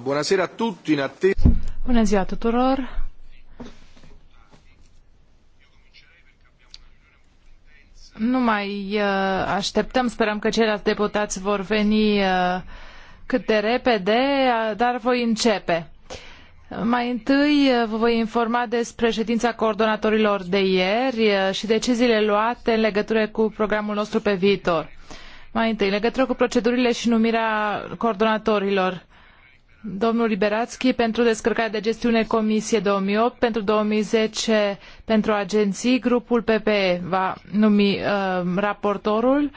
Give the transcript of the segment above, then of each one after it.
Buonasera a tutti in attesa. Bună ziua tuturor. Nu mai uh, așteptăm, sperăm că ceilalți deputați vor veni uh, cât de repede, uh, dar voi începe. Mai întâi vă voi informa despre ședința coordonatorilor de ieri și deciziile luate în legătură cu programul nostru pe viitor. Mai întâi, în legătură cu procedurile și numirea coordonatorilor domnul Liberatski pentru descărcarea de gestiune Comisie 2008, pentru 2010 pentru agenții, grupul PPE va numi uh, raportorul,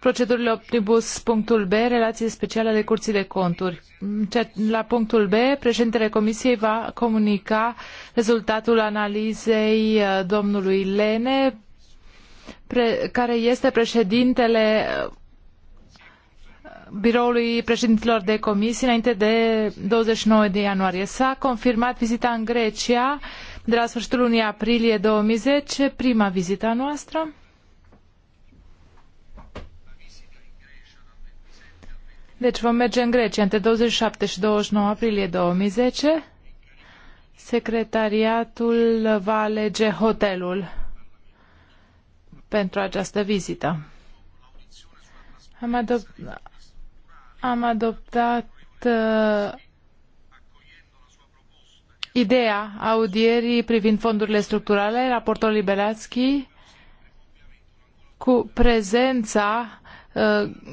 procedurile optibus punctul B, relație speciale ale curții de conturi. La punctul B, președintele Comisiei va comunica rezultatul analizei uh, domnului Lene, care este președintele uh, biroului președinților de comisii înainte de 29 de ianuarie. S-a confirmat vizita în Grecia de la sfârșitul lunii aprilie 2010, prima vizită noastră. Deci vom merge în Grecia între 27 și 29 aprilie 2010. Secretariatul va alege hotelul pentru această vizită. Am, adop- am adoptat uh, ideea audierii privind fondurile structurale, raportor Liberațchi, cu prezența uh,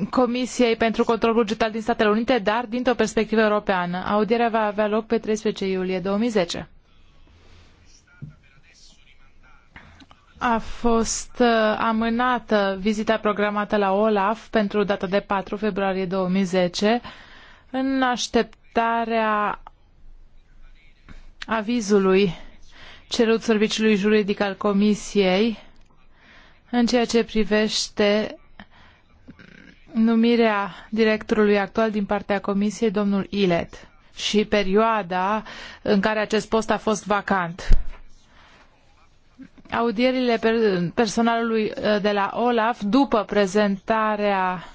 Comisiei pentru Control Bugetar din Statele Unite, dar dintr-o perspectivă europeană. Audierea va avea loc pe 13 iulie 2010. a fost uh, amânată vizita programată la OLAF pentru data de 4 februarie 2010 în așteptarea avizului cerut serviciului juridic al Comisiei în ceea ce privește numirea directorului actual din partea Comisiei, domnul Ilet, și perioada în care acest post a fost vacant audierile personalului uh, de la Olaf după prezentarea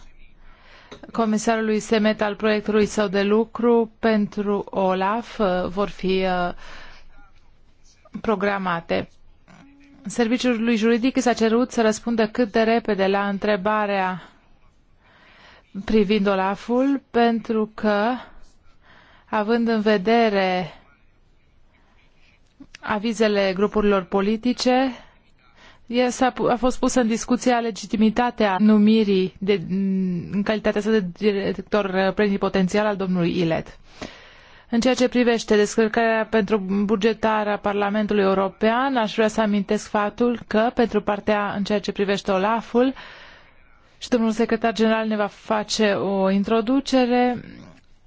comisarului Semet al proiectului său de lucru pentru Olaf uh, vor fi uh, programate. Serviciului juridic i s-a cerut să răspundă cât de repede la întrebarea privind Olaful, pentru că, având în vedere avizele grupurilor politice, a fost pusă în discuție legitimitatea numirii de, în calitatea sa de director uh, plenipotențial al domnului Ilet. În ceea ce privește descărcarea pentru bugetară a Parlamentului European, aș vrea să amintesc faptul că, pentru partea în ceea ce privește OLAF-ul, și domnul secretar general ne va face o introducere,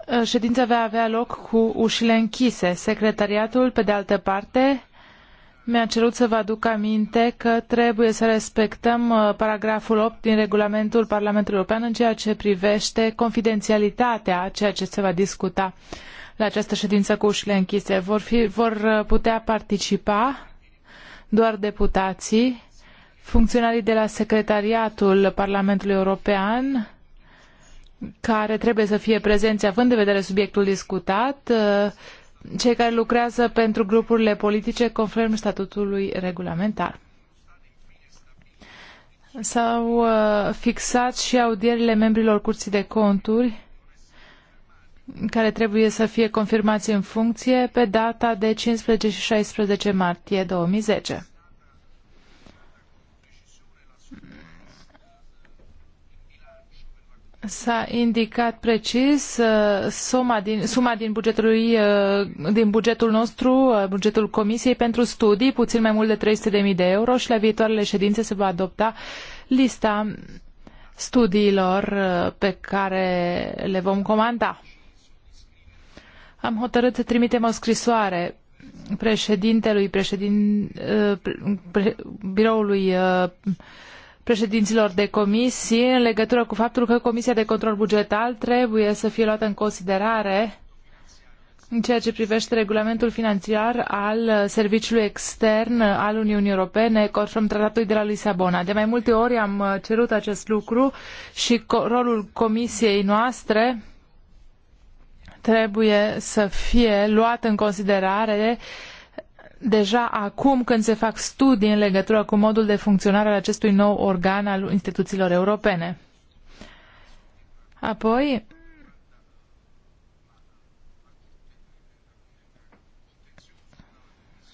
Uh, ședința va avea loc cu ușile închise. Secretariatul, pe de altă parte, mi-a cerut să vă aduc aminte că trebuie să respectăm uh, paragraful 8 din regulamentul Parlamentului European în ceea ce privește confidențialitatea a ceea ce se va discuta la această ședință cu ușile închise. Vor, fi, vor uh, putea participa doar deputații, funcționarii de la Secretariatul Parlamentului European, care trebuie să fie prezenți având în vedere subiectul discutat, uh, cei care lucrează pentru grupurile politice conform statutului regulamentar. S-au uh, fixat și audierile membrilor Curții de Conturi care trebuie să fie confirmați în funcție pe data de 15 și 16 martie 2010. S-a indicat precis uh, suma din, suma din, bugetului, uh, din bugetul nostru, uh, bugetul Comisiei pentru studii, puțin mai mult de 300.000 de euro și la viitoarele ședințe se va adopta lista studiilor pe care le vom comanda. Am hotărât să trimitem o scrisoare președintelui, președin, biroului președinților de comisii în legătură cu faptul că Comisia de Control Bugetar trebuie să fie luată în considerare în ceea ce privește regulamentul financiar al serviciului extern al Uniunii Europene, conform tratatului de la Lisabona. De mai multe ori am cerut acest lucru și rolul comisiei noastre trebuie să fie luat în considerare uh, deja acum când se fac studii în legătură cu modul de funcționare al acestui nou organ al instituțiilor europene. Apoi,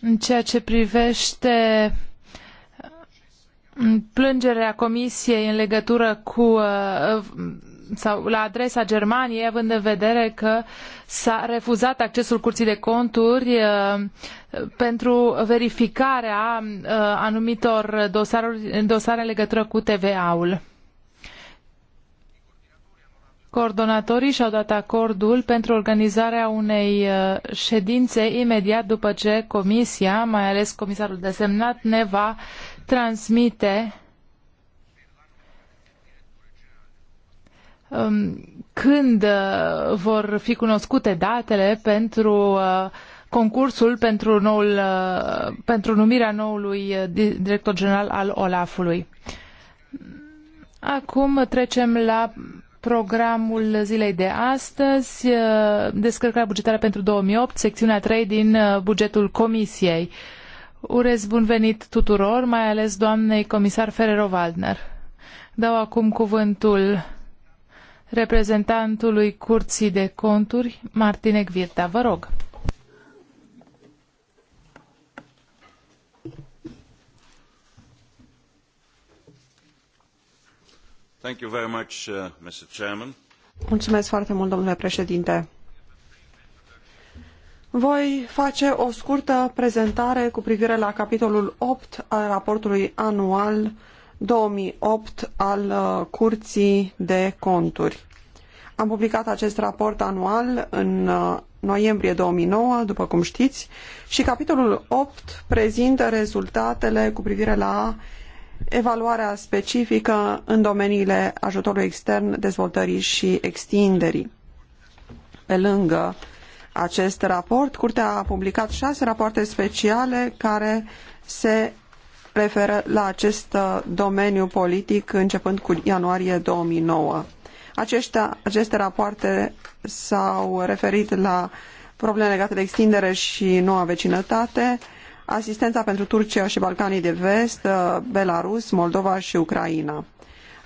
în ceea ce privește uh, plângerea Comisiei în legătură cu uh, sau la adresa Germaniei, având în vedere că s-a refuzat accesul curții de conturi uh, pentru verificarea uh, anumitor dosaruri, dosare în legătură cu TVA-ul. Coordonatorii și-au dat acordul pentru organizarea unei uh, ședințe imediat după ce Comisia, mai ales comisarul desemnat, ne va transmite Um, când uh, vor fi cunoscute datele pentru uh, concursul pentru, noul, uh, pentru numirea noului director general al Olafului. Acum trecem la programul zilei de astăzi, descărcarea bugetară pentru 2008, secțiunea 3 din bugetul Comisiei. Urez bun venit tuturor, mai ales doamnei comisar Ferrero-Waldner. Dau acum cuvântul reprezentantului Curții de Conturi, Martine Gvirta. Vă rog. Thank you very much, uh, Mr. Chairman. Mulțumesc foarte mult, domnule președinte. Voi face o scurtă prezentare cu privire la capitolul 8 al raportului anual uh, 2008 al uh, Curții de Conturi. Am publicat acest raport anual în uh, noiembrie 2009, după cum știți, și capitolul 8 prezintă rezultatele cu privire la evaluarea specifică în domeniile ajutorului extern, dezvoltării și extinderii. Pe lângă acest raport, Curtea a publicat șase rapoarte speciale care se referă la acest uh, domeniu politic începând cu ianuarie 2009. Aceștia, aceste rapoarte s-au referit la probleme legate de extindere și noua vecinătate, asistența pentru Turcia și Balcanii de Vest, uh, Belarus, Moldova și Ucraina.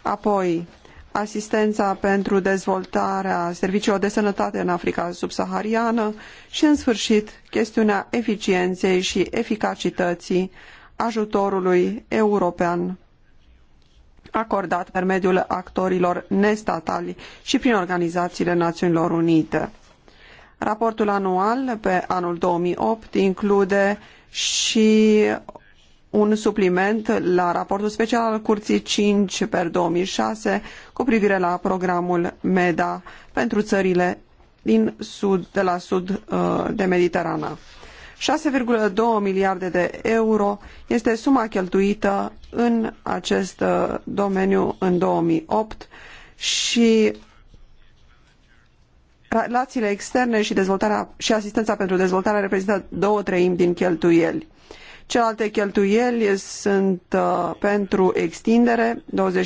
Apoi, asistența pentru dezvoltarea serviciilor de sănătate în Africa subsahariană și, în sfârșit, chestiunea eficienței și eficacității ajutorului european acordat per mediul actorilor nestatali și prin organizațiile Națiunilor Unite. Raportul anual pe anul 2008 include și un supliment la raportul special al Curții 5 per 2006 cu privire la programul MEDA pentru țările din sud, de la sud uh, de Mediterana. 6,2 miliarde de euro este suma cheltuită în acest uh, domeniu în 2008 și relațiile externe și, dezvoltarea, și asistența pentru dezvoltare reprezintă două treimi din cheltuieli. Celelalte cheltuieli sunt uh, pentru extindere,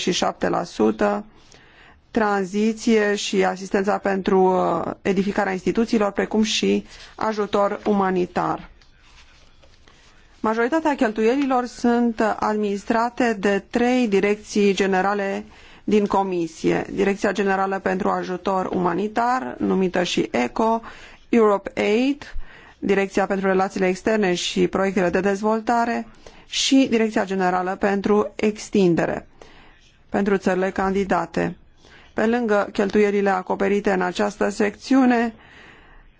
27%, tranziție și asistența pentru uh, edificarea instituțiilor, precum și ajutor umanitar. Majoritatea cheltuielilor sunt administrate de trei direcții generale din comisie. Direcția Generală pentru Ajutor Umanitar, numită și ECO, Europe Aid, Direcția pentru Relațiile Externe și Proiectele de Dezvoltare și Direcția Generală pentru Extindere pentru țările candidate. Pe lângă cheltuierile acoperite în această secțiune,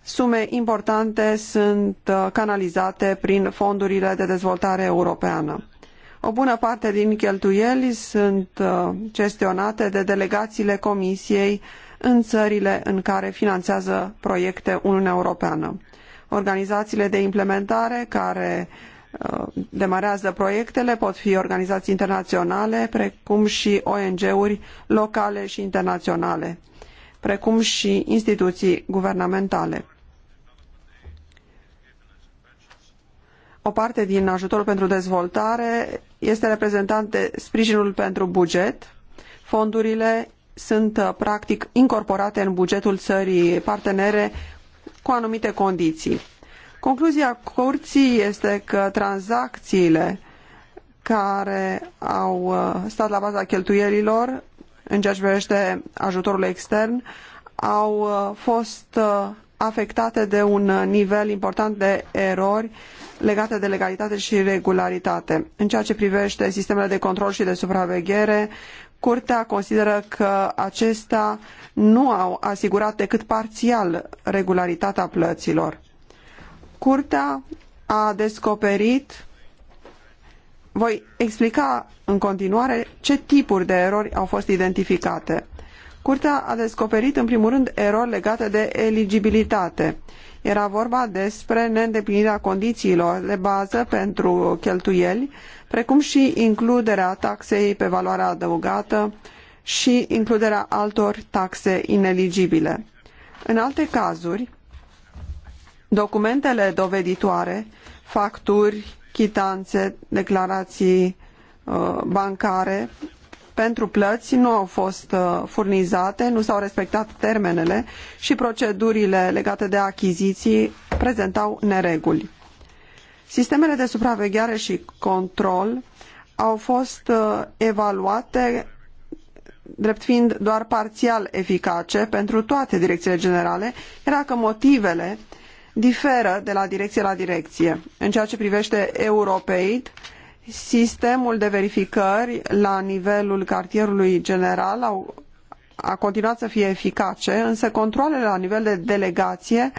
sume importante sunt uh, canalizate prin fondurile de dezvoltare europeană. O bună parte din cheltuieli sunt uh, gestionate de delegațiile Comisiei în țările în care finanțează proiecte Uniunea Europeană. Organizațiile de implementare care Uh, demarează proiectele pot fi organizații internaționale, precum și ONG-uri locale și internaționale, precum și instituții guvernamentale. O parte din ajutorul pentru dezvoltare este reprezentat de sprijinul pentru buget. Fondurile sunt uh, practic incorporate în bugetul țării partenere cu anumite condiții. Concluzia curții este că tranzacțiile care au uh, stat la baza cheltuielilor în ceea ce privește ajutorul extern au uh, fost uh, afectate de un nivel important de erori legate de legalitate și regularitate. În ceea ce privește sistemele de control și de supraveghere, Curtea consideră că acestea nu au asigurat decât parțial regularitatea plăților. Curtea a descoperit voi explica în continuare ce tipuri de erori au fost identificate. Curtea a descoperit în primul rând erori legate de eligibilitate. Era vorba despre neîndeplinirea condițiilor de bază pentru cheltuieli, precum și includerea taxei pe valoarea adăugată și includerea altor taxe ineligibile. În alte cazuri, documentele doveditoare, facturi, chitanțe, declarații uh, bancare pentru plăți nu au fost uh, furnizate, nu s-au respectat termenele și procedurile legate de achiziții prezentau nereguli. Sistemele de supraveghere și control au fost uh, evaluate drept fiind doar parțial eficace pentru toate direcțiile generale, era că motivele uh, diferă de la direcție la direcție. În ceea ce privește Europeit, sistemul de verificări la nivelul cartierului general au, a continuat să fie eficace, însă controlele la nivel de delegație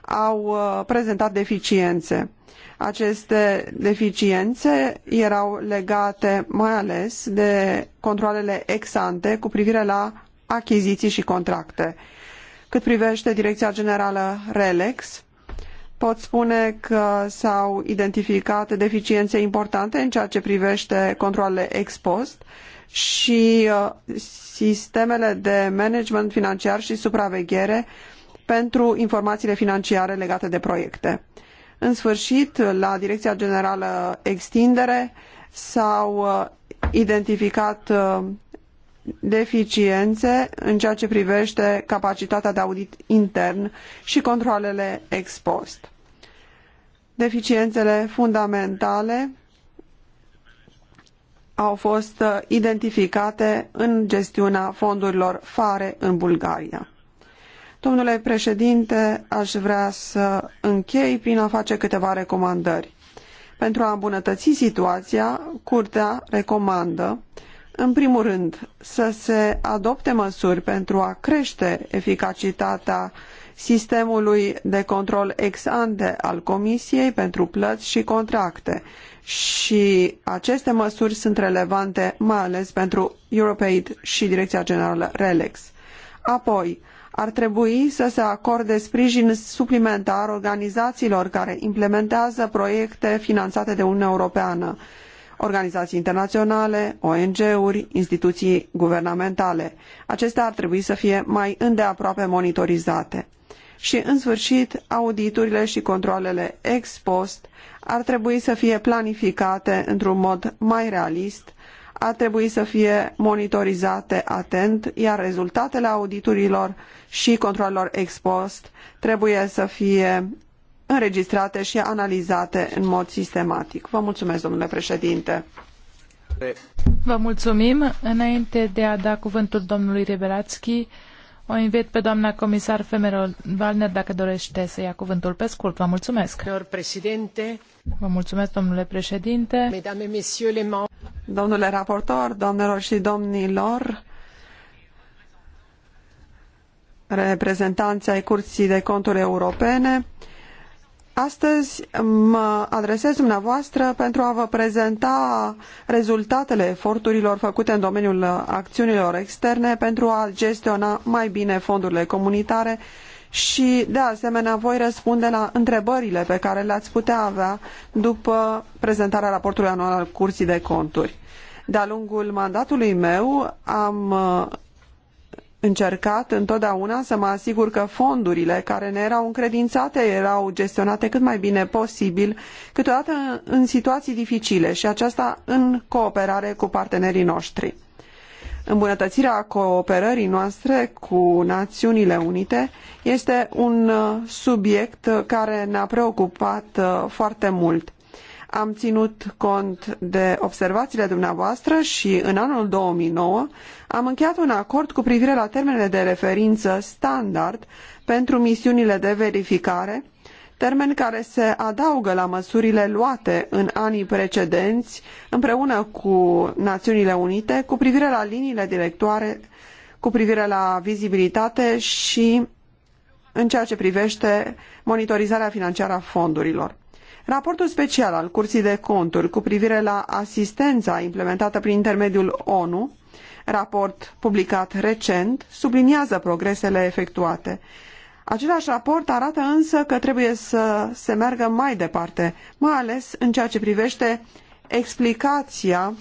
au uh, prezentat deficiențe. Aceste deficiențe erau legate mai ales de controlele ex-ante cu privire la achiziții și contracte. Cât privește Direcția Generală RELEX, pot spune că s-au identificat deficiențe importante în ceea ce privește controlele ex post și uh, sistemele de management financiar și supraveghere pentru informațiile financiare legate de proiecte. În sfârșit, la Direcția Generală Extindere s-au uh, identificat uh, deficiențe în ceea ce privește capacitatea de audit intern și controlele ex post. Deficiențele fundamentale au fost uh, identificate în gestiunea fondurilor fare în Bulgaria. Domnule președinte, aș vrea să închei prin a face câteva recomandări. Pentru a îmbunătăți situația, Curtea recomandă, în primul rând, să se adopte măsuri pentru a crește eficacitatea sistemului de control ex ante al Comisiei pentru plăți și contracte și aceste măsuri sunt relevante mai ales pentru EuropeAid și Direcția Generală RELEX. Apoi, ar trebui să se acorde sprijin suplimentar organizațiilor care implementează proiecte finanțate de Uniunea Europeană organizații internaționale, ONG-uri, instituții guvernamentale. Acestea ar trebui să fie mai îndeaproape monitorizate. Și, în sfârșit, auditurile și controlele ex post ar trebui să fie planificate într-un mod mai realist, ar trebui să fie monitorizate atent, iar rezultatele auditurilor și controlelor ex post trebuie să fie înregistrate și analizate în mod sistematic. Vă mulțumesc, domnule președinte. Vă mulțumim. Înainte de a da cuvântul domnului Riberațchi, o invit pe doamna comisar Femero Valner dacă dorește să ia cuvântul pe scurt. Vă mulțumesc. Președinte. Vă mulțumesc, domnule președinte. Domnule raportor, doamnelor și domnilor, reprezentanții ai Curții de Conturi Europene, Astăzi mă adresez dumneavoastră pentru a vă prezenta rezultatele eforturilor făcute în domeniul acțiunilor externe pentru a gestiona mai bine fondurile comunitare și, de asemenea, voi răspunde la întrebările pe care le-ați putea avea după prezentarea raportului anual al Curții de Conturi. De-a lungul mandatului meu am încercat întotdeauna să mă asigur că fondurile care ne erau încredințate erau gestionate cât mai bine posibil, câteodată în situații dificile și aceasta în cooperare cu partenerii noștri. Îmbunătățirea cooperării noastre cu Națiunile Unite este un subiect care ne-a preocupat uh, foarte mult am ținut cont de observațiile dumneavoastră și în anul 2009 am încheiat un acord cu privire la termenele de referință standard pentru misiunile de verificare, termen care se adaugă la măsurile luate în anii precedenți împreună cu Națiunile Unite cu privire la liniile directoare, cu privire la vizibilitate și în ceea ce privește monitorizarea financiară a fondurilor. Raportul special al Curții de Conturi cu privire la asistența implementată prin intermediul ONU, raport publicat recent, subliniază progresele efectuate. Același raport arată însă că trebuie să se meargă mai departe, mai ales în ceea ce privește explicația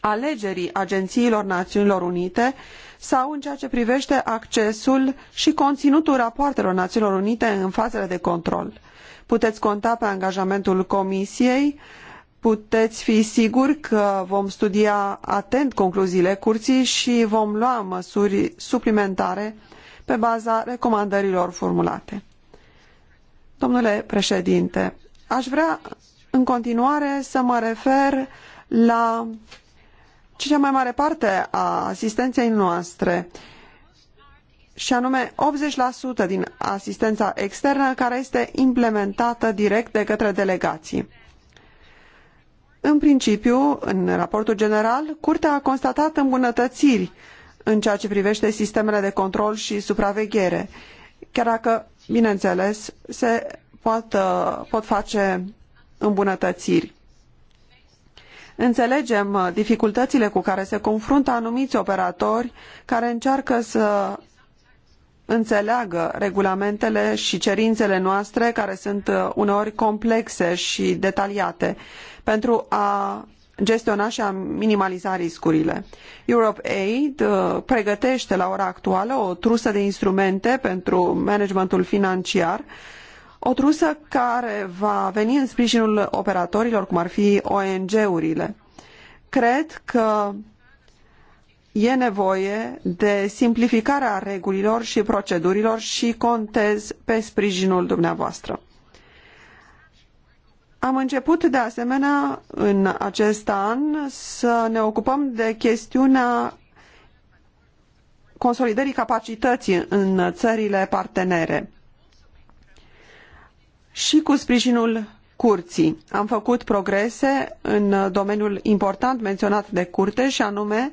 alegerii agențiilor Națiunilor Unite sau în ceea ce privește accesul și conținutul rapoartelor Națiunilor Unite în fazele de control. Puteți conta pe angajamentul Comisiei, puteți fi siguri că vom studia atent concluziile curții și vom lua măsuri suplimentare pe baza recomandărilor formulate. Domnule președinte, aș vrea în continuare să mă refer la cea mai mare parte a asistenței noastre. Uh, și anume 80% din asistența externă care este implementată direct de către delegații. În principiu, în raportul general, Curtea a constatat îmbunătățiri în ceea ce privește sistemele de control și supraveghere, chiar dacă, bineînțeles, se pot, pot face îmbunătățiri. Înțelegem dificultățile cu care se confruntă anumiți operatori care încearcă să înțeleagă regulamentele și cerințele noastre, care sunt uh, uneori complexe și detaliate, pentru a gestiona și a minimaliza riscurile. Europe Aid uh, pregătește la ora actuală o trusă de instrumente pentru managementul financiar, o trusă care va veni în sprijinul operatorilor, cum ar fi ONG-urile. Cred că E nevoie de simplificarea regulilor și procedurilor și contez pe sprijinul dumneavoastră. Am început de asemenea în acest an să ne ocupăm de chestiunea consolidării capacității în țările partenere și cu sprijinul curții. Am făcut progrese în domeniul important menționat de curte și anume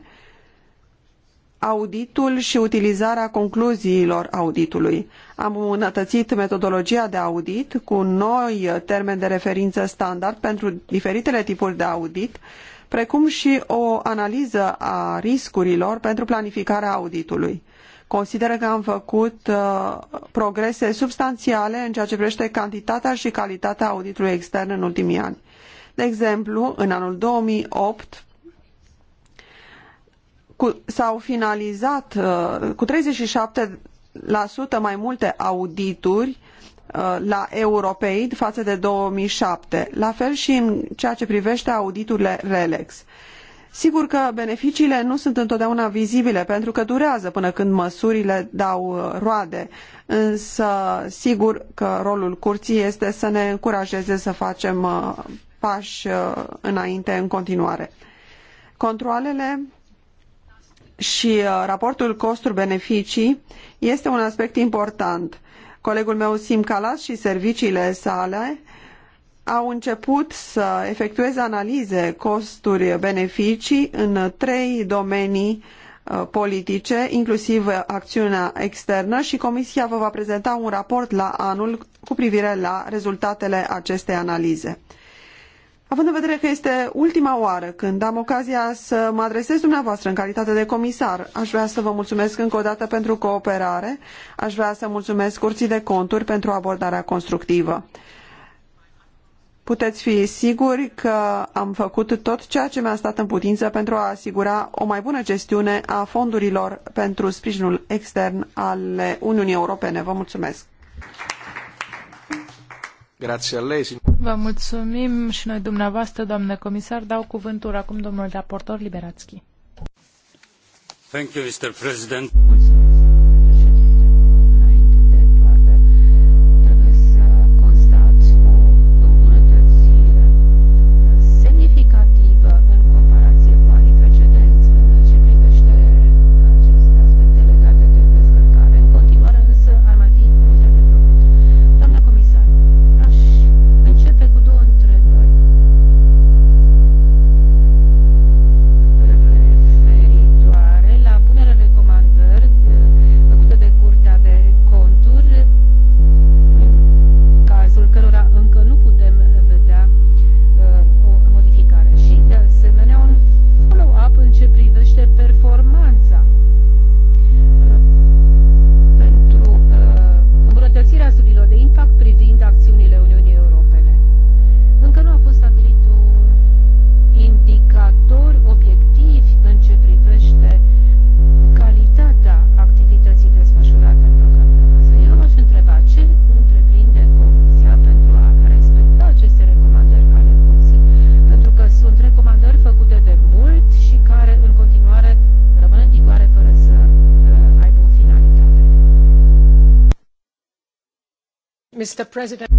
auditul și utilizarea concluziilor auditului. Am îmbunătățit metodologia de audit cu noi termeni de referință standard pentru diferitele tipuri de audit, precum și o analiză a riscurilor pentru planificarea auditului. Consider că am făcut uh, progrese substanțiale în ceea ce privește cantitatea și calitatea auditului extern în ultimii ani. De exemplu, în anul 2008, s-au finalizat uh, cu 37% mai multe audituri uh, la Europeid față de 2007, la fel și în ceea ce privește auditurile RELEX. Sigur că beneficiile nu sunt întotdeauna vizibile pentru că durează până când măsurile dau uh, roade, însă sigur că rolul curții este să ne încurajeze să facem pași înainte în continuare. Controalele și uh, raportul costuri-beneficii este un aspect important. Colegul meu Sim Calas și serviciile sale au început să efectueze analize costuri-beneficii în trei domenii uh, politice, inclusiv acțiunea externă și Comisia vă va prezenta un raport la anul cu privire la rezultatele acestei analize. Având în vedere că este ultima oară când am ocazia să mă adresez dumneavoastră în calitate de comisar, aș vrea să vă mulțumesc încă o dată pentru cooperare, aș vrea să mulțumesc Curții de Conturi pentru abordarea constructivă. Puteți fi siguri că am făcut tot ceea ce mi-a stat în putință pentru a asigura o mai bună gestiune a fondurilor pentru sprijinul extern ale Uniunii Europene. Vă mulțumesc! Vă mulțumim și noi dumneavoastră, doamnă comisar. Dau cuvântul acum domnului raportor Liberațchi. Thank you, Mr. President. Mulțumim. Domnule President.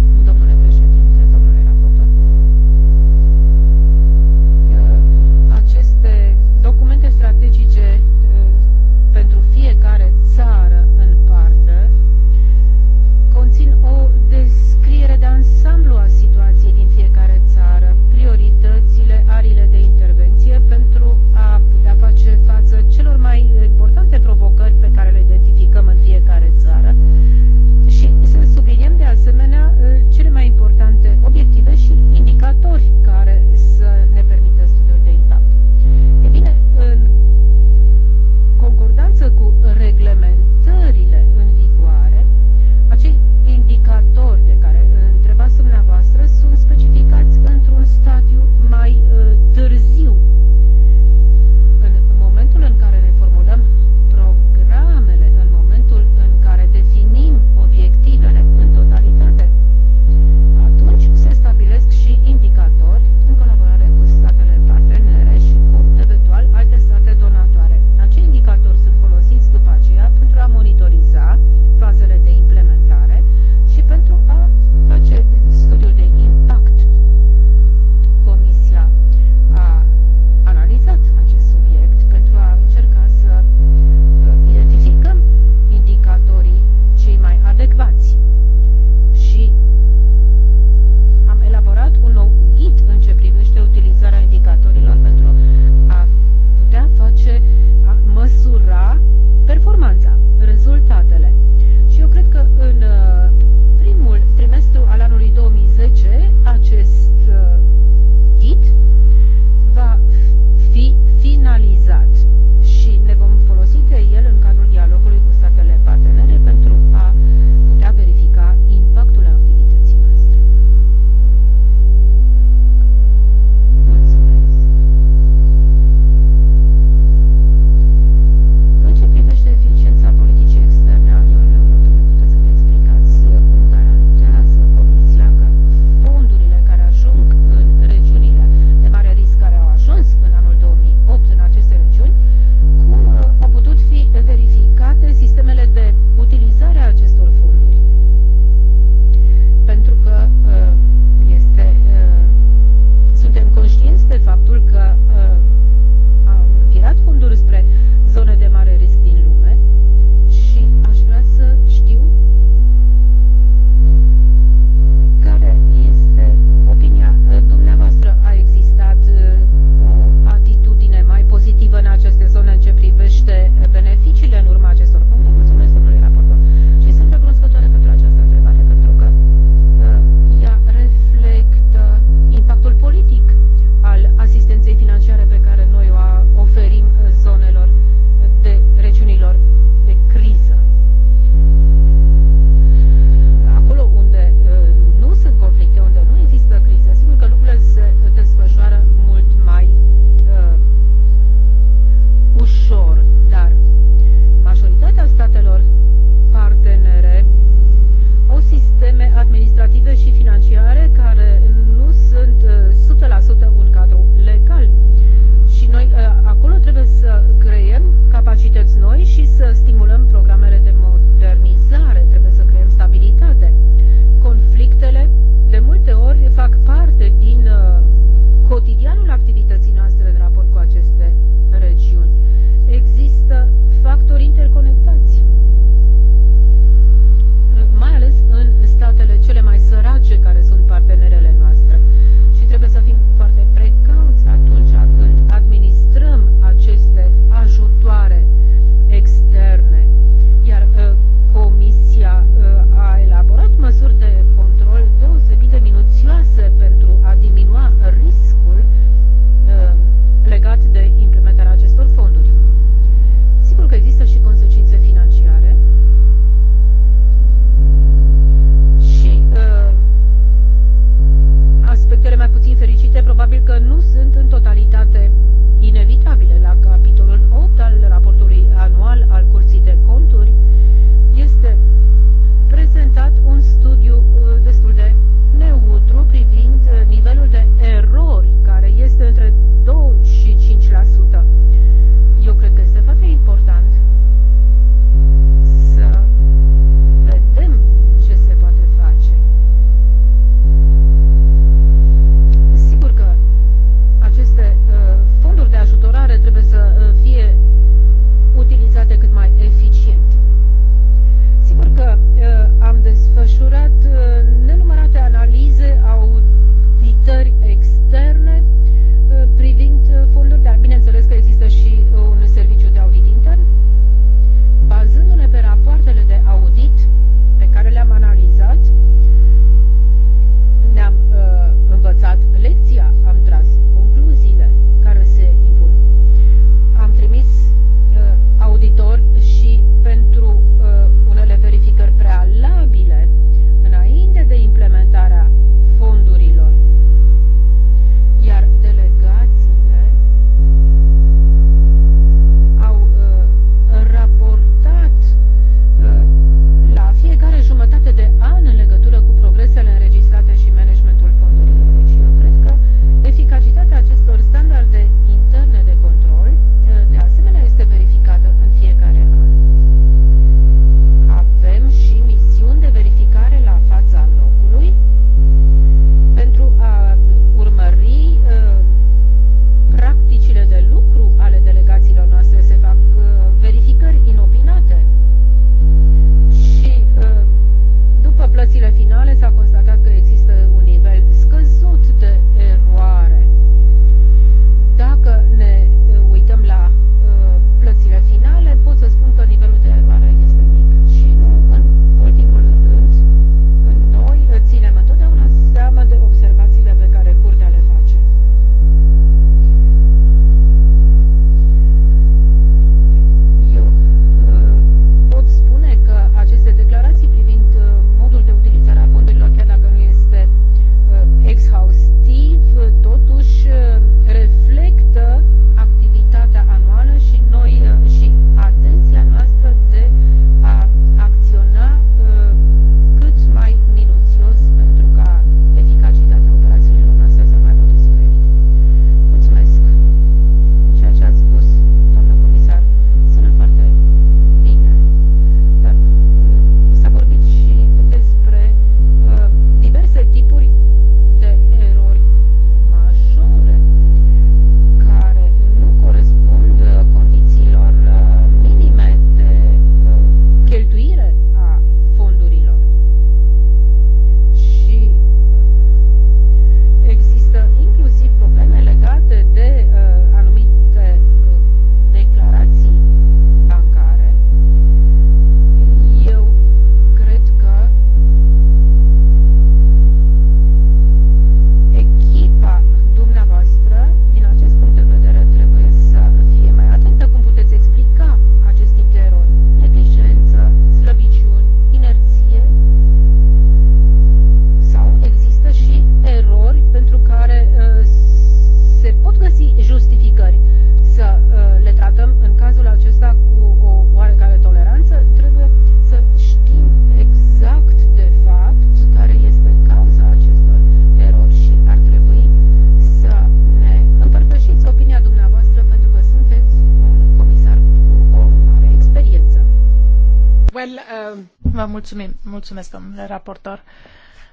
mulțumesc, domnule raportor.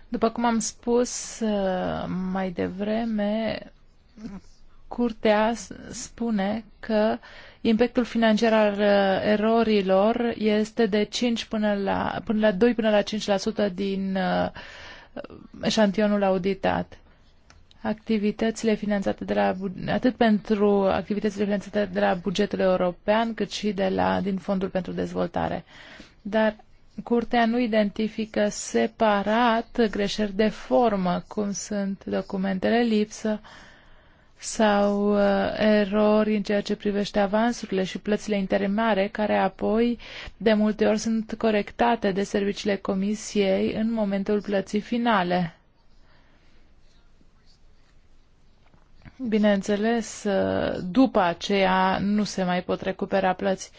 După cum am spus uh, mai devreme, curtea spune că impactul financiar al uh, erorilor este de 5 până la, până la 2 până la 5% din uh, eșantionul auditat. Activitățile finanțate de la, atât pentru activitățile finanțate de la bugetul european, cât și de la, din Fondul pentru Dezvoltare. Dar Curtea nu identifică separat greșeli de formă, cum sunt documentele lipsă sau uh, erori în ceea ce privește avansurile și plățile interimare, care apoi de multe ori sunt corectate de serviciile comisiei în momentul plății finale. Bineînțeles, uh, după aceea nu se mai pot recupera plăți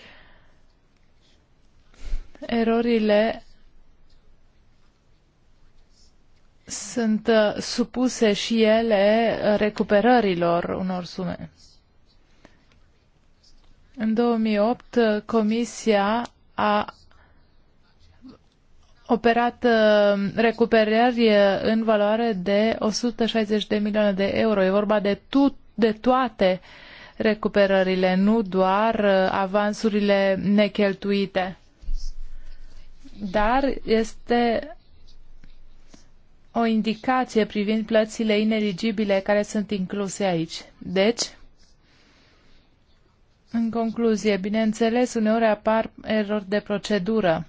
erorile sunt uh, supuse și ele uh, recuperărilor unor sume. În 2008, uh, Comisia a operat recuperări în valoare de 160 de milioane de euro. E vorba de, tu, de toate recuperările, nu doar avansurile necheltuite dar este o indicație privind plățile ineligibile care sunt incluse aici. Deci, în concluzie, bineînțeles, uneori apar erori de procedură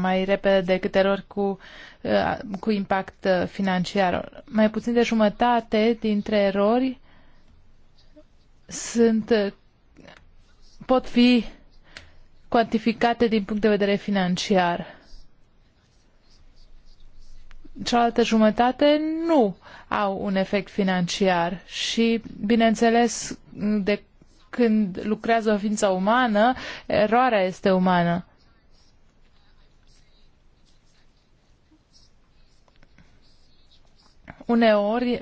mai repede decât erori cu, uh, cu impact uh, financiar. Mai puțin de jumătate dintre erori sunt, uh, pot fi cuantificate din punct de vedere financiar. Cealaltă jumătate nu au un efect financiar și, bineînțeles, de când lucrează o ființă umană, eroarea este umană. Uneori,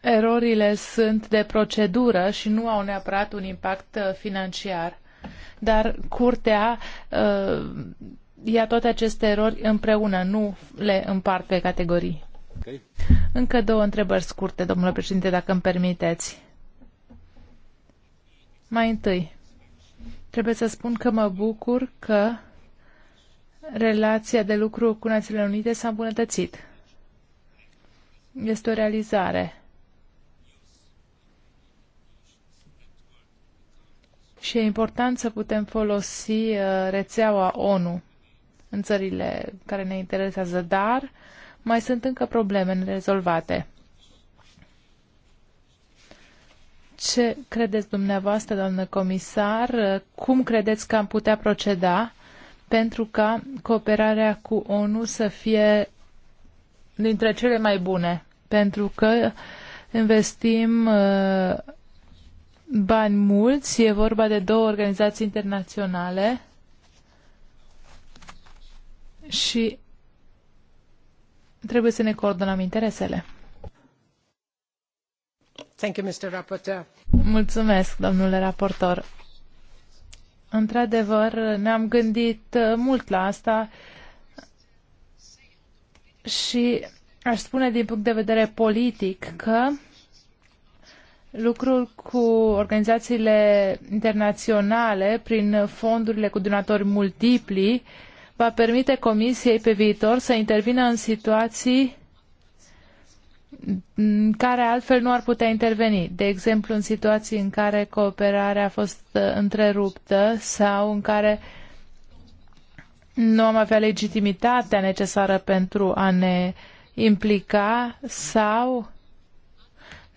erorile sunt de procedură și nu au neapărat un impact uh, financiar dar curtea uh, ia toate aceste erori împreună, nu le împart pe categorii. Okay. Încă două întrebări scurte, domnule președinte, dacă îmi permiteți. Mai întâi, trebuie să spun că mă bucur că relația de lucru cu Națiunile Unite s-a îmbunătățit. Este o realizare. și e important să putem folosi uh, rețeaua ONU în țările care ne interesează, dar mai sunt încă probleme nerezolvate. Ce credeți dumneavoastră, doamnă comisar? Cum credeți că am putea proceda pentru ca cooperarea cu ONU să fie dintre cele mai bune? Pentru că investim uh, bani mulți, e vorba de două organizații internaționale și trebuie să ne coordonăm interesele. Thank you, Mr. Rapporteur. Mulțumesc, domnule raportor. Într-adevăr, ne-am gândit uh, mult la asta și aș spune din punct de vedere politic că lucrul cu organizațiile internaționale prin fondurile cu donatori multipli va permite Comisiei pe viitor să intervină în situații în care altfel nu ar putea interveni. De exemplu, în situații în care cooperarea a fost uh, întreruptă sau în care nu am avea legitimitatea necesară pentru a ne implica sau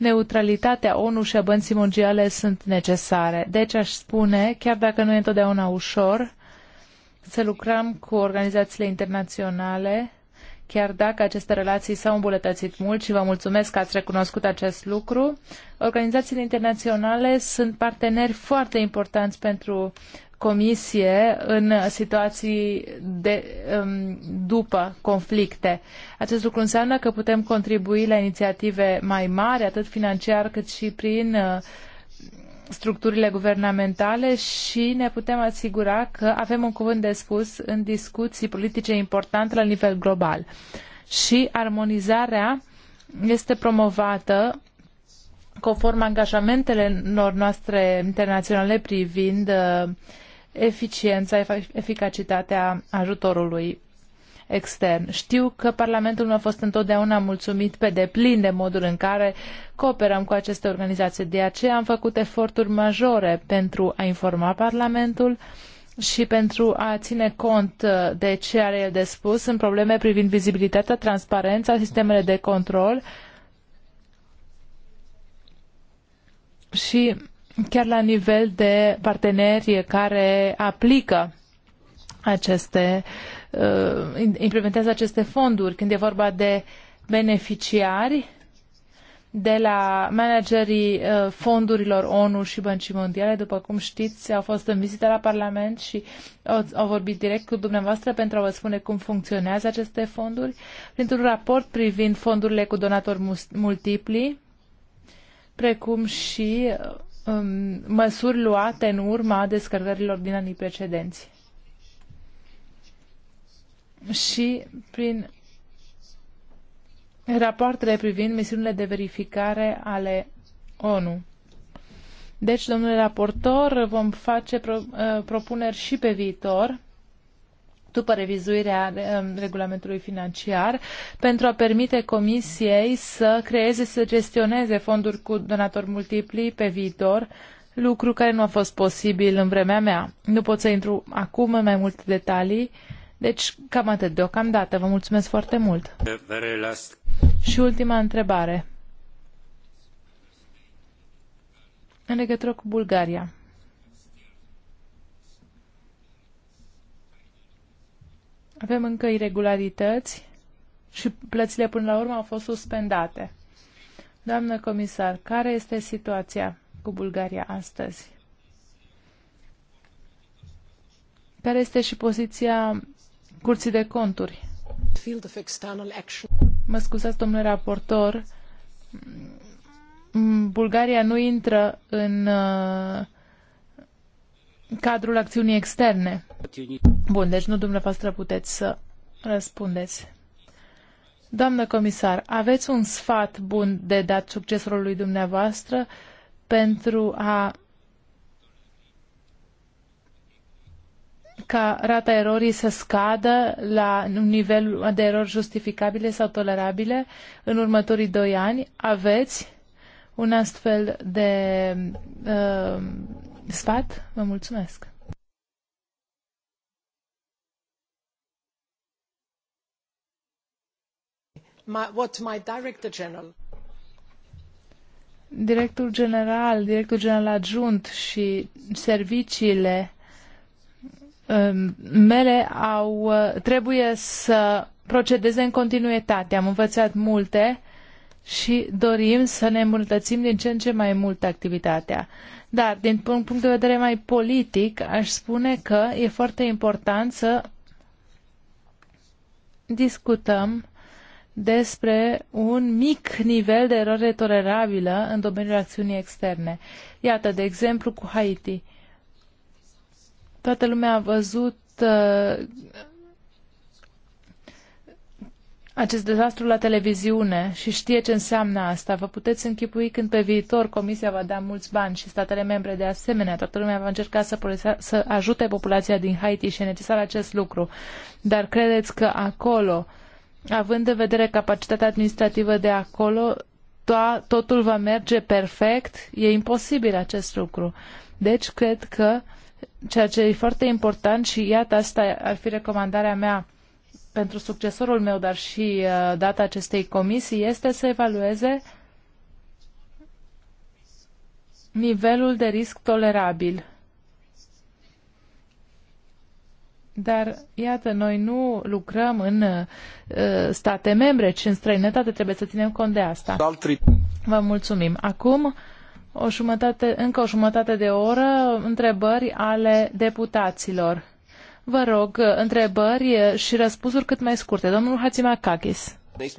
neutralitatea ONU și a bănții mondiale sunt necesare. Deci aș spune, chiar dacă nu e întotdeauna ușor, să lucrăm cu organizațiile internaționale, chiar dacă aceste relații s-au îmbunătățit mult și vă mulțumesc că ați recunoscut acest lucru. Organizațiile internaționale sunt parteneri foarte importanți pentru comisie în situații de, um, după conflicte. Acest lucru înseamnă că putem contribui la inițiative mai mari, atât financiar cât și prin uh, structurile guvernamentale și ne putem asigura că avem un cuvânt de spus în discuții politice importante la nivel global. Și armonizarea este promovată conform angajamentelor noastre internaționale privind uh, eficiența, eficacitatea ajutorului extern. Știu că Parlamentul nu a fost întotdeauna mulțumit pe deplin de modul în care cooperăm cu aceste organizații. De aceea am făcut eforturi majore pentru a informa Parlamentul și pentru a ține cont uh, de ce are el de spus în probleme privind vizibilitatea, transparența, sistemele de control și chiar la nivel de parteneri care aplică aceste, uh, implementează aceste fonduri, când e vorba de beneficiari, de la managerii uh, fondurilor ONU și Băncii Mondiale. După cum știți, au fost în vizită la Parlament și au vorbit direct cu dumneavoastră pentru a vă spune cum funcționează aceste fonduri. Printr-un raport privind fondurile cu donatori multipli, precum și uh, um, măsuri luate în urma descărcărilor din anii precedenți. Și prin rapoartele privind misiunile de verificare ale ONU. Deci, domnule raportor, vom face pro, uh, propuneri și pe viitor după revizuirea um, regulamentului financiar, pentru a permite Comisiei să creeze, să gestioneze fonduri cu donatori multipli pe viitor, lucru care nu a fost posibil în vremea mea. Nu pot să intru acum în mai multe detalii, deci cam atât deocamdată. Vă mulțumesc foarte mult. Și ultima întrebare. În legătură cu Bulgaria. Avem încă irregularități și plățile până la urmă au fost suspendate. Doamnă comisar, care este situația cu Bulgaria astăzi? Care este și poziția Curții de Conturi? Mă scuzați, domnule raportor, Bulgaria nu intră în uh, cadrul acțiunii externe. Bun, deci nu dumneavoastră puteți să răspundeți. Doamnă comisar, aveți un sfat bun de dat succesorului dumneavoastră pentru a ca rata erorii să scadă la un nivel de erori justificabile sau tolerabile în următorii doi ani? Aveți un astfel de uh, sfat? Vă mulțumesc! Directorul general directul general, directul general adjunct și serviciile um, mele au, uh, trebuie să procedeze în continuitate. Am învățat multe și dorim să ne îmbunătățim din ce în ce mai mult activitatea. Dar, din punct de vedere mai politic, aș spune că e foarte important să discutăm despre un mic nivel de eroare tolerabilă în domeniul acțiunii externe. Iată, de exemplu, cu Haiti. Toată lumea a văzut uh, acest dezastru la televiziune și știe ce înseamnă asta. Vă puteți închipui când pe viitor Comisia va da mulți bani și statele membre de asemenea. Toată lumea va încerca să, să ajute populația din Haiti și e necesar acest lucru. Dar credeți că acolo uh, având în vedere capacitatea administrativă de acolo, to- totul va merge perfect? E imposibil acest lucru. Deci, cred că ceea ce e foarte important și iată, asta ar fi recomandarea mea pentru succesorul meu, dar și uh, data acestei comisii, este să evalueze nivelul de risc tolerabil Dar, iată, noi nu lucrăm în uh, state membre, ci în străinătate. Trebuie să ținem cont de asta. Altri. Vă mulțumim. Acum, o jumătate, încă o jumătate de oră, întrebări ale deputaților. Vă rog, uh, întrebări uh, și răspunsuri cât mai scurte. Domnul Hatzimakakis. Next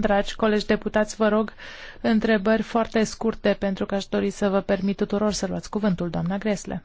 Dragi colegi deputați, vă rog întrebări foarte scurte pentru că aș dori să vă permit tuturor să luați cuvântul, doamna Gresle.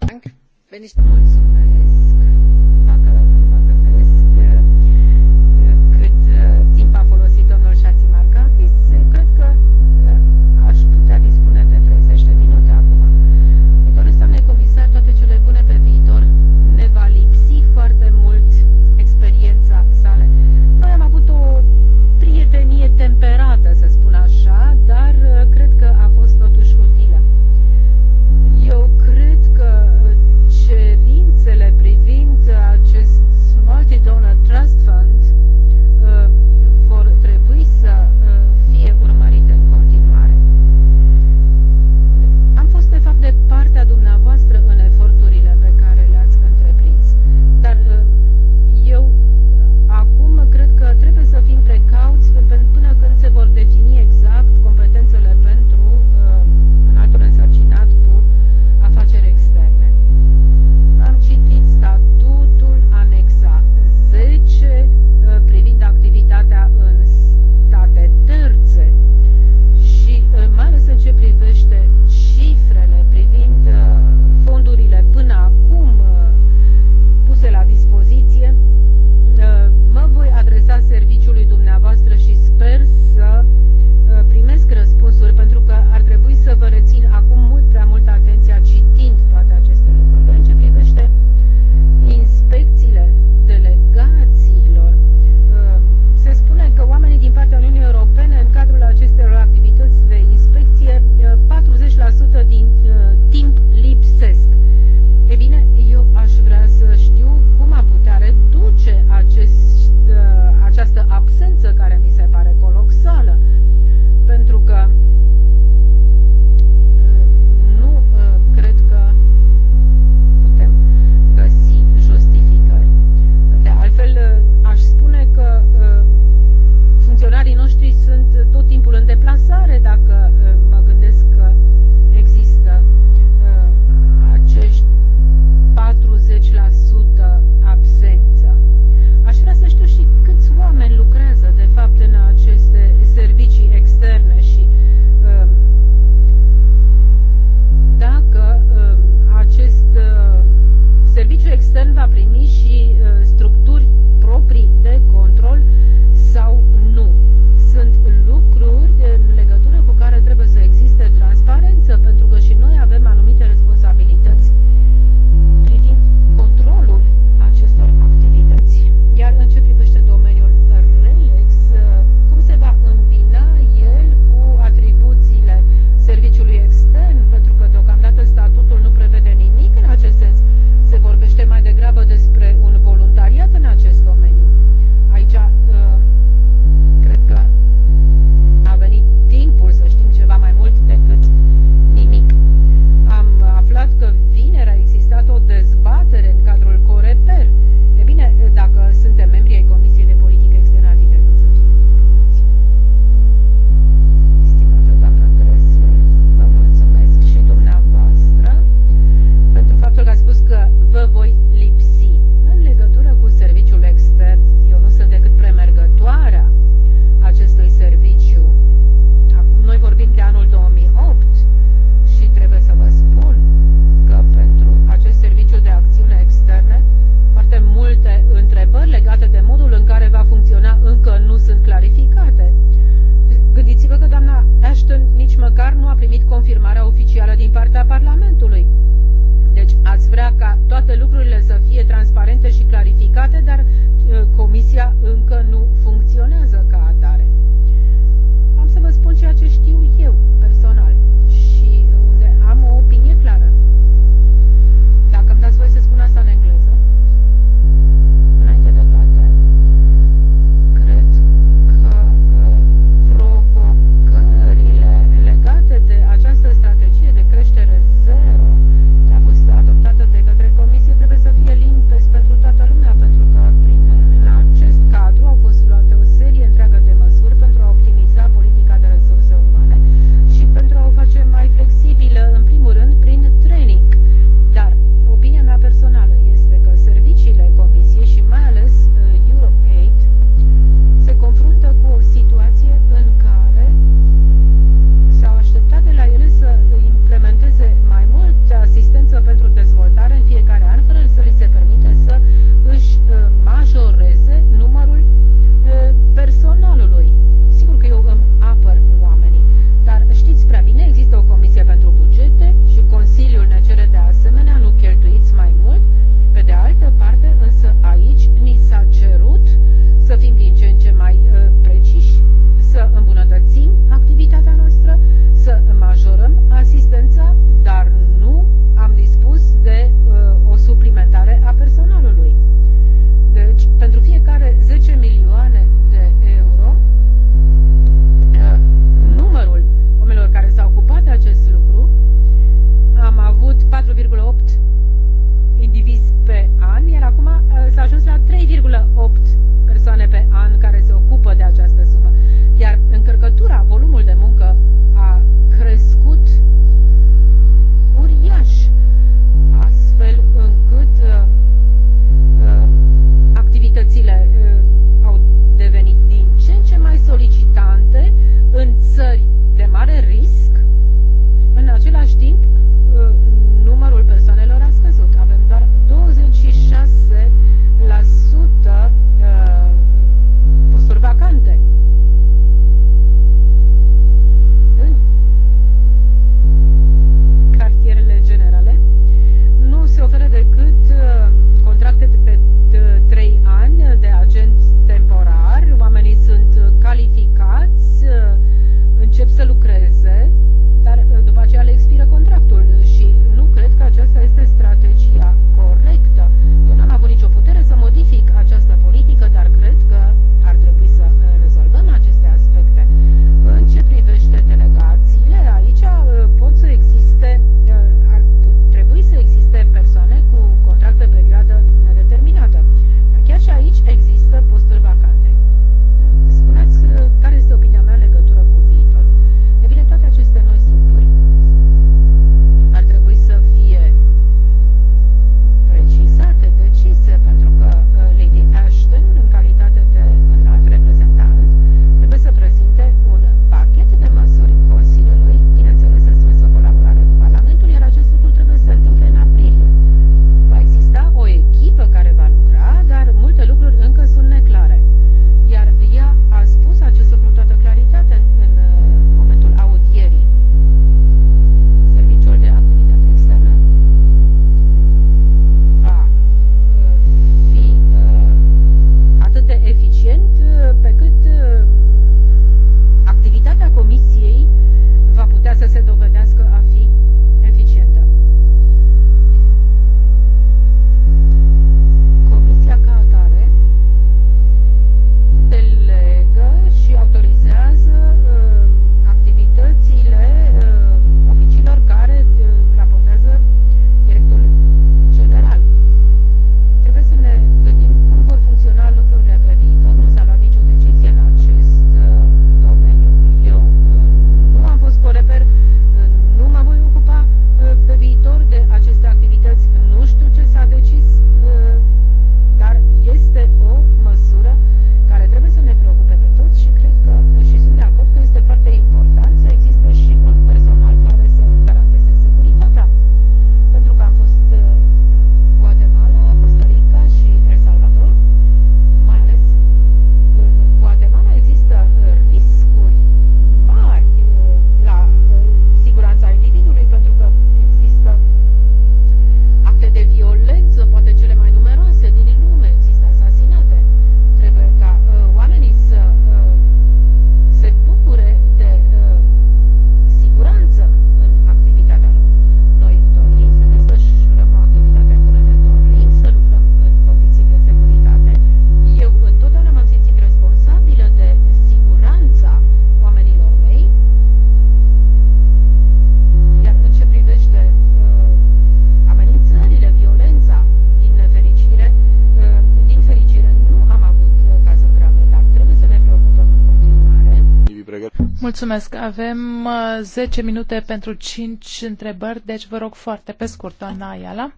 Mulțumesc. Avem 10 uh, minute pentru 5 întrebări, deci vă rog foarte pe scurt, doamna Ayala.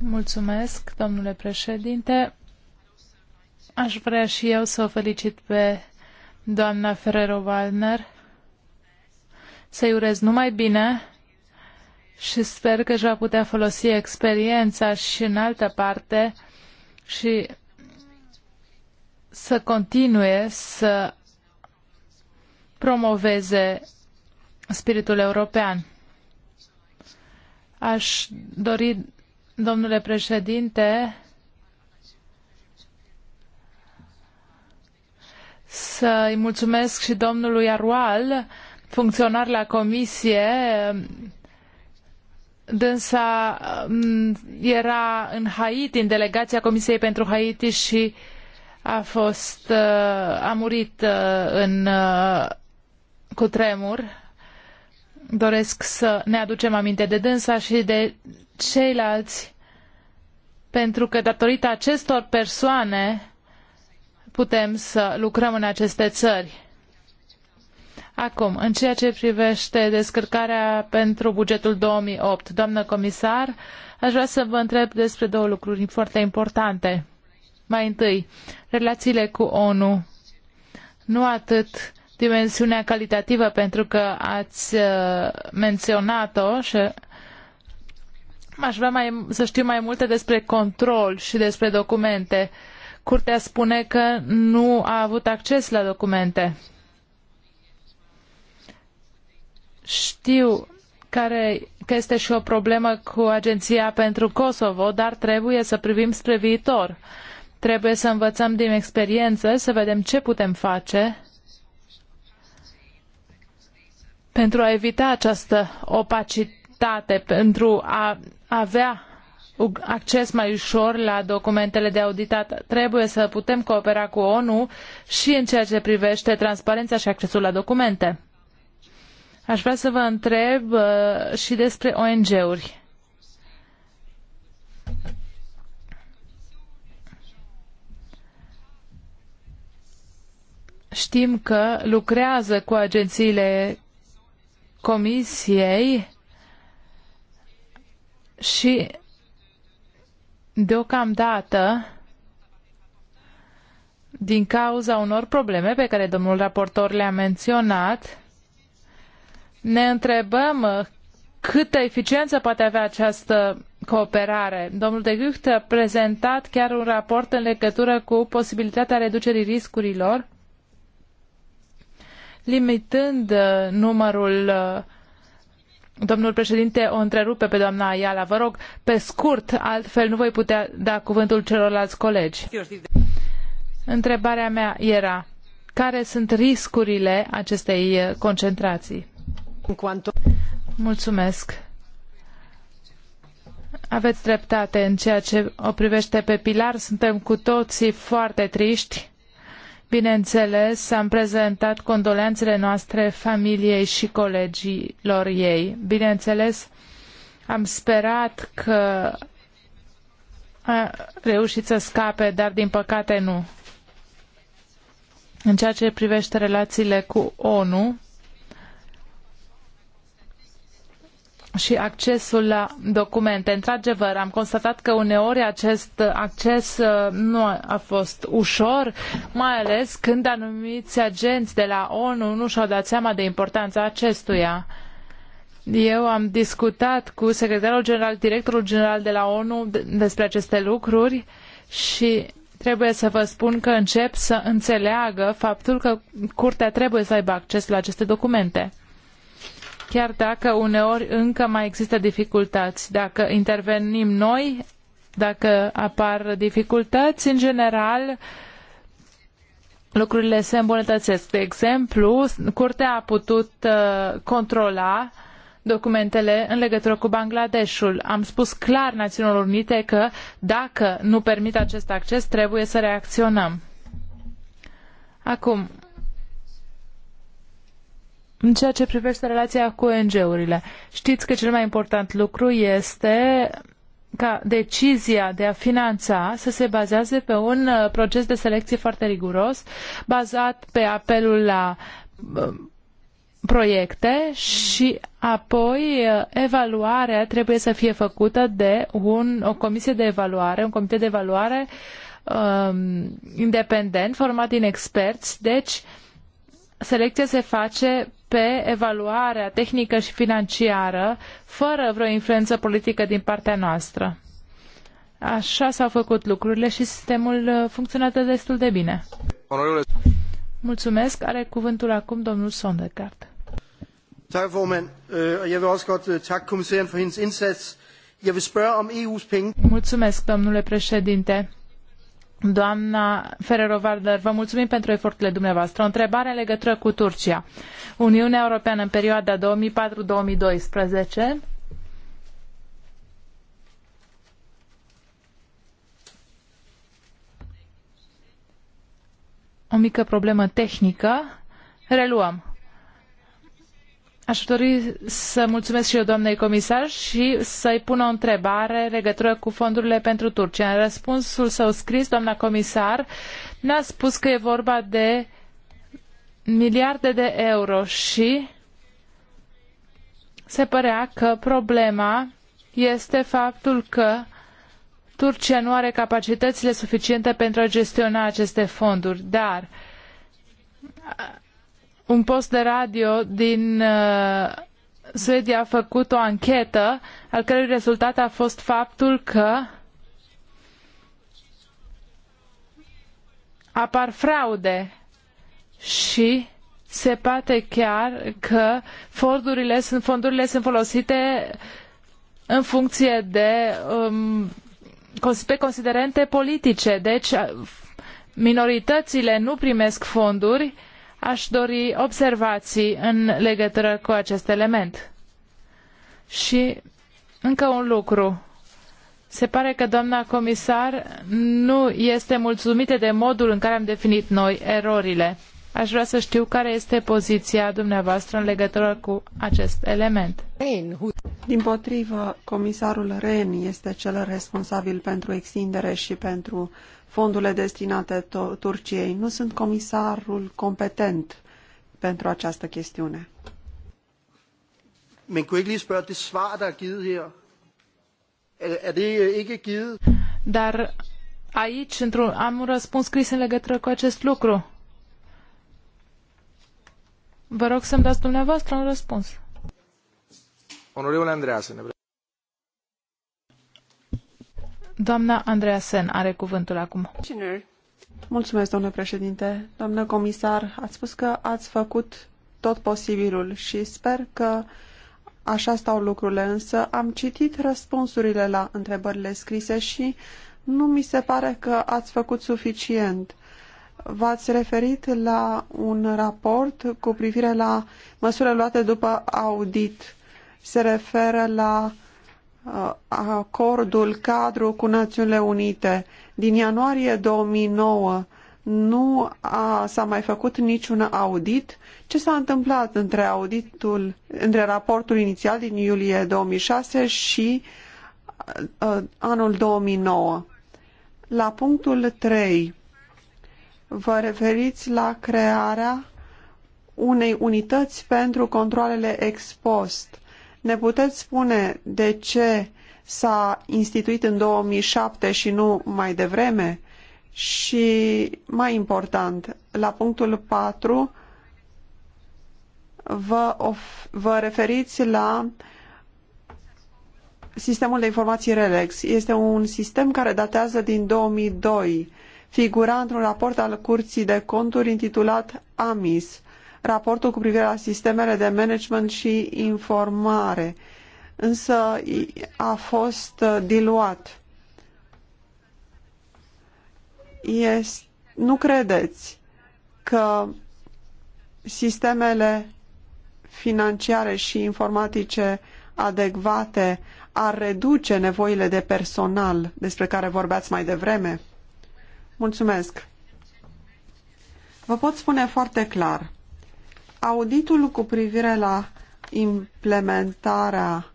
Mulțumesc, domnule președinte. Aș vrea și eu să o felicit pe doamna Ferrero-Walner, să-i urez numai bine și sper că își va putea folosi experiența și în altă parte și să continue să promoveze spiritul european. Aș dori, domnule președinte, să-i mulțumesc și domnului Arual, funcționar la comisie. Dânsa mm, era în Haiti, în delegația Comisiei pentru Haiti și a fost uh, a murit uh, în uh, cutremur, doresc să ne aducem aminte de dânsa și de ceilalți, pentru că datorită acestor persoane putem să lucrăm în aceste țări. Acum, în ceea ce privește descărcarea pentru bugetul 2008, doamnă comisar, aș vrea să vă întreb despre două lucruri foarte importante. Mai întâi, relațiile cu ONU, nu atât dimensiunea calitativă pentru că ați uh, menționat-o și aș vrea mai, să știu mai multe despre control și despre documente. Curtea spune că nu a avut acces la documente. Știu care, că este și o problemă cu Agenția pentru Kosovo, dar trebuie să privim spre viitor. Trebuie să învățăm din experiență, să vedem ce putem face pentru a evita această opacitate, pentru a avea acces mai ușor la documentele de auditat. Trebuie să putem coopera cu ONU și în ceea ce privește transparența și accesul la documente. Aș vrea să vă întreb uh, și despre ONG-uri. Știm că lucrează cu agențiile Comisiei și deocamdată din cauza unor probleme pe care domnul raportor le-a menționat, ne întrebăm câtă eficiență poate avea această cooperare. Domnul de Gucht a prezentat chiar un raport în legătură cu posibilitatea reducerii riscurilor limitând uh, numărul uh, Domnul președinte, o întrerupe pe doamna Ayala, vă rog, pe scurt, altfel nu voi putea da cuvântul celorlalți colegi. Întrebarea mea era, care sunt riscurile acestei uh, concentrații? Mulțumesc. Aveți dreptate în ceea ce o privește pe Pilar. Suntem cu toții foarte triști Bineînțeles, am prezentat condolențele noastre familiei și colegilor ei. Bineînțeles, am sperat că a reușit să scape, dar din păcate nu. În ceea ce privește relațiile cu ONU, și accesul la documente. Într-adevăr, am constatat că uneori acest acces uh, nu a fost ușor, mai ales când anumiți agenți de la ONU nu și-au dat seama de importanța acestuia. Eu am discutat cu secretarul general, directorul general de la ONU despre aceste lucruri și trebuie să vă spun că încep să înțeleagă faptul că curtea trebuie să aibă acces la aceste documente chiar dacă uneori încă mai există dificultăți. Dacă intervenim noi, dacă apar dificultăți, în general, lucrurile se îmbunătățesc. De exemplu, curtea a putut uh, controla documentele în legătură cu Bangladeshul. Am spus clar Națiunilor Unite că dacă nu permit acest acces, trebuie să reacționăm. Acum, în ceea ce privește relația cu ONG-urile, știți că cel mai important lucru este ca decizia de a finanța să se bazeze pe un uh, proces de selecție foarte riguros, bazat pe apelul la uh, proiecte și apoi uh, evaluarea trebuie să fie făcută de un, o comisie de evaluare, un comitet de evaluare um, independent, format din experți, deci uh, selecția se face pe evaluarea tehnică și financiară, fără vreo influență politică din partea noastră. Așa s-au făcut lucrurile și sistemul uh, funcționează destul de bine. Mulțumesc. Are cuvântul acum domnul Sondergaard. Tak, formand. Øh, jeg vil også godt øh, takke kommissæren for hendes indsats. Jeg vil spørge om EU's penge. Mulțumesc, domnule președinte. Doamna Ferrero-Valder, vă mulțumim pentru eforturile dumneavoastră. O întrebare în legătură cu Turcia. Uniunea Europeană în perioada 2004-2012 O mică problemă tehnică. Reluăm. Aș dori să mulțumesc și eu doamnei comisar și să-i pun o întrebare legătură cu fondurile pentru Turcia. În răspunsul său scris, doamna comisar ne-a spus că e vorba de miliarde de euro și se părea că problema este faptul că Turcia nu are capacitățile suficiente pentru a gestiona aceste fonduri, dar un post de radio din uh, Suedia a făcut o anchetă, al cărui rezultat a fost faptul că apar fraude și se poate chiar că fondurile sunt, fondurile sunt folosite în funcție de um, pe considerente politice. Deci minoritățile nu primesc fonduri aș dori observații în legătură cu acest element. Și încă un lucru. Se pare că doamna comisar nu este mulțumită de modul în care am definit noi erorile. Aș vrea să știu care este poziția dumneavoastră în legătură cu acest element. Din potrivă, comisarul Ren este cel responsabil pentru extindere și pentru fondurile destinate Turciei. Nu sunt comisarul competent pentru această chestiune. Men kunne ikke lige spørge, det svar, der er givet her, er, er det øh, ikke givet? Dar aici într am un răspuns scris în legătură cu acest lucru. Vă rog să-mi dați dumneavoastră un răspuns. Onorevole Andreasen. Doamna Sen are cuvântul acum. Mulțumesc, domnule președinte. Doamnă comisar, ați spus că ați făcut tot posibilul și sper că așa stau lucrurile, însă am citit răspunsurile la întrebările scrise și nu mi se pare că ați făcut suficient. V-ați referit la un raport cu privire la măsurile luate după audit. Se referă la acordul cadru cu Națiunile Unite din ianuarie 2009 nu a, s-a mai făcut niciun audit. Ce s-a întâmplat între auditul, între raportul inițial din iulie 2006 și uh, anul 2009? La punctul 3 vă referiți la crearea unei unități pentru controlele ex post. Ne puteți spune de ce s-a instituit în 2007 și nu mai devreme? Și mai important, la punctul 4 vă, of, vă referiți la sistemul de informații RELEX. Este un sistem care datează din 2002. Figura într-un raport al Curții de Conturi intitulat AMIS raportul cu privire la sistemele de management și informare, însă a fost uh, diluat. Este, nu credeți că sistemele financiare și informatice adecvate ar reduce nevoile de personal despre care vorbeați mai devreme? Mulțumesc! Vă pot spune foarte clar. Auditul cu privire la implementarea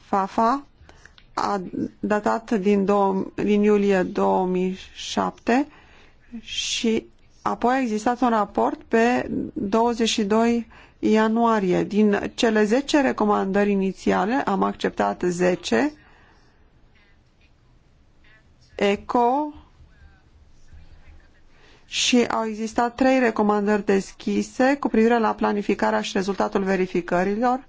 FAFA a datat din, două, din iulie 2007 și apoi a existat un raport pe 22 ianuarie. Din cele 10 recomandări inițiale am acceptat 10. ECO și au existat trei recomandări deschise cu privire la planificarea și rezultatul verificărilor,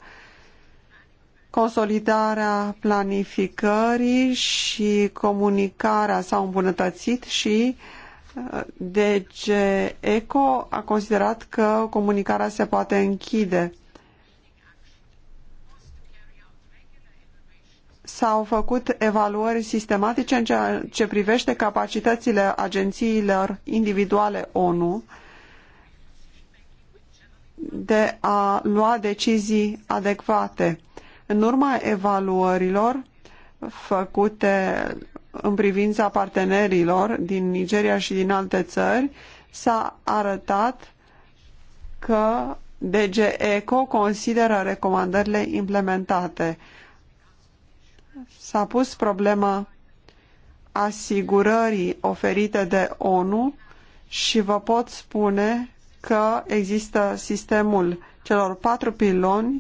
consolidarea planificării și comunicarea s-au îmbunătățit și uh, DG ECO a considerat că comunicarea se poate închide. s-au făcut evaluări sistematice în ceea ce privește capacitățile agențiilor individuale ONU de a lua decizii adecvate. În urma evaluărilor făcute în privința partenerilor din Nigeria și din alte țări, s-a arătat că DG ECO consideră recomandările implementate s-a pus problema asigurării oferite de ONU și vă pot spune că există sistemul celor patru piloni,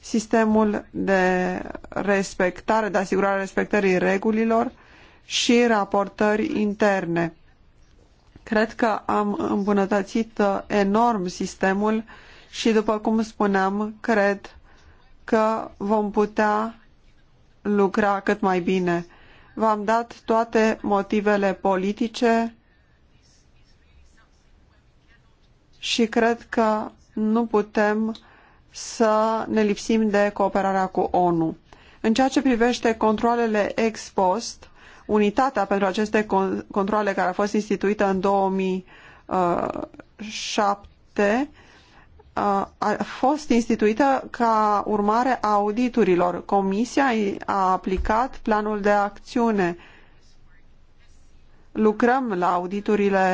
sistemul de respectare, de asigurare respectării regulilor și raportări interne. Cred că am îmbunătățit uh, enorm sistemul și, după cum spuneam, cred că vom putea lucra cât mai bine. V-am dat toate motivele politice și cred că nu putem să ne lipsim de cooperarea cu ONU. În ceea ce privește controlele ex post, unitatea pentru aceste controle care a fost instituită în 2007 a fost instituită ca urmare a auditurilor. Comisia a aplicat planul de acțiune. Lucrăm la auditurile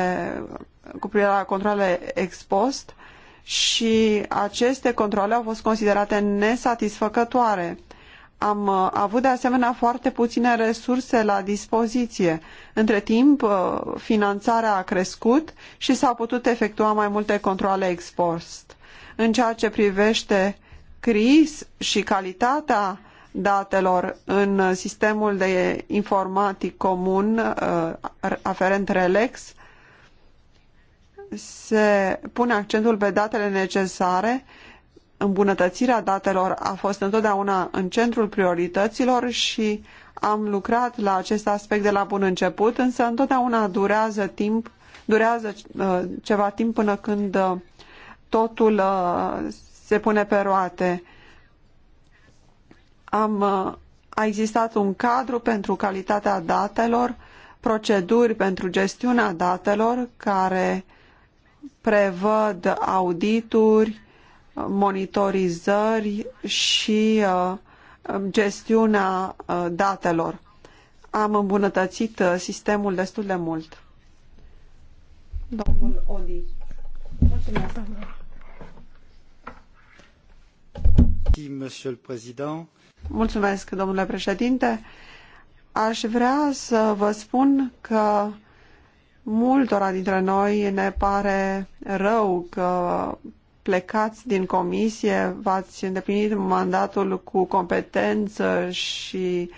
cu privire la controle ex post și aceste controle au fost considerate nesatisfăcătoare. Am uh, avut de asemenea foarte puține resurse la dispoziție. Între timp, uh, finanțarea a crescut și s-au putut efectua mai multe controle ex post. În ceea ce privește CRIS și calitatea datelor în sistemul de informatic comun uh, aferent RELEX, se pune accentul pe datele necesare. Îmbunătățirea datelor a fost întotdeauna în centrul priorităților și am lucrat la acest aspect de la bun început, însă întotdeauna durează timp, durează uh, ceva timp până când uh, totul uh, se pune pe roate. Am, uh, a existat un cadru pentru calitatea datelor, proceduri pentru gestiunea datelor care prevăd audituri, monitorizări și uh, gestiunea datelor. Am îmbunătățit sistemul destul de mult. Domnul Odi. Mulțumesc. Mulțumesc, domnule Aș vrea să vă spun că multora dintre noi ne pare rău că plecați din comisie, v-ați îndeplinit mandatul cu competență și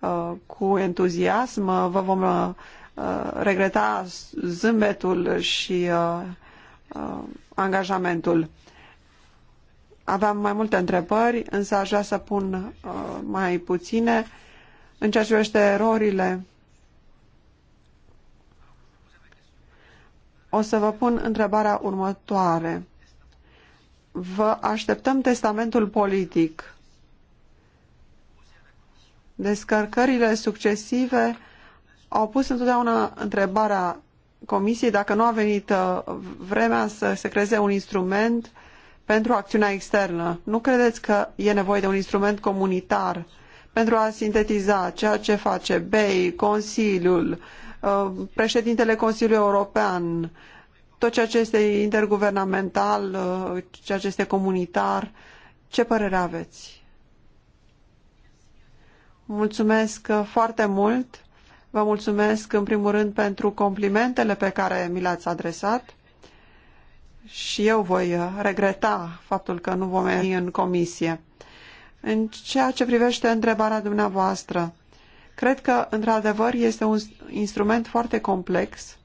uh, cu entuziasm. Vă vom uh, regreta zâmbetul și uh, uh angajamentul. Aveam mai multe întrebări, însă aș vrea să pun uh, mai puține. În ceea ce privește erorile, o să vă pun întrebarea următoare. Vă așteptăm testamentul politic. Descărcările succesive au pus întotdeauna întrebarea Comisiei dacă nu a venit uh, vremea să se creeze un instrument pentru acțiunea externă. Nu credeți că e nevoie de un instrument comunitar pentru a sintetiza ceea ce face BEI, Consiliul, uh, președintele Consiliului European, tot ceea ce este interguvernamental, uh, ceea ce este comunitar. Ce părere aveți? Mulțumesc uh, foarte mult. Vă mulțumesc în primul rând pentru complimentele pe care mi le-ați adresat și eu voi uh, regreta faptul că nu vom veni în comisie. În ceea ce privește întrebarea dumneavoastră, cred că, într-adevăr, este un instrument foarte complex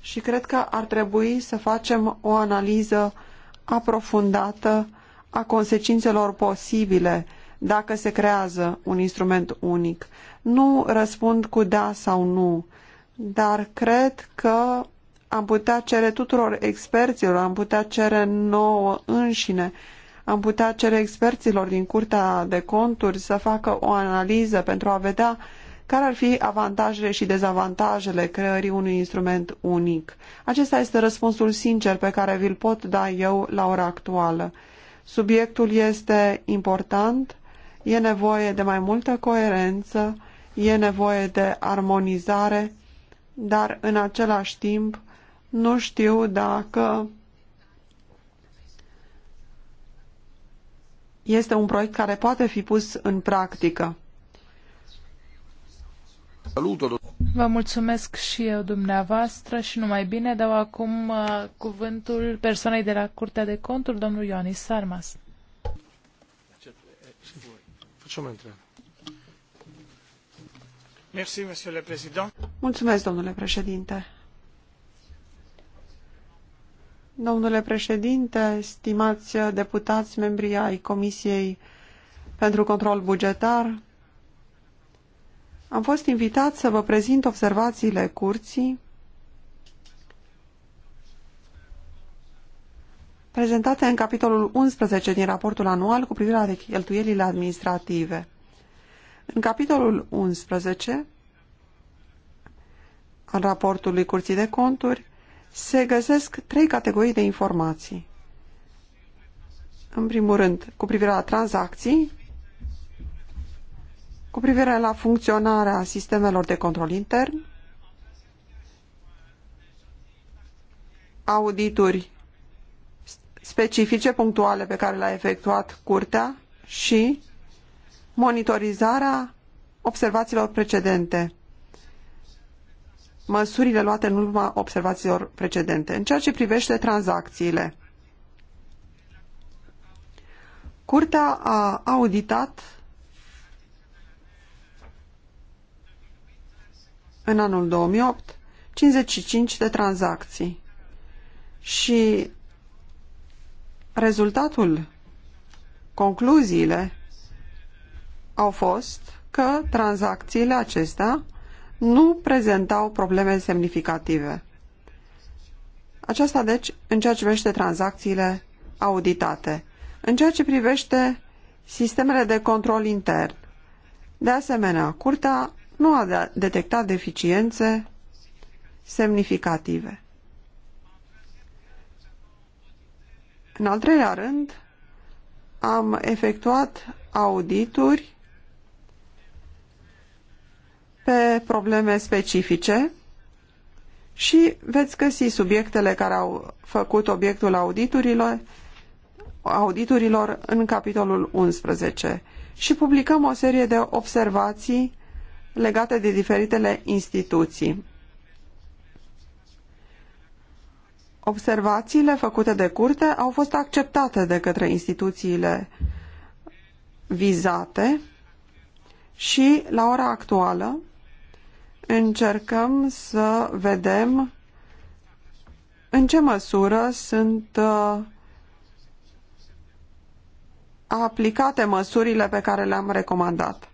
și cred că ar trebui să facem o analiză aprofundată a consecințelor posibile dacă se creează un instrument unic. Nu răspund cu da sau nu, dar cred că am putea cere tuturor experților, am putea cere nouă înșine, am putea cere experților din Curtea de Conturi să facă o analiză pentru a vedea care ar fi avantajele și dezavantajele creării unui instrument unic. Acesta este răspunsul sincer pe care vi-l pot da eu la ora actuală. Subiectul este important, e nevoie de mai multă coerență, e nevoie de armonizare, dar în același timp nu știu dacă este un proiect care poate fi pus în practică. Vă mulțumesc și eu dumneavoastră și numai bine dau acum uh, cuvântul persoanei de la Curtea de Conturi, domnul Ioanis Sarmas. Ce, ce, ce, ce, ce, ce, ce, Mulțumesc, domnule președinte. Domnule președinte, stimați deputați, membri ai Comisiei pentru Control Bugetar, am fost invitat să vă prezint observațiile curții prezentate în capitolul 11 din raportul anual cu privire la cheltuielile administrative. În capitolul 11 al raportului Curții de Conturi se găsesc trei categorii de informații. În primul rând, cu privire la tranzacții, cu privire la funcționarea sistemelor de control intern, audituri specifice, punctuale pe care le-a efectuat curtea și monitorizarea observațiilor precedente, măsurile luate în urma observațiilor precedente, în ceea ce privește tranzacțiile. Curtea a auditat în anul 2008 55 de tranzacții și rezultatul, concluziile au fost că tranzacțiile acestea nu prezentau probleme semnificative. Aceasta, deci, în ceea ce privește tranzacțiile auditate. În ceea ce privește sistemele de control intern, de asemenea, Curtea nu a detectat deficiențe semnificative. În al treilea rând, am efectuat audituri pe probleme specifice și veți găsi subiectele care au făcut obiectul auditurilor, auditurilor în capitolul 11 și publicăm o serie de observații legate de diferitele instituții. Observațiile făcute de curte au fost acceptate de către instituțiile vizate și, la ora actuală, încercăm să vedem în ce măsură sunt uh, aplicate măsurile pe care le-am recomandat.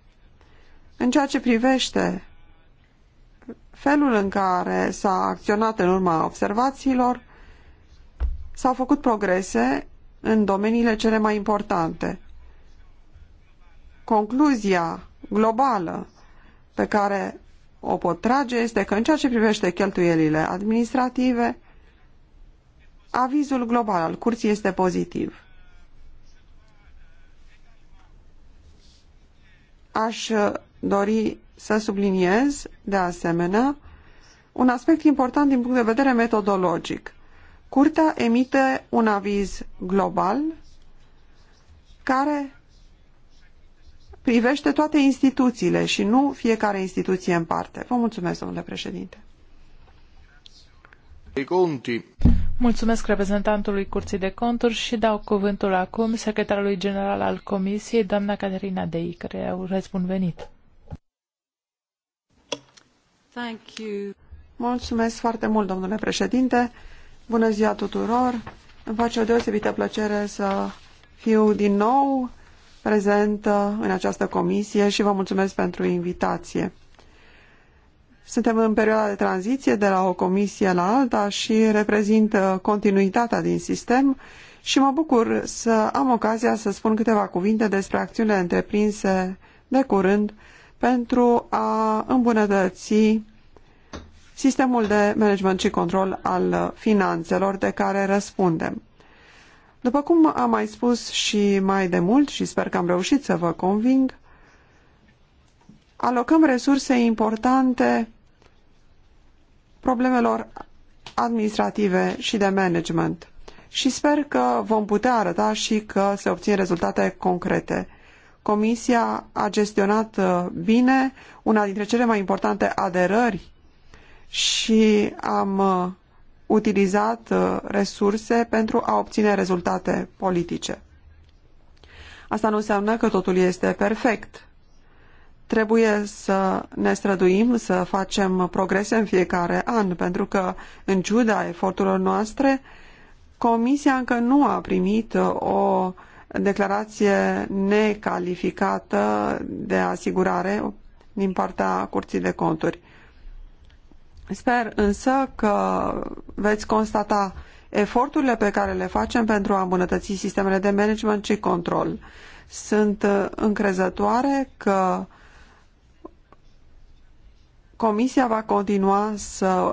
În ceea ce privește felul în care s-a acționat în urma observațiilor, s-au făcut progrese în domeniile cele mai importante. Concluzia globală pe care o pot trage este că în ceea ce privește cheltuielile administrative, avizul global al curții este pozitiv. Aș dori să subliniez, de asemenea, un aspect important din punct de vedere metodologic. Curtea emite un aviz global care privește toate instituțiile și nu fiecare instituție în parte. Vă mulțumesc, domnule președinte. Conti. Mulțumesc reprezentantului Curții de Conturi și dau cuvântul acum secretarului general al Comisiei, doamna Caterina Dei, care urez bun venit. Thank you. Mulțumesc foarte mult, domnule președinte. Bună ziua tuturor. Îmi face o deosebită plăcere să fiu din nou prezentă în această comisie și vă mulțumesc pentru invitație. Suntem în perioada de tranziție de la o comisie la alta și reprezintă uh, continuitatea din sistem și mă bucur să am ocazia să spun câteva cuvinte despre acțiunile întreprinse de curând pentru a îmbunătăți sistemul de management și control al uh, finanțelor de care răspundem. După cum am mai spus și mai de mult și sper că am reușit să vă conving, alocăm resurse importante problemelor administrative și de management și sper că vom putea arăta și că se obțin rezultate concrete. Comisia a gestionat uh, bine una dintre cele mai importante aderări și am uh, utilizat uh, resurse pentru a obține rezultate politice. Asta nu înseamnă că totul este perfect. Trebuie să ne străduim să facem progrese în fiecare an, pentru că, în ciuda eforturilor noastre, Comisia încă nu a primit uh, o declarație necalificată de asigurare din partea Curții de Conturi. Sper însă că veți constata eforturile pe care le facem pentru a îmbunătăți sistemele de management și control. Sunt încrezătoare că Comisia va continua să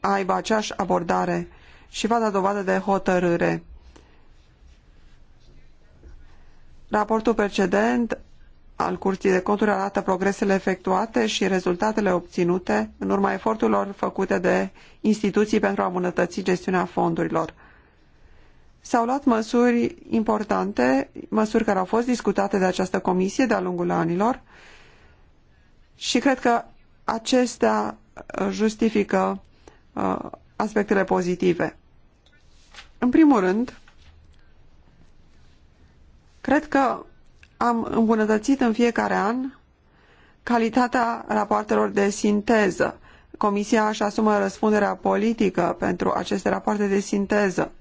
aibă aceeași abordare și va da dovadă de hotărâre. Raportul precedent al Curții de Conturi arată progresele efectuate și rezultatele obținute în urma eforturilor făcute de instituții pentru a îmbunătăți gestiunea fondurilor. S-au luat măsuri importante, măsuri care au fost discutate de această comisie de-a lungul anilor și cred că acestea uh, justifică uh, aspectele pozitive. În primul rând, cred că am îmbunătățit în fiecare an calitatea rapoartelor de sinteză. Comisia își asumă răspunderea politică pentru aceste rapoarte de sinteză.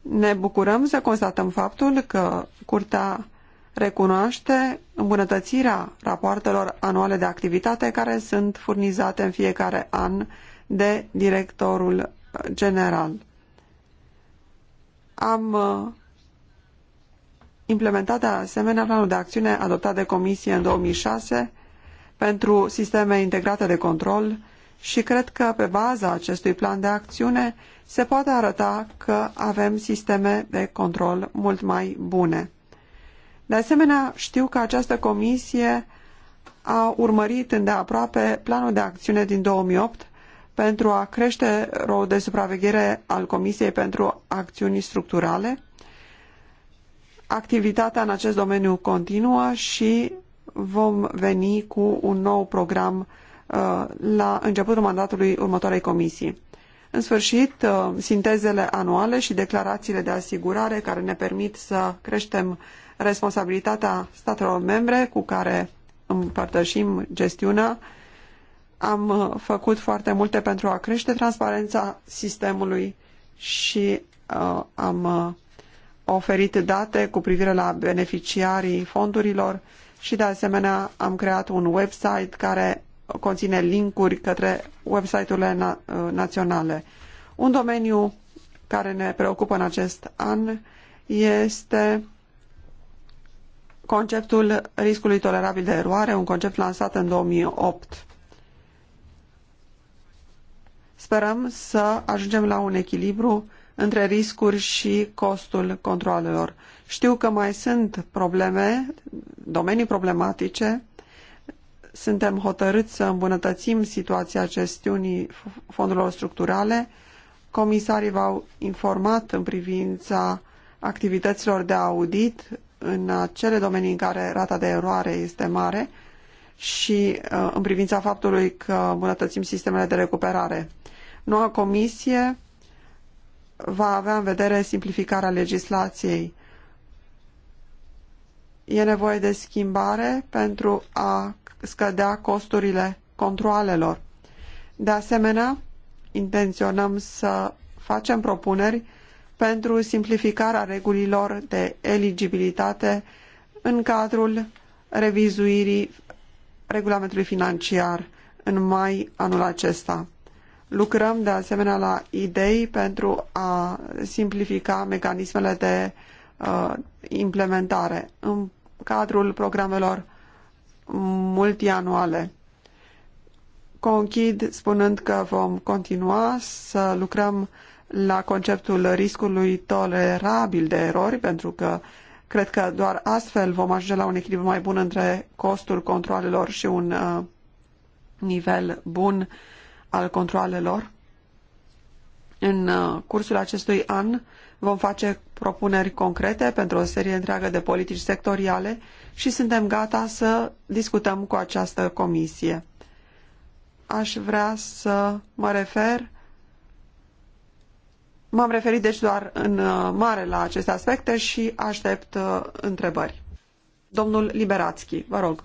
Ne bucurăm să constatăm faptul că Curtea recunoaște îmbunătățirea rapoartelor anuale de activitate care sunt furnizate în fiecare an de directorul general. Am uh, implementat de asemenea planul de acțiune adoptat de Comisie în 2006 pentru sisteme integrate de control și cred că pe baza acestui plan de acțiune se poate arăta că avem sisteme de control mult mai bune. De asemenea, știu că această comisie a urmărit îndeaproape planul de acțiune din 2008 pentru a crește rolul de supraveghere al Comisiei pentru Acțiuni Structurale Activitatea în acest domeniu continuă și vom veni cu un nou program uh, la începutul mandatului următoarei comisii. În sfârșit, uh, sintezele anuale și declarațiile de asigurare care ne permit să creștem responsabilitatea statelor membre cu care împărtășim gestiunea. Am uh, făcut foarte multe pentru a crește transparența sistemului și am oferit date cu privire la beneficiarii fondurilor și, de asemenea, am creat un website care conține linkuri către website-urile na uh, naționale. Un domeniu care ne preocupă în acest an este conceptul riscului tolerabil de eroare, un concept lansat în 2008. Sperăm să ajungem la un echilibru între riscuri și costul controalelor. Știu că mai sunt probleme, domenii problematice. Suntem hotărâți să îmbunătățim situația gestiunii fondurilor structurale. Comisarii v-au informat în privința activităților de audit în acele domenii în care rata de eroare este mare și uh, în privința faptului că îmbunătățim sistemele de recuperare. Noua comisie va avea în vedere simplificarea legislației. E nevoie de schimbare pentru a scădea costurile controalelor. De asemenea, intenționăm să facem propuneri pentru simplificarea regulilor de eligibilitate în cadrul revizuirii regulamentului financiar în mai anul acesta. Lucrăm de asemenea la idei pentru a simplifica mecanismele de uh, implementare în cadrul programelor multianuale. Conchid spunând că vom continua să lucrăm la conceptul riscului tolerabil de erori, pentru că cred că doar astfel vom ajunge la un echilibru mai bun între costul controlelor și un uh, nivel bun al controalelor. În uh, cursul acestui an vom face propuneri concrete pentru o serie întreagă de politici sectoriale și suntem gata să discutăm cu această comisie. Aș vrea să mă refer M-am referit deci doar în uh, mare la aceste aspecte și aștept uh, întrebări. Domnul Liberațchi, vă rog.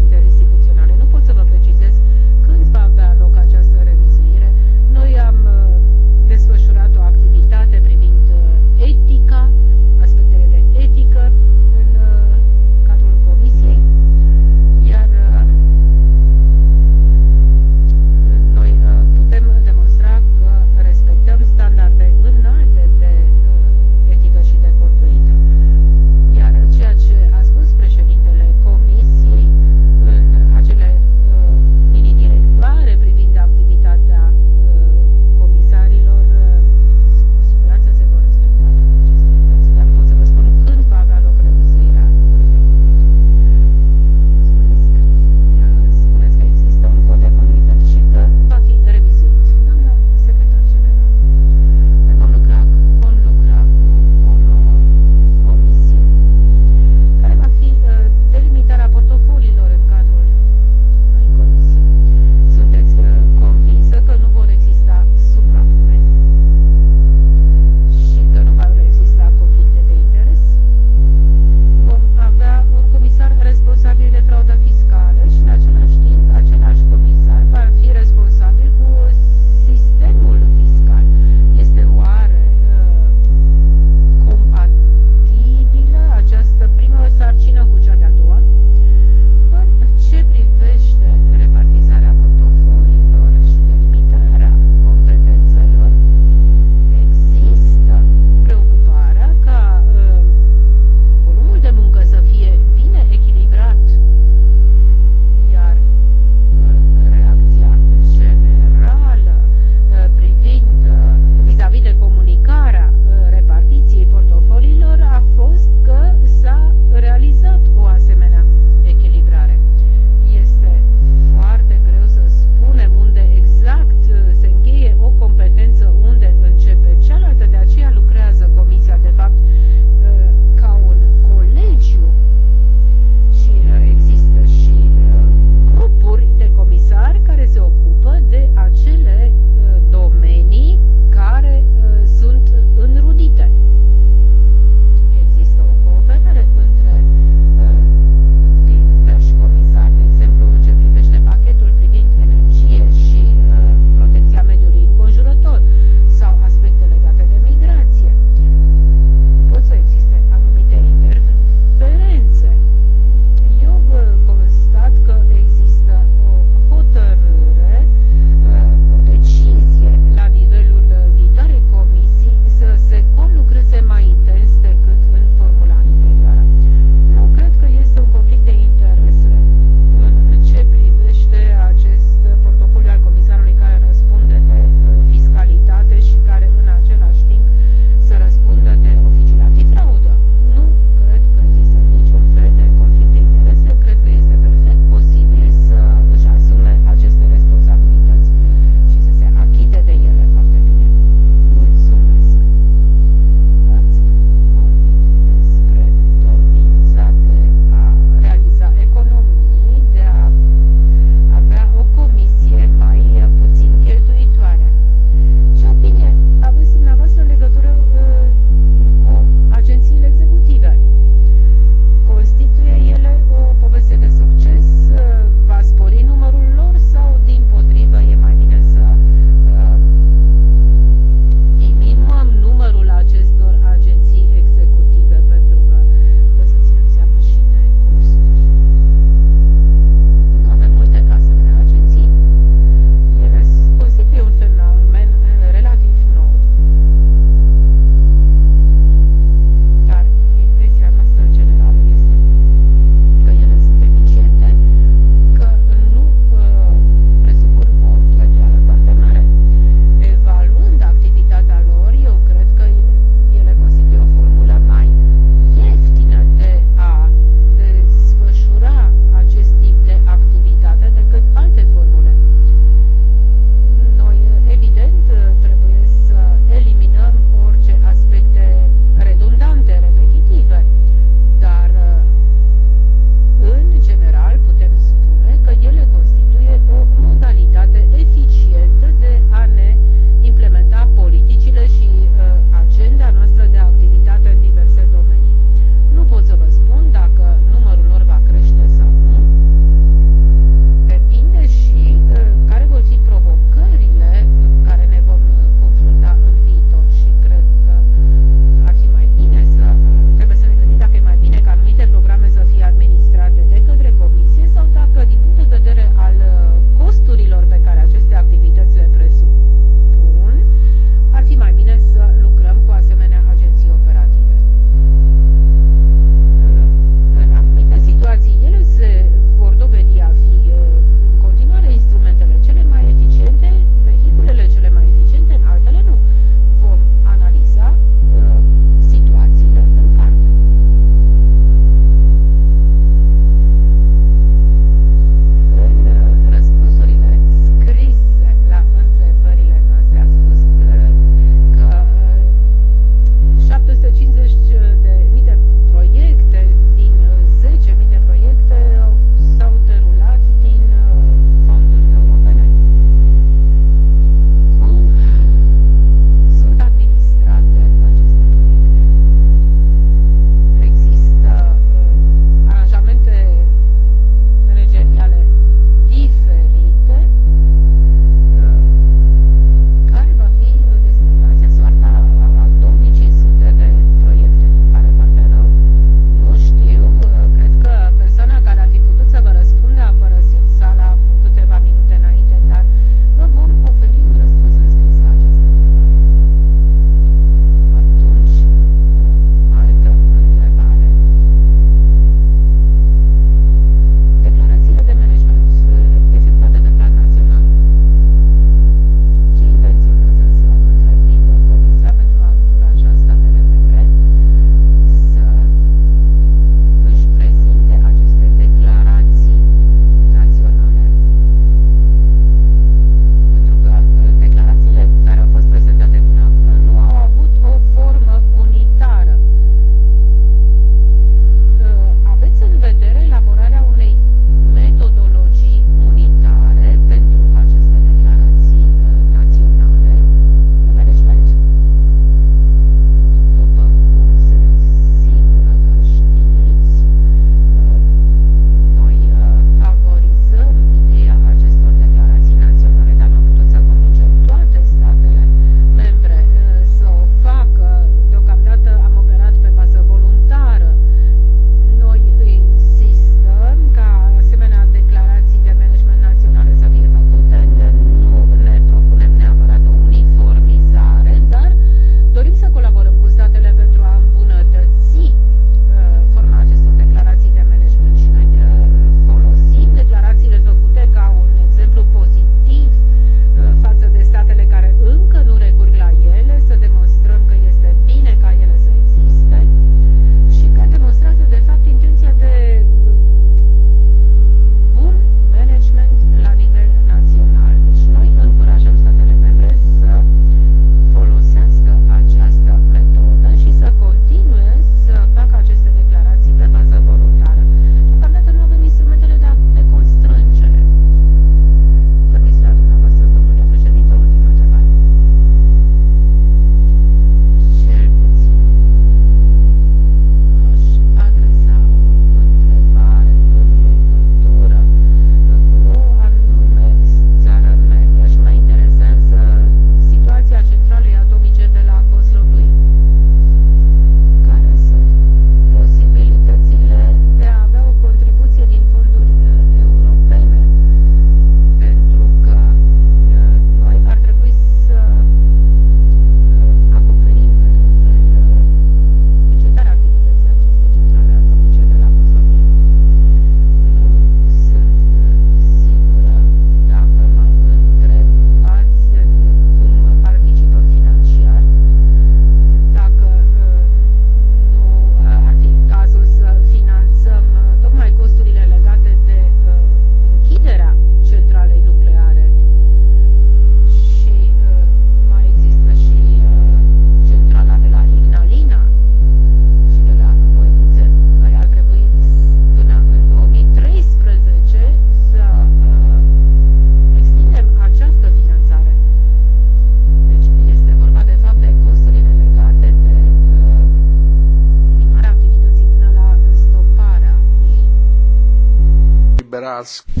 Liberatski.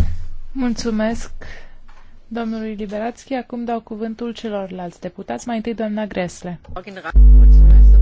Mulțumesc domnului Liberatski. Acum dau cuvântul celorlalți deputați. Mai întâi doamna Gresle. Mulțumesc.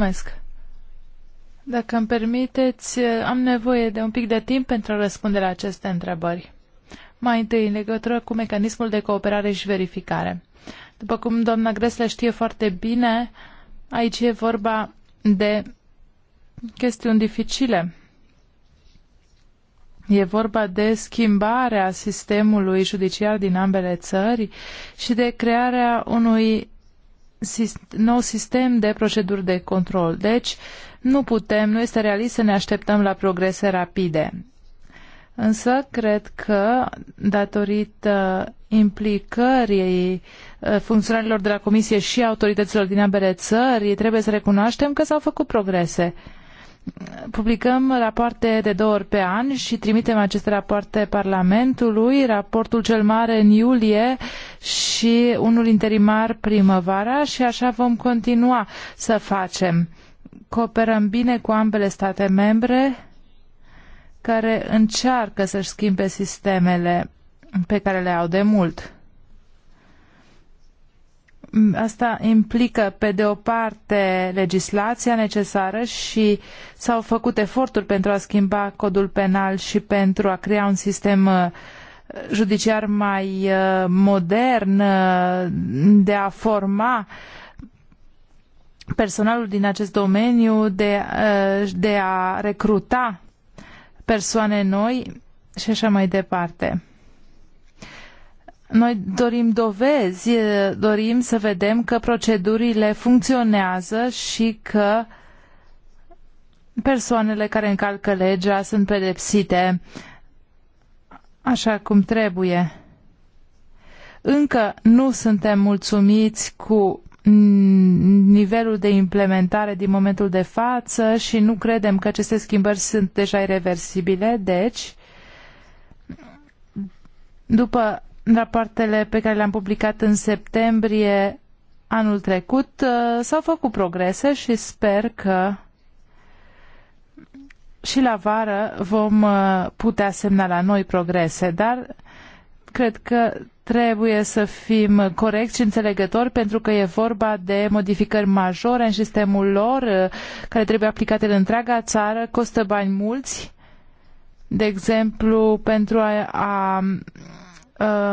Mulțumesc. Dacă îmi permiteți, am nevoie de un pic de timp pentru a răspunde la aceste întrebări. Mai întâi, în legătură cu mecanismul de cooperare și verificare. După cum doamna Gresle știe foarte bine, aici e vorba de chestiuni dificile. E vorba de schimbarea sistemului judiciar din ambele țări și de crearea unui nou sistem de proceduri de control. Deci, nu putem, nu este realist să ne așteptăm la progrese rapide. Însă, cred că, datorită implicării uh, funcționarilor de la Comisie și autorităților din ambele țări, trebuie să recunoaștem că s-au făcut progrese publicăm rapoarte de două ori pe an și trimitem aceste rapoarte Parlamentului, raportul cel mare în iulie și unul interimar primăvara și așa vom continua să facem. Cooperăm bine cu ambele state membre care încearcă să-și schimbe sistemele pe care le au de mult. Asta implică, pe de o parte, legislația necesară și s-au făcut eforturi pentru a schimba codul penal și pentru a crea un sistem uh, judiciar mai uh, modern uh, de a forma personalul din acest domeniu, de, de a recruta persoane noi și așa mai departe. Noi dorim dovezi, dorim să vedem că procedurile funcționează și că persoanele care încalcă legea sunt pedepsite așa cum trebuie. Încă nu suntem mulțumiți cu nivelul de implementare din momentul de față și nu credem că aceste schimbări sunt deja irreversibile, deci după rapoartele pe care le-am publicat în septembrie anul trecut, uh, s-au făcut progrese și sper că și la vară vom uh, putea semna la noi progrese, dar cred că trebuie să fim corecți și înțelegători pentru că e vorba de modificări majore în sistemul lor uh, care trebuie aplicate în întreaga țară, costă bani mulți, de exemplu pentru a, a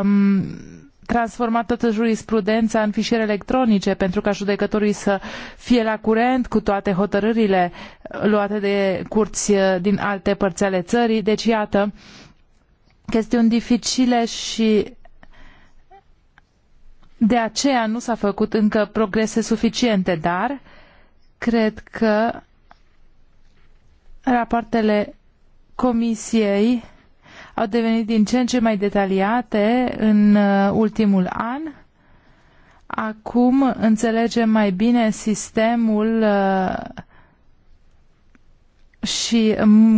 um, transformat toată jurisprudența în fișiere electronice pentru ca judecătorii să fie la curent cu toate hotărârile luate de curți uh, din alte părți ale țării. Deci, iată, chestiuni dificile și de aceea nu s-a făcut încă progrese suficiente, dar cred că rapoartele comisiei au devenit din ce în ce mai detaliate în uh, ultimul an. Acum înțelegem mai bine sistemul uh, și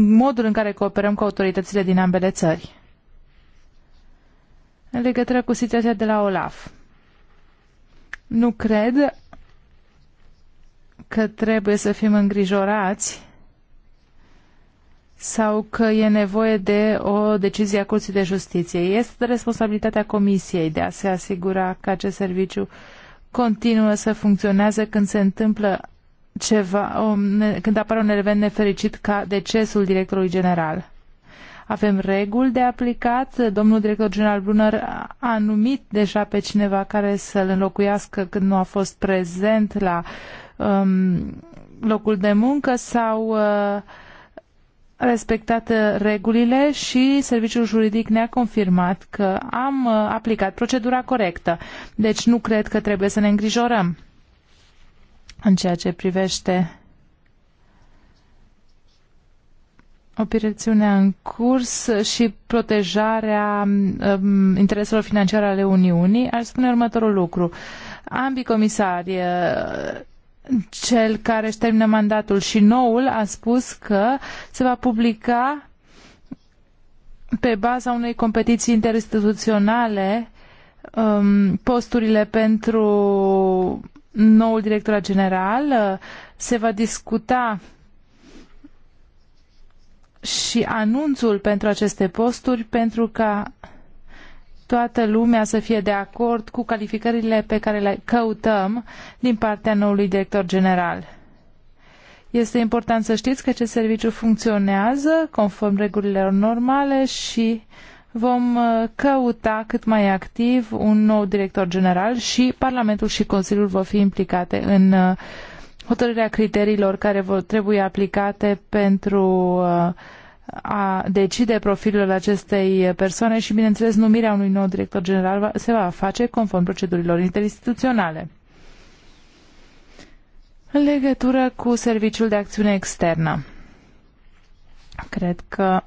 modul în care cooperăm cu autoritățile din ambele țări. În legătură cu situația de la OLAF. Nu cred că trebuie să fim îngrijorați sau că e nevoie de o decizie a Curții de Justiție. Este de responsabilitatea Comisiei de a se asigura că acest serviciu continuă să funcționeze când se întâmplă ceva, o, ne, când apare un element nefericit ca decesul directorului general. Avem reguli de aplicat. Domnul director general Brunner a numit deja pe cineva care să-l înlocuiască când nu a fost prezent la um, locul de muncă sau uh, respectate regulile și serviciul juridic ne-a confirmat că am uh, aplicat procedura corectă. Deci nu cred că trebuie să ne îngrijorăm în ceea ce privește operațiunea în curs și protejarea um, intereselor financiare ale Uniunii, aș spune următorul lucru. Ambii comisari uh, cel care își termină mandatul și noul a spus că se va publica pe baza unei competiții interinstituționale um, posturile pentru noul director general. Uh, se va discuta și anunțul pentru aceste posturi pentru ca toată lumea să fie de acord cu calificările pe care le căutăm din partea noului director general. Este important să știți că acest serviciu funcționează conform regulilor normale și vom uh, căuta cât mai activ un nou director general și Parlamentul și Consiliul vor fi implicate în uh, hotărârea criteriilor care vor trebui aplicate pentru uh, a decide profilul acestei persoane și, bineînțeles, numirea unui nou director general se va face conform procedurilor interinstituționale. În legătură cu Serviciul de Acțiune Externă, cred că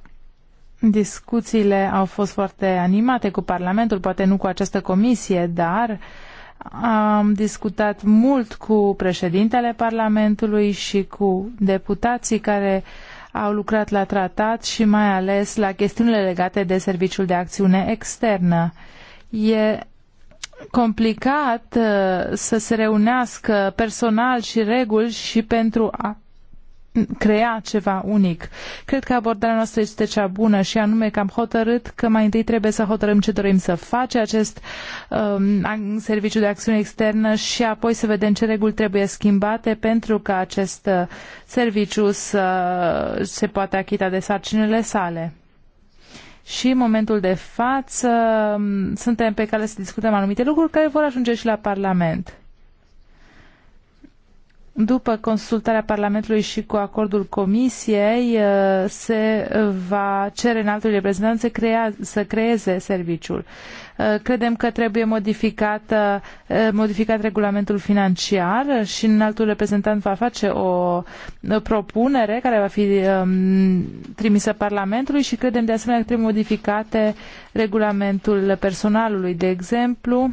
discuțiile au fost foarte animate cu Parlamentul, poate nu cu această comisie, dar am discutat mult cu președintele Parlamentului și cu deputații care uh, au lucrat la tratat și mai ales la chestiunile legate de serviciul de acțiune externă. E complicat uh, să se reunească personal și reguli și pentru a crea ceva unic. Cred că abordarea noastră este cea bună și anume că am hotărât că mai întâi trebuie să hotărâm ce dorim să face acest um, serviciu de acțiune externă și apoi să vedem ce reguli trebuie schimbate pentru ca acest uh, serviciu să se poate achita de sarcinile sale și în momentul de față um, suntem pe care să discutăm anumite lucruri care vor ajunge și la Parlament după consultarea Parlamentului și cu acordul Comisiei, uh, se va cere în altul reprezentant să, crea, să creeze serviciul. Uh, credem că trebuie modificat, uh, modificat regulamentul financiar și în altul reprezentant va face o propunere care va fi um, trimisă Parlamentului și credem de asemenea că trebuie modificate regulamentul personalului, de exemplu,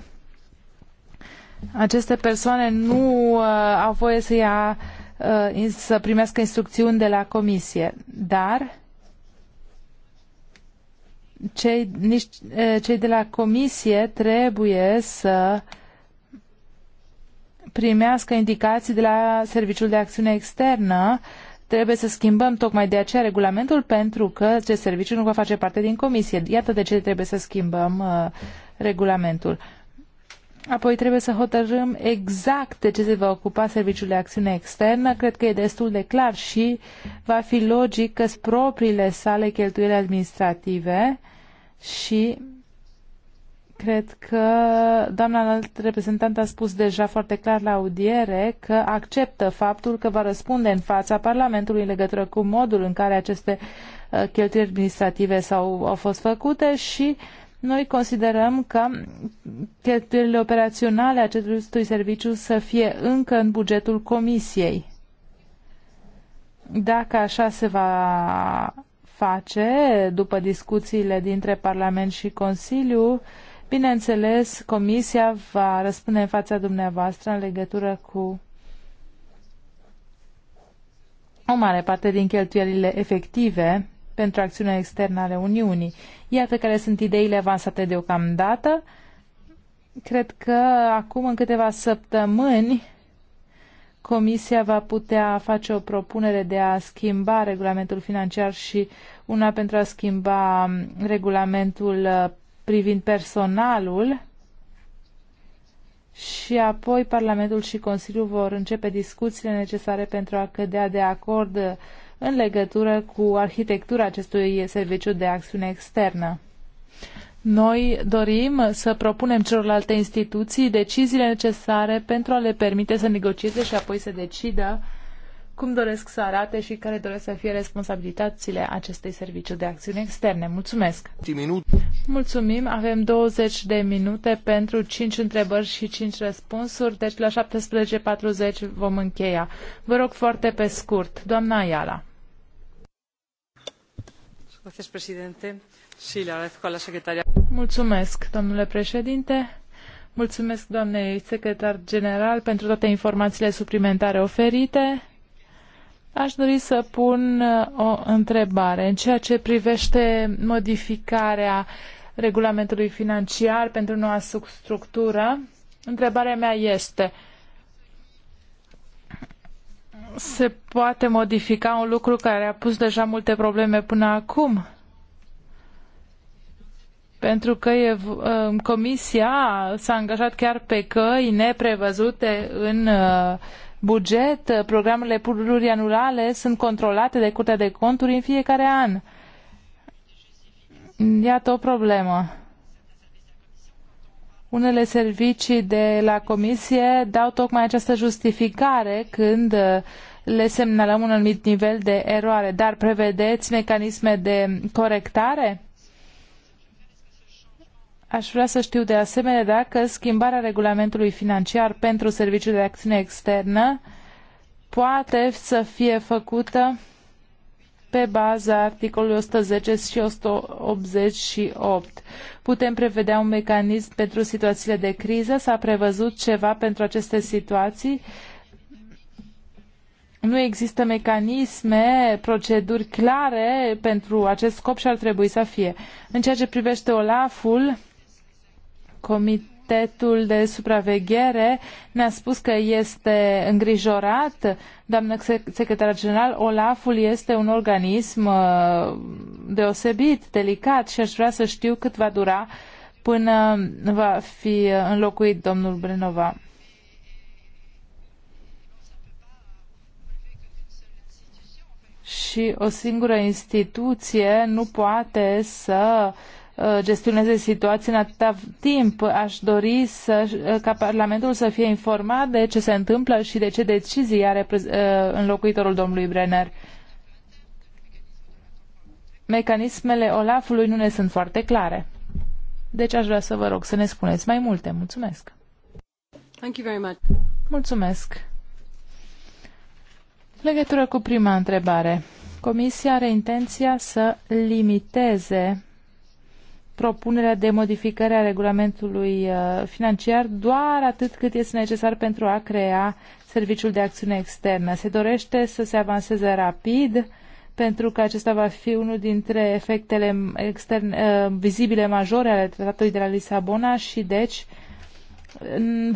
aceste persoane nu uh, au voie să, ia, uh, să primească instrucțiuni de la comisie, dar cei, nici, uh, cei de la comisie trebuie să primească indicații de la Serviciul de Acțiune Externă trebuie să schimbăm tocmai de aceea regulamentul pentru că acest serviciu nu va face parte din comisie. Iată de ce trebuie să schimbăm uh, regulamentul. Apoi trebuie să hotărâm exact de ce se va ocupa Serviciul de Acțiune Externă. Cred că e destul de clar și va fi logic că propriile sale cheltuieli administrative și cred că doamna înalt reprezentant a spus deja foarte clar la audiere că acceptă faptul că va răspunde în fața Parlamentului în legătură cu modul în care aceste uh, cheltuieli administrative s-au, au fost făcute și noi considerăm că cheltuielile operaționale acestui serviciu să fie încă în bugetul comisiei. Dacă așa se va face după discuțiile dintre Parlament și Consiliu, bineînțeles, Comisia va răspunde în fața dumneavoastră în legătură cu o mare parte din cheltuielile efective pentru acțiunea externă ale Uniunii. Iată care sunt ideile avansate deocamdată. Cred că acum, în câteva săptămâni, Comisia va putea face o propunere de a schimba regulamentul financiar și una pentru a schimba regulamentul uh, privind personalul și apoi Parlamentul și Consiliul vor începe discuțiile necesare pentru a cădea de acord uh, în legătură cu arhitectura acestui serviciu de acțiune externă. Noi dorim să propunem celorlalte instituții deciziile necesare pentru a le permite să negocieze și apoi să decidă cum doresc să arate și care doresc să fie responsabilitățile acestei serviciu de acțiune externe. Mulțumesc! Mulțumim! Avem 20 de minute pentru 5 întrebări și 5 răspunsuri, deci la 17.40 vom încheia. Vă rog foarte pe scurt, doamna Ayala. Mulțumesc, domnule președinte. Mulțumesc doamnei secretar general pentru toate informaiile suplimentare oferite. Aș dori să pun uh, o întrebare în ceea ce privește modificarea regulamentului financiar pentru noua structură. Întrebarea mea este, se poate modifica un lucru care a pus deja multe probleme până acum. Pentru că e, um, Comisia s-a angajat chiar pe căi neprevăzute în uh, buget. Programele plurianulale sunt controlate de Curtea de Conturi în fiecare an. Iată o problemă. Unele servicii de la comisie dau tocmai această justificare când uh, le semnalăm un anumit nivel de eroare, dar prevedeți mecanisme de corectare? Aș vrea să știu de asemenea dacă schimbarea regulamentului financiar pentru serviciul de acțiune externă poate să fie făcută pe baza articolului 110 și 188. Putem prevedea un mecanism pentru situațiile de criză? S-a prevăzut ceva pentru aceste situații? nu există mecanisme, proceduri clare pentru acest scop și ar trebui să fie. În ceea ce privește OLAF-ul, Comitetul de Supraveghere ne-a spus că este îngrijorat. Doamnă secretar general, OLAF-ul este un organism uh, deosebit, delicat și aș vrea să știu cât va dura până va fi înlocuit domnul Brenova. și o singură instituție nu poate să uh, gestioneze situații în atâta timp. Aș dori să, uh, ca Parlamentul să fie informat de ce se întâmplă și de ce decizii are uh, înlocuitorul domnului Brenner. Mecanismele Olafului nu ne sunt foarte clare. Deci aș vrea să vă rog să ne spuneți mai multe. Mulțumesc! Mulțumesc! legătură cu prima întrebare, Comisia are intenția să limiteze propunerea de modificare a regulamentului uh, financiar doar atât cât este necesar pentru a crea serviciul de acțiune externă. Se dorește să se avanseze rapid pentru că acesta va fi unul dintre efectele externe, uh, vizibile majore ale Tratatului de la Lisabona și deci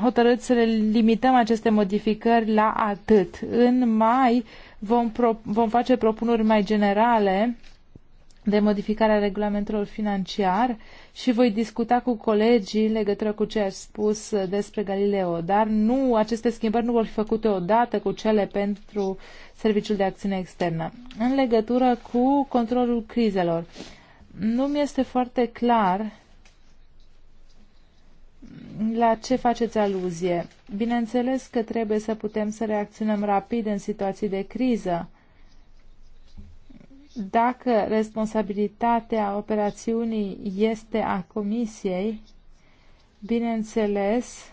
hotărât să le limităm aceste modificări la atât. În mai vom, pro, vom face propuneri mai generale de modificarea regulamentelor financiar și voi discuta cu colegii în legătură cu ce a spus despre Galileo, dar nu, aceste schimbări nu vor fi făcute odată cu cele pentru Serviciul de Acțiune Externă. În legătură cu controlul crizelor, nu mi este foarte clar la ce faceți aluzie? Bineînțeles că trebuie să putem să reacționăm rapid în situații de criză. Dacă responsabilitatea operațiunii este a Comisiei, bineînțeles,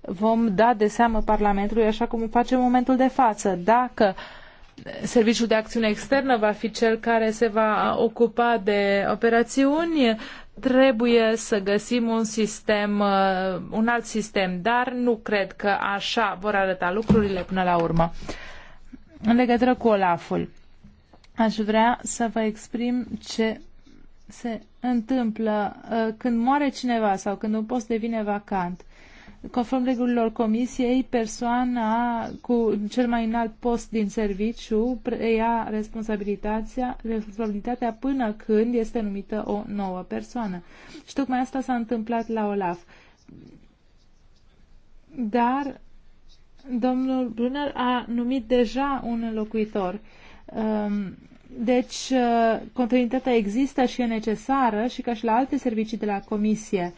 vom da de seamă Parlamentului așa cum facem în momentul de față. Dacă Serviciul de Acțiune Externă va fi cel care se va ocupa de operațiuni, Trebuie să găsim un sistem, uh, un alt sistem, dar nu cred că așa vor arăta lucrurile până la urmă. În legătură cu Olaful, aș vrea să vă exprim ce se întâmplă uh, când moare cineva sau când un post devine vacant. Conform regulilor comisiei, persoana cu cel mai înalt post din serviciu preia responsabilitatea, responsabilitatea până când este numită o nouă persoană. Și tocmai asta s-a întâmplat la OLAF. Dar domnul Brunner a numit deja un înlocuitor. Um, deci, uh, continuitatea există și e necesară și ca și la alte servicii de la comisie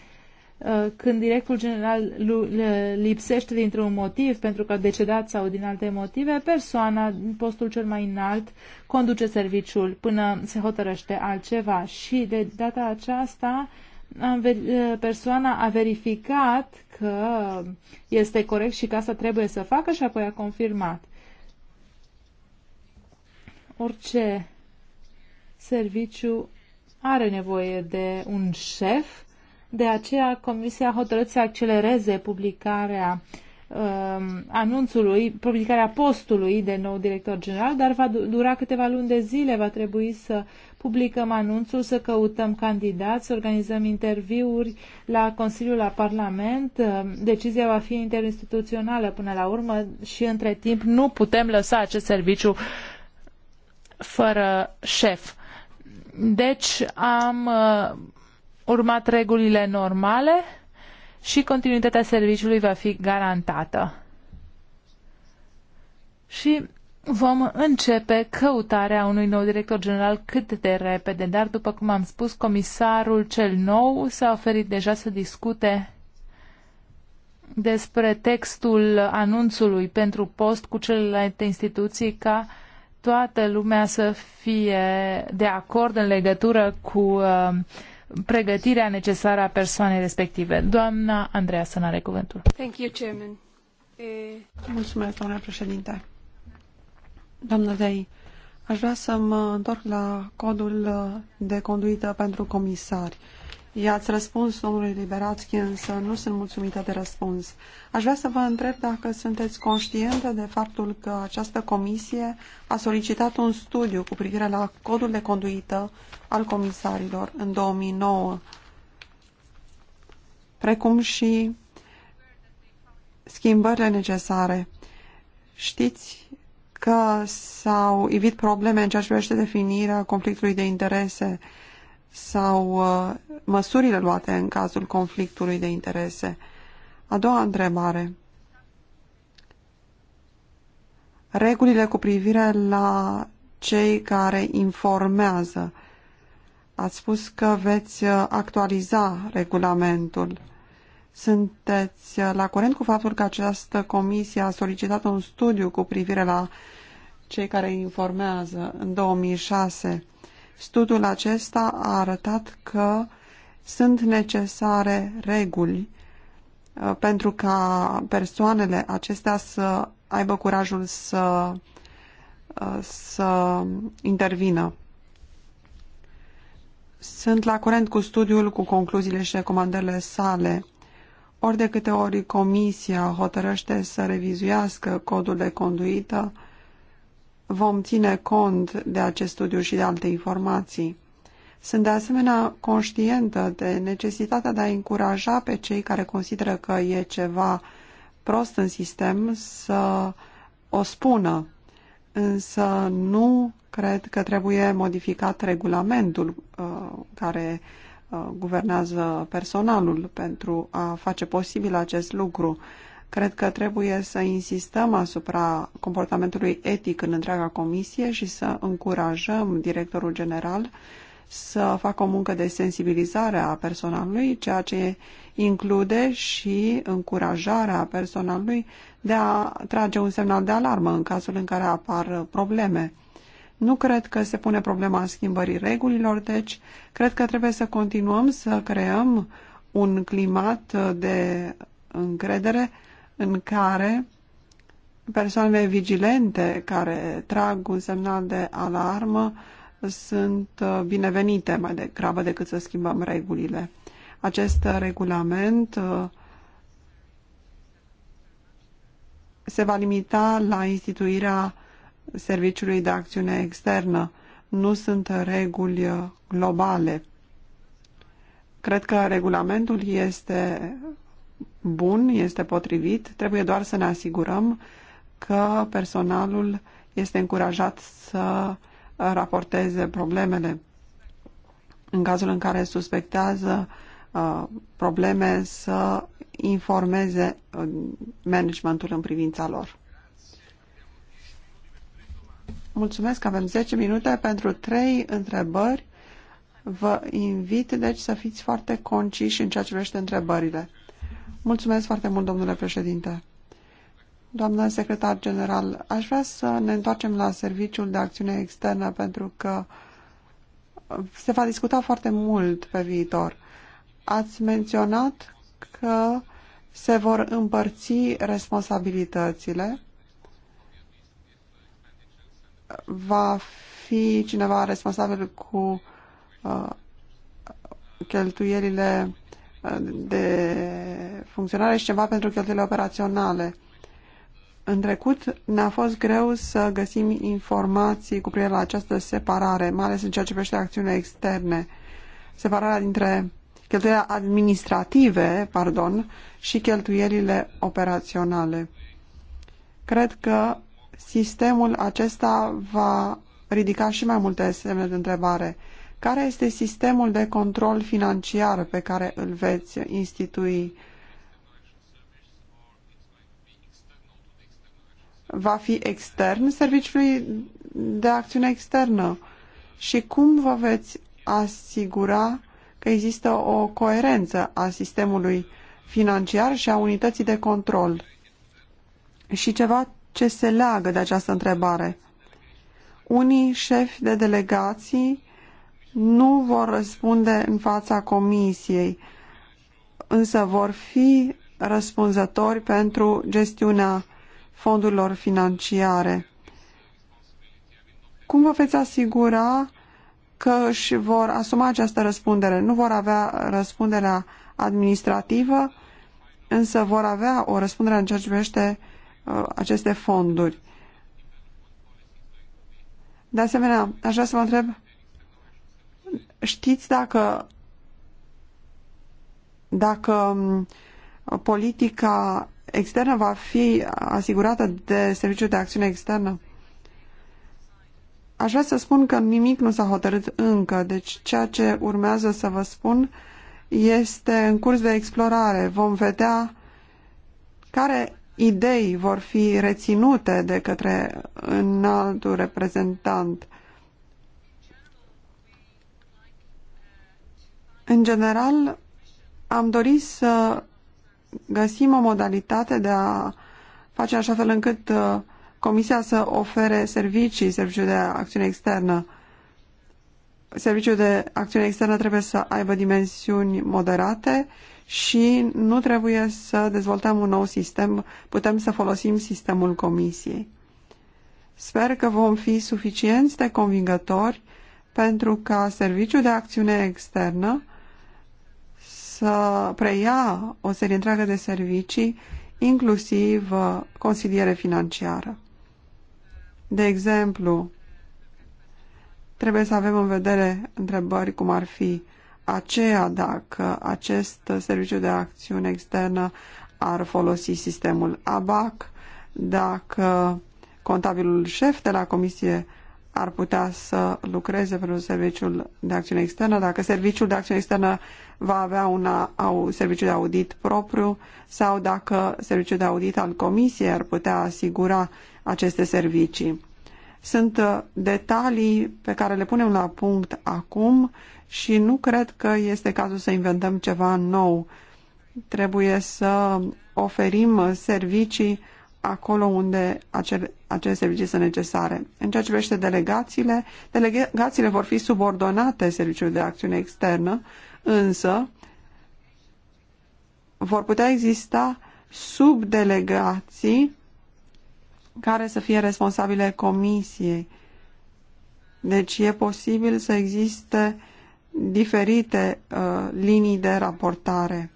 Uh, când directul general uh, lipsește dintr-un motiv pentru că a decedat sau din alte motive, persoana în postul cel mai înalt conduce serviciul până se hotărăște altceva și de data aceasta uh, persoana a verificat că este corect și că asta trebuie să facă și apoi a confirmat. Orice serviciu are nevoie de un șef de aceea, Comisia a hotărât să accelereze publicarea uh, anunțului, publicarea postului de nou director general, dar va dura câteva luni de zile. Va trebui să publicăm anunțul, să căutăm candidați, să organizăm interviuri la Consiliul, la Parlament. Um, decizia va fi interinstituțională până la urmă și între timp nu putem lăsa acest serviciu fără șef. Deci am uh, urmat regulile normale și continuitatea serviciului va fi garantată. Și vom începe căutarea unui nou director general cât de repede, dar după cum am spus, comisarul cel nou s-a oferit deja să discute despre textul anunțului pentru post cu celelalte instituții ca toată lumea să fie de acord în legătură cu uh, pregătirea necesară a persoanei respective. Doamna Andreea să are cuvântul. Thank you, Chairman. E... Mulțumesc, doamna președinte. Doamna Dei, aș vrea să mă întorc la codul de conduită pentru comisari. I-ați răspuns, domnului Liberațchi, însă nu sunt mulțumită de răspuns. Aș vrea să vă întreb dacă sunteți conștientă de faptul că această comisie a solicitat un studiu cu privire la codul de conduită al comisarilor în 2009, precum și schimbările necesare. Știți că s-au evit probleme în ceea ce privește definirea conflictului de interese, sau uh, măsurile luate în cazul conflictului de interese. A doua întrebare. Regulile cu privire la cei care informează. Ați spus că veți uh, actualiza regulamentul. Sunteți uh, la curent cu faptul că această comisie a solicitat un studiu cu privire la cei care informează în 2006 Studiul acesta a arătat că sunt necesare reguli uh, pentru ca persoanele acestea să aibă curajul să, uh, să intervină. Sunt la curent cu studiul, cu concluziile și recomandările sale. Ori de câte ori comisia hotărăște să revizuiască codul de conduită, vom ține cont de acest studiu și de alte informații. Sunt de asemenea conștientă de necesitatea de a încuraja pe cei care consideră că e ceva prost în sistem să o spună, însă nu cred că trebuie modificat regulamentul uh, care uh, guvernează personalul pentru a face posibil acest lucru. Uh, Cred că trebuie să insistăm asupra comportamentului etic în întreaga comisie și să încurajăm directorul general să facă o muncă de sensibilizare a personalului, ceea ce include și încurajarea personalului de a trage un semnal de alarmă în cazul în care apar probleme. Nu cred că se pune problema schimbării regulilor, deci cred că trebuie să continuăm să creăm un climat de încredere în care persoanele vigilente care trag un semnal de alarmă sunt uh, binevenite mai degrabă decât să schimbăm regulile. Acest regulament uh, se va limita la instituirea Serviciului de Acțiune Externă. Nu sunt reguli uh, globale. Cred că regulamentul este bun, este potrivit, trebuie doar să ne asigurăm că personalul este încurajat să raporteze problemele. În cazul în care suspectează uh, probleme, să informeze uh, managementul în privința lor. Mulțumesc, avem 10 minute pentru 3 întrebări. Vă invit, deci, să fiți foarte conciși în ceea ce privește întrebările. Mulțumesc foarte mult, domnule președinte. Doamna secretar general, aș vrea să ne întoarcem la serviciul de acțiune externă pentru că se va discuta foarte mult pe viitor. Ați menționat că se vor împărți responsabilitățile. Va fi cineva responsabil cu uh, cheltuielile de funcționare și ceva pentru cheltuielile operaționale. În trecut ne-a fost greu să găsim informații cu privire la această separare, mai ales în ceea ce privește acțiunile externe. Separarea dintre cheltuielile administrative, pardon, și cheltuielile operaționale. Cred că sistemul acesta va ridica și mai multe semne de întrebare. Care este sistemul de control financiar pe care îl veți institui? Va fi extern serviciului de acțiune externă? Și cum vă veți asigura că există o coerență a sistemului financiar și a unității de control? Și ceva ce se leagă de această întrebare. Unii șefi de delegații nu vor răspunde în fața comisiei, însă vor fi răspunzători pentru gestiunea fondurilor financiare. Cum vă veți asigura că își vor asuma această răspundere? Nu vor avea răspunderea administrativă, însă vor avea o răspundere în ceea ce privește uh, aceste fonduri. De asemenea, aș vrea să vă întreb știți dacă dacă um, politica externă va fi asigurată de Serviciul de Acțiune Externă? Aș vrea să spun că nimic nu s-a hotărât încă, deci ceea ce urmează să vă spun este în curs de explorare. Vom vedea care idei vor fi reținute de către înaltul reprezentant. În general, am dorit să găsim o modalitate de a face așa fel încât uh, Comisia să ofere servicii, serviciul de acțiune externă. Serviciul de acțiune externă trebuie să aibă dimensiuni moderate și nu trebuie să dezvoltăm un nou sistem, putem să folosim sistemul Comisiei. Sper că vom fi suficienți de convingători pentru ca serviciul de acțiune externă să preia o serie întreagă de servicii, inclusiv uh, consiliere financiară. De exemplu, trebuie să avem în vedere întrebări cum ar fi aceea dacă acest serviciu de acțiune externă ar folosi sistemul ABAC, dacă contabilul șef de la comisie ar putea să lucreze pentru Serviciul de Acțiune Externă, dacă Serviciul de Acțiune Externă va avea un serviciu de audit propriu sau dacă Serviciul de Audit al Comisiei ar putea asigura aceste servicii. Sunt uh, detalii pe care le punem la punct acum și nu cred că este cazul să inventăm ceva nou. Trebuie să oferim servicii acolo unde acele, acele servicii sunt necesare. În ceea ce privește delegațiile, delegațiile vor fi subordonate serviciului de acțiune externă, însă vor putea exista subdelegații care să fie responsabile comisiei. Deci e posibil să existe diferite uh, linii de raportare.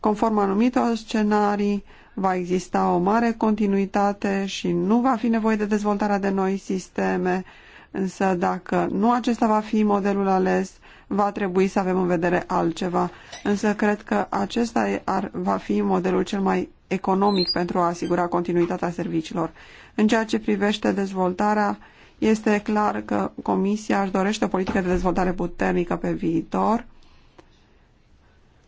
Conform anumitor scenarii, uh, va exista o mare continuitate și nu va fi nevoie de dezvoltarea de noi sisteme, însă dacă nu acesta va fi modelul ales, va trebui să avem în vedere altceva. Însă cred că acesta ar, va fi modelul cel mai economic pentru a asigura continuitatea serviciilor. În ceea ce privește dezvoltarea, este clar că Comisia își dorește o politică de dezvoltare puternică pe viitor,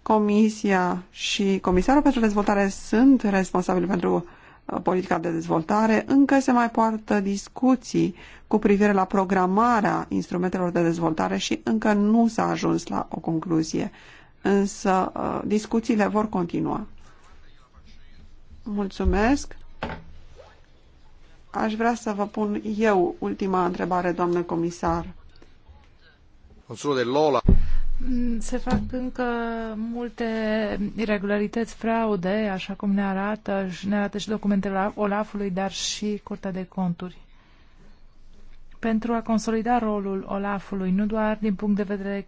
Comisia și Comisarul pentru Dezvoltare sunt responsabili pentru uh, politica de dezvoltare, încă se mai poartă discuții cu privire la programarea instrumentelor de dezvoltare și încă nu s-a ajuns la o concluzie. Însă uh, discuțiile vor continua. Mulțumesc. Aș vrea să vă pun eu ultima întrebare, doamnă comisar. Consulul de Lola. Mm, se fac încă multe irregularități, fraude, așa cum ne arată, și ne arată și documentele Olafului, dar și Curtea de Conturi. Pentru a consolida rolul Olafului, nu doar din punct de vedere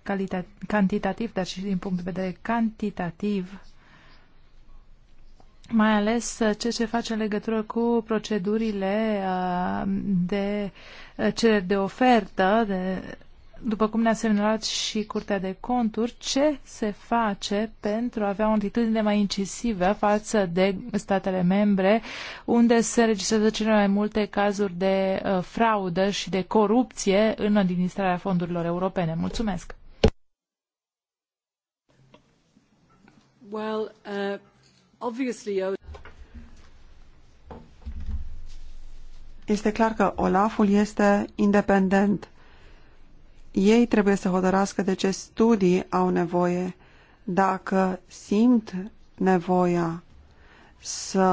cantitativ, dar și din punct de vedere cantitativ, mai ales uh, ce se face în legătură cu procedurile uh, de uh, cereri de ofertă, de după cum ne-a semnalat și Curtea de Conturi, ce se face pentru a avea o atitudine mai incisivă față de statele membre, unde se registrează cele mai multe cazuri de uh, fraudă și de corupție în administrarea fondurilor europene. Mulțumesc! Well, uh, obviously, uh... Este clar că Olaful este independent ei trebuie să hotărască de ce studii au nevoie. Dacă simt nevoia să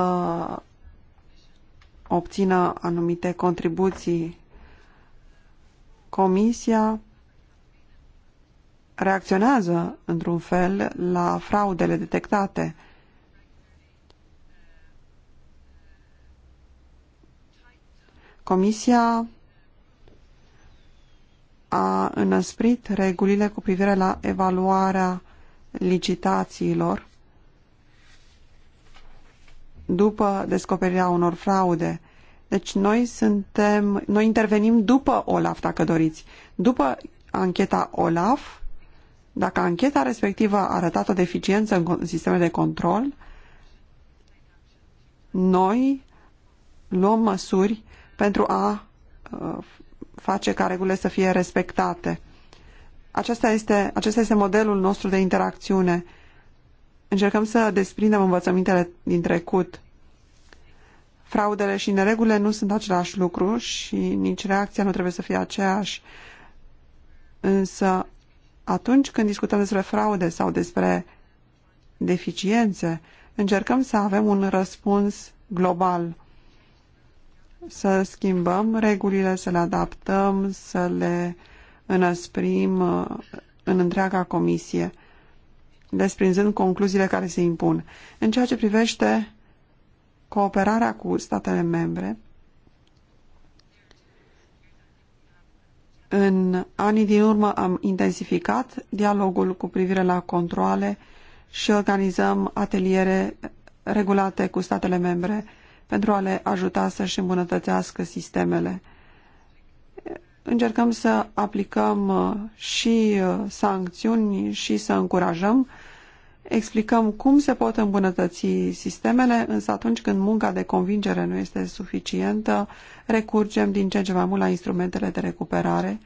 obțină anumite contribuții, comisia reacționează într-un fel la fraudele detectate. Comisia a înăsprit regulile cu privire la evaluarea licitațiilor după descoperirea unor fraude. Deci noi suntem, noi intervenim după OLAF, dacă doriți. După ancheta OLAF, dacă ancheta respectivă a arătat o deficiență în sistemul de control, noi luăm măsuri pentru a uh, face ca regulile să fie respectate. Acesta este, acesta este modelul nostru de interacțiune. Încercăm să desprindem învățămintele din trecut. Fraudele și neregulile nu sunt același lucru și nici reacția nu trebuie să fie aceeași. Însă, atunci când discutăm despre fraude sau despre deficiențe, încercăm să avem un răspuns global să schimbăm regulile, să le adaptăm, să le înăsprim uh, în întreaga comisie, desprinzând concluziile care se impun. În ceea ce privește cooperarea cu statele membre, în anii din urmă am intensificat dialogul cu privire la controle și organizăm ateliere regulate cu statele membre pentru a le ajuta să-și îmbunătățească sistemele. Încercăm să aplicăm uh, și uh, sancțiuni și să încurajăm explicăm cum se pot îmbunătăți sistemele, însă atunci când munca de convingere nu este suficientă, recurgem din ce în ce mai mult la instrumentele de recuperare.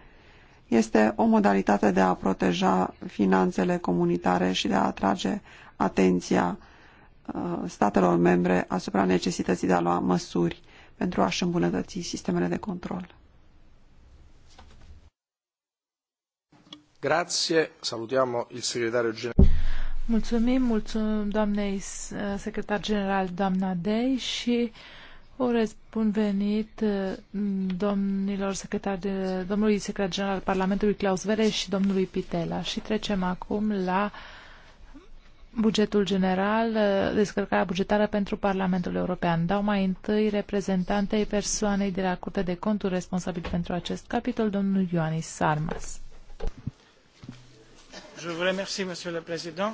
Este o modalitate de a proteja finanțele comunitare și de a atrage atenția Uh, statelor membre asupra necesității de a lua măsuri pentru a-și îmbunătăți sistemele de control. Grazie, salutiamo il segretario generale. Mulțumim, mulțumim doamnei secretar general, doamna Dei și urez bun venit uh, domnilor secretari, de, domnului secretar general al Parlamentului Claus Vere și domnului Pitela. Și trecem acum la bugetul general, uh, descărcarea bugetară pentru Parlamentul European. Dau mai întâi reprezentantei persoanei de la Curte de Conturi responsabil pentru acest capitol, domnul Ioanis Sarmas. Je vous remercie, monsieur le président.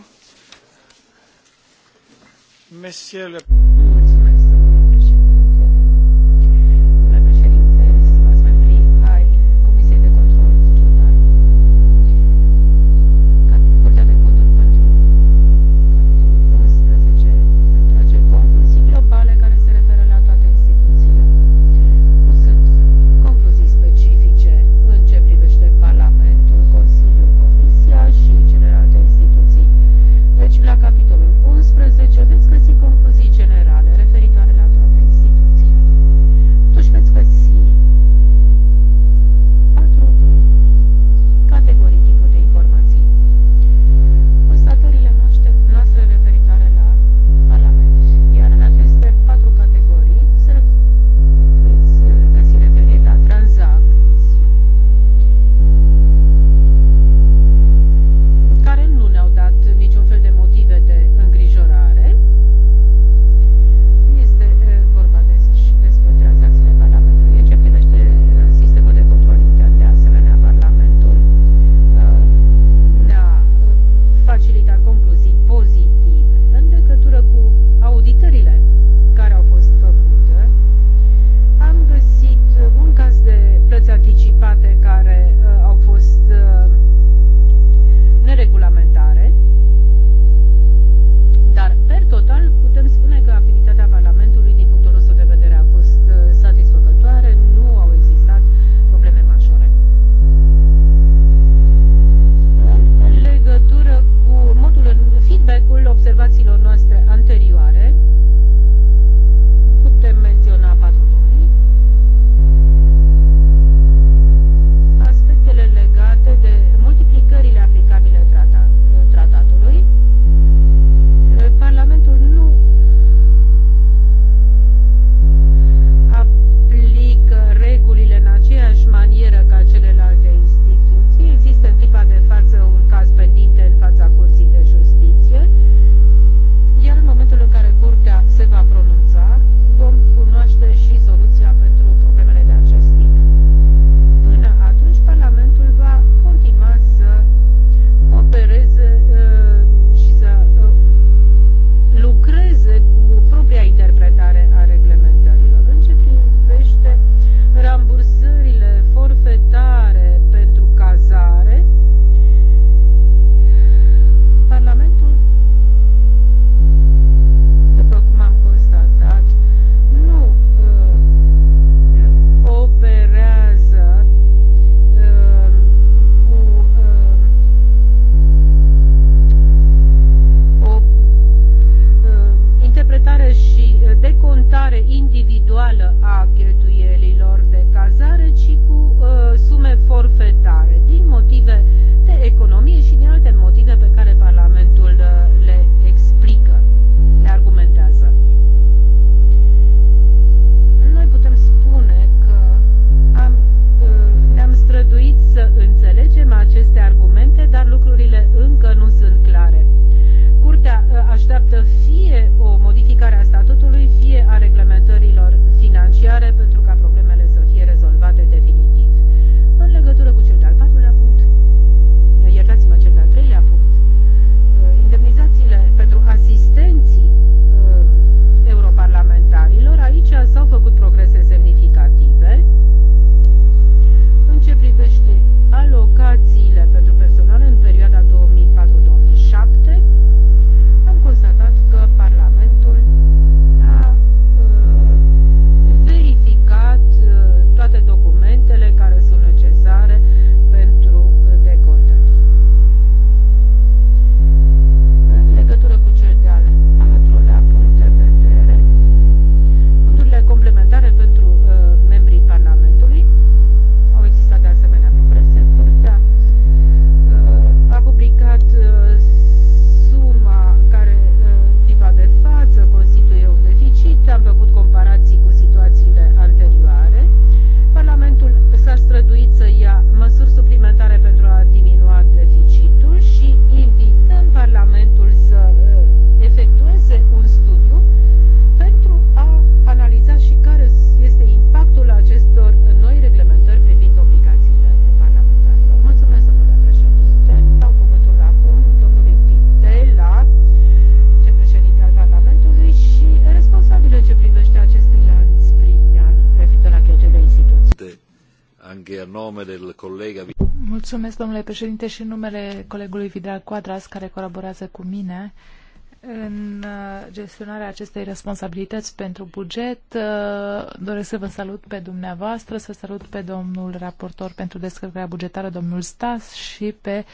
Monsieur le... Mulțumesc, domnule președinte, și în numele colegului Vidal Quadras, care colaborează cu mine în uh, gestionarea acestei responsabilități pentru buget. Uh, doresc să vă salut pe dumneavoastră, să salut pe domnul raportor pentru descărcarea bugetară, domnul Stas, și pe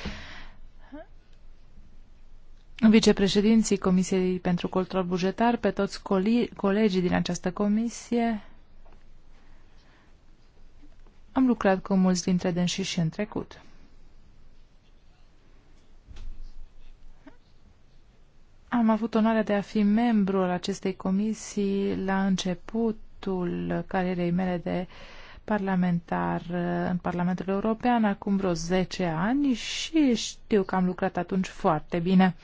vicepreședinții Comisiei pentru Control Bugetar, pe toți colegii din această comisie. Am lucrat cu mulți dintre dânsii și în trecut. Am avut onoarea de a fi membru al acestei comisii la începutul carierei mele de parlamentar în Parlamentul European, acum vreo 10 ani și știu că am lucrat atunci foarte bine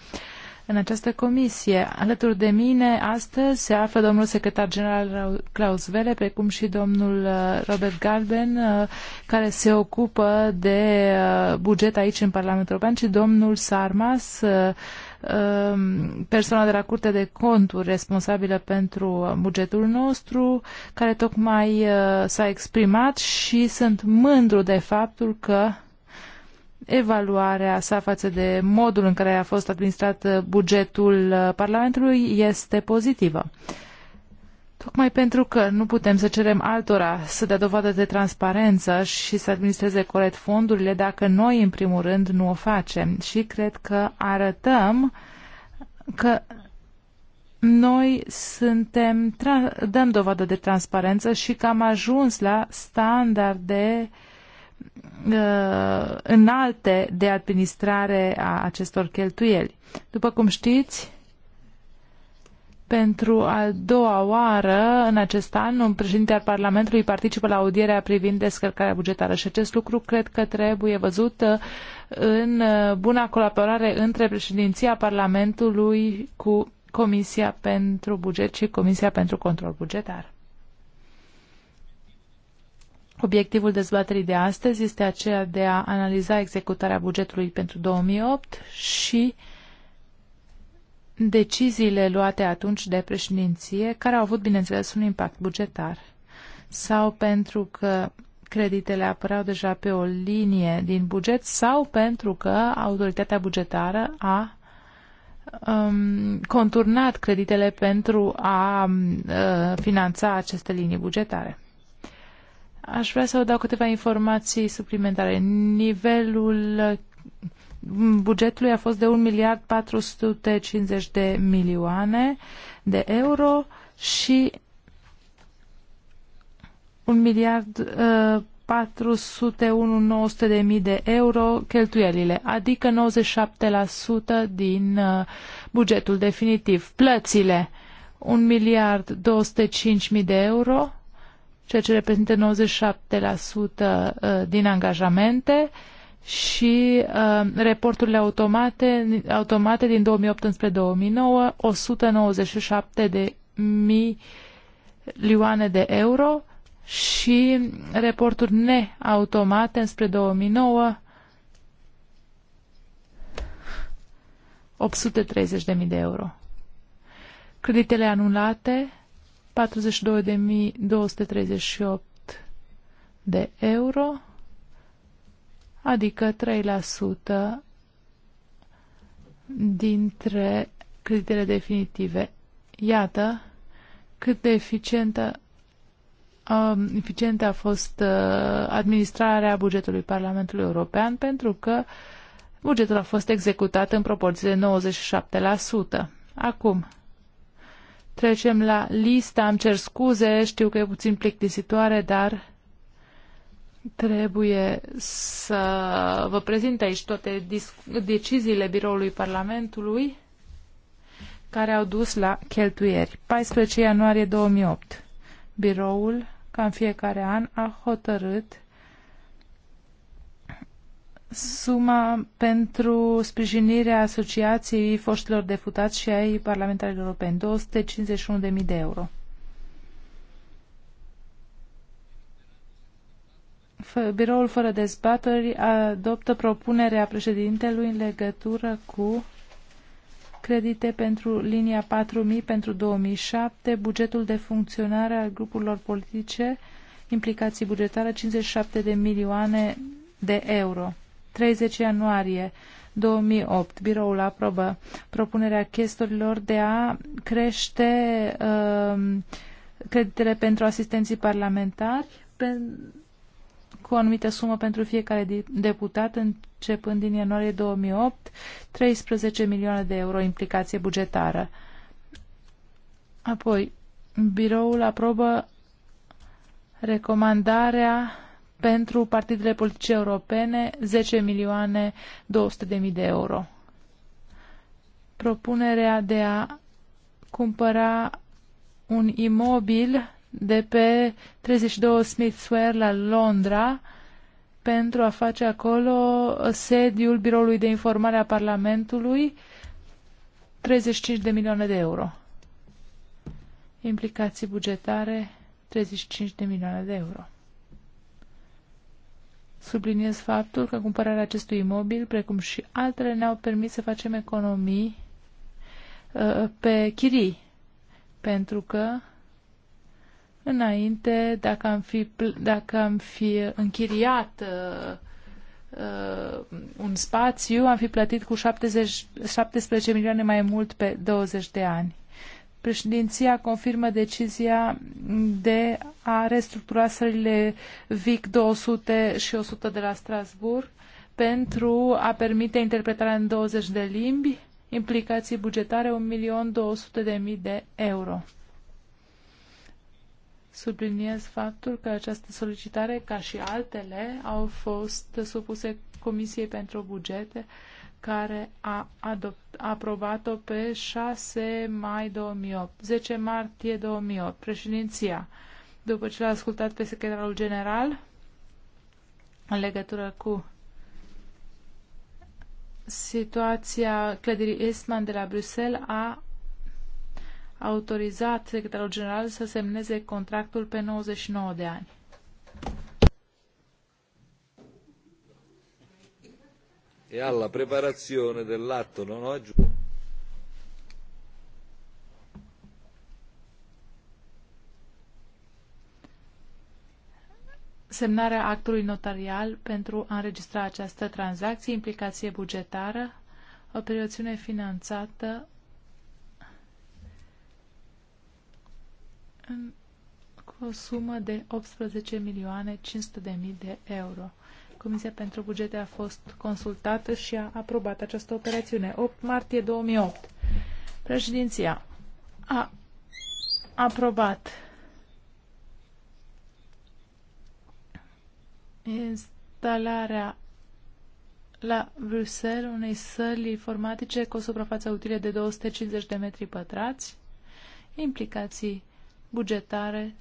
în această comisie. Alături de mine astăzi se află domnul secretar general Klaus Vele, precum și domnul uh, Robert Galben, uh, care se ocupă de uh, buget aici în Parlamentul European, și domnul Sarmas, Ehm, persoana de la Curte de Conturi responsabilă pentru uh, bugetul nostru, care tocmai uh, s-a exprimat și sunt mândru de faptul că evaluarea sa față de modul în care a fost administrat uh, bugetul Parlamentului este pozitivă. Tocmai pentru că nu putem să cerem altora să dea dovadă de transparență și să administreze corect fondurile dacă noi, în primul rând, nu o facem. Și cred că arătăm că noi suntem, dăm dovadă de transparență și că am ajuns la standarde uh, înalte de administrare a acestor cheltuieli. După cum știți, pentru a doua oară în acest an, un președinte al Parlamentului participă la audierea privind descărcarea bugetară și acest lucru cred că trebuie văzut uh, în uh, buna colaborare între președinția Parlamentului cu Comisia pentru Buget și Comisia pentru Control Bugetar. Obiectivul dezbaterii de astăzi este aceea de a analiza executarea bugetului pentru 2008 și deciziile luate atunci de președinție, care au avut, bineînțeles, un impact bugetar, sau pentru că creditele apăreau deja pe o linie din buget, sau pentru că autoritatea bugetară a um, conturnat creditele pentru a um, uh, finanța aceste linii bugetare. Aș vrea să vă dau câteva informații suplimentare. Nivelul bugetului a fost de 1 miliard 450 de milioane de euro și 1 miliard uh, 900 de mii de euro cheltuielile, adică 97% din uh, bugetul definitiv. Plățile 1 miliard 205 mii de euro, ceea ce reprezintă 97% uh, din angajamente, și uh, reporturile automate, automate din 2018-2009, 197 de mii lioane de euro și reporturi neautomate spre 2009 mii de euro. Creditele anulate 42.238 de euro adică 3% dintre creditele definitive. Iată cât de eficientă, um, eficientă a fost uh, administrarea bugetului Parlamentului European pentru că bugetul a fost executat în proporție de 97%. Acum, trecem la lista. Am cer scuze, știu că e puțin plictisitoare, dar Trebuie să vă prezint aici toate deciziile biroului Parlamentului care au dus la cheltuieri. 14 ianuarie 2008. Biroul, ca în fiecare an, a hotărât suma pentru sprijinirea Asociației Foștilor Deputați și ai Parlamentarilor Europeni, 251.000 de euro. Biroul fără dezbateri adoptă propunerea președintelui în legătură cu credite pentru linia 4000 pentru 2007, bugetul de funcționare al grupurilor politice, implicații bugetare 57 de milioane de euro. 30 ianuarie 2008. Biroul aprobă propunerea chestorilor de a crește uh, creditele pentru asistenții parlamentari. Pen cu o anumită sumă pentru fiecare deputat începând din ianuarie 2008, 13 milioane de euro implicație bugetară. Apoi, biroul aprobă recomandarea pentru partidele politice europene 10 milioane 200 de mii de euro. Propunerea de a cumpăra un imobil de pe 32 Smith Square la Londra pentru a face acolo sediul Biroului de Informare a Parlamentului 35 de milioane de euro. Implicații bugetare 35 de milioane de euro. Subliniez faptul că cumpărarea acestui imobil, precum și altele, ne-au permis să facem economii uh, pe chirii, pentru că Înainte, dacă am fi, dacă am fi închiriat uh, uh, un spațiu, am fi plătit cu 70, 17 milioane mai mult pe 20 de ani. Președinția confirmă decizia de a restructura sările VIC 200 și 100 de la Strasburg pentru a permite interpretarea în 20 de limbi, implicații bugetare 1.200.000 de euro. Subliniez faptul că această solicitare, ca și altele, au fost supuse Comisiei pentru Bugete, care a aprobat-o pe 6 mai 2008, 10 martie 2008, președinția. După ce l-a ascultat pe secretarul general, în legătură cu situația clădirii Eastman de la Bruxelles a autorizat secretarul general să semneze contractul pe 99 de ani. E alla preparazione dell'atto non ho aggiunto. semnarea actului notarial pentru a înregistra această tranzacție, implicație bugetară, operațiune finanțată în, cu o sumă de 18 milioane 500 de mii de euro. Comisia pentru bugete a fost consultată și a aprobat această operațiune. 8 martie 2008. Președinția a aprobat instalarea la Bruxelles unei săli informatice cu o suprafață utile de 250 de metri pătrați, implicații bugetare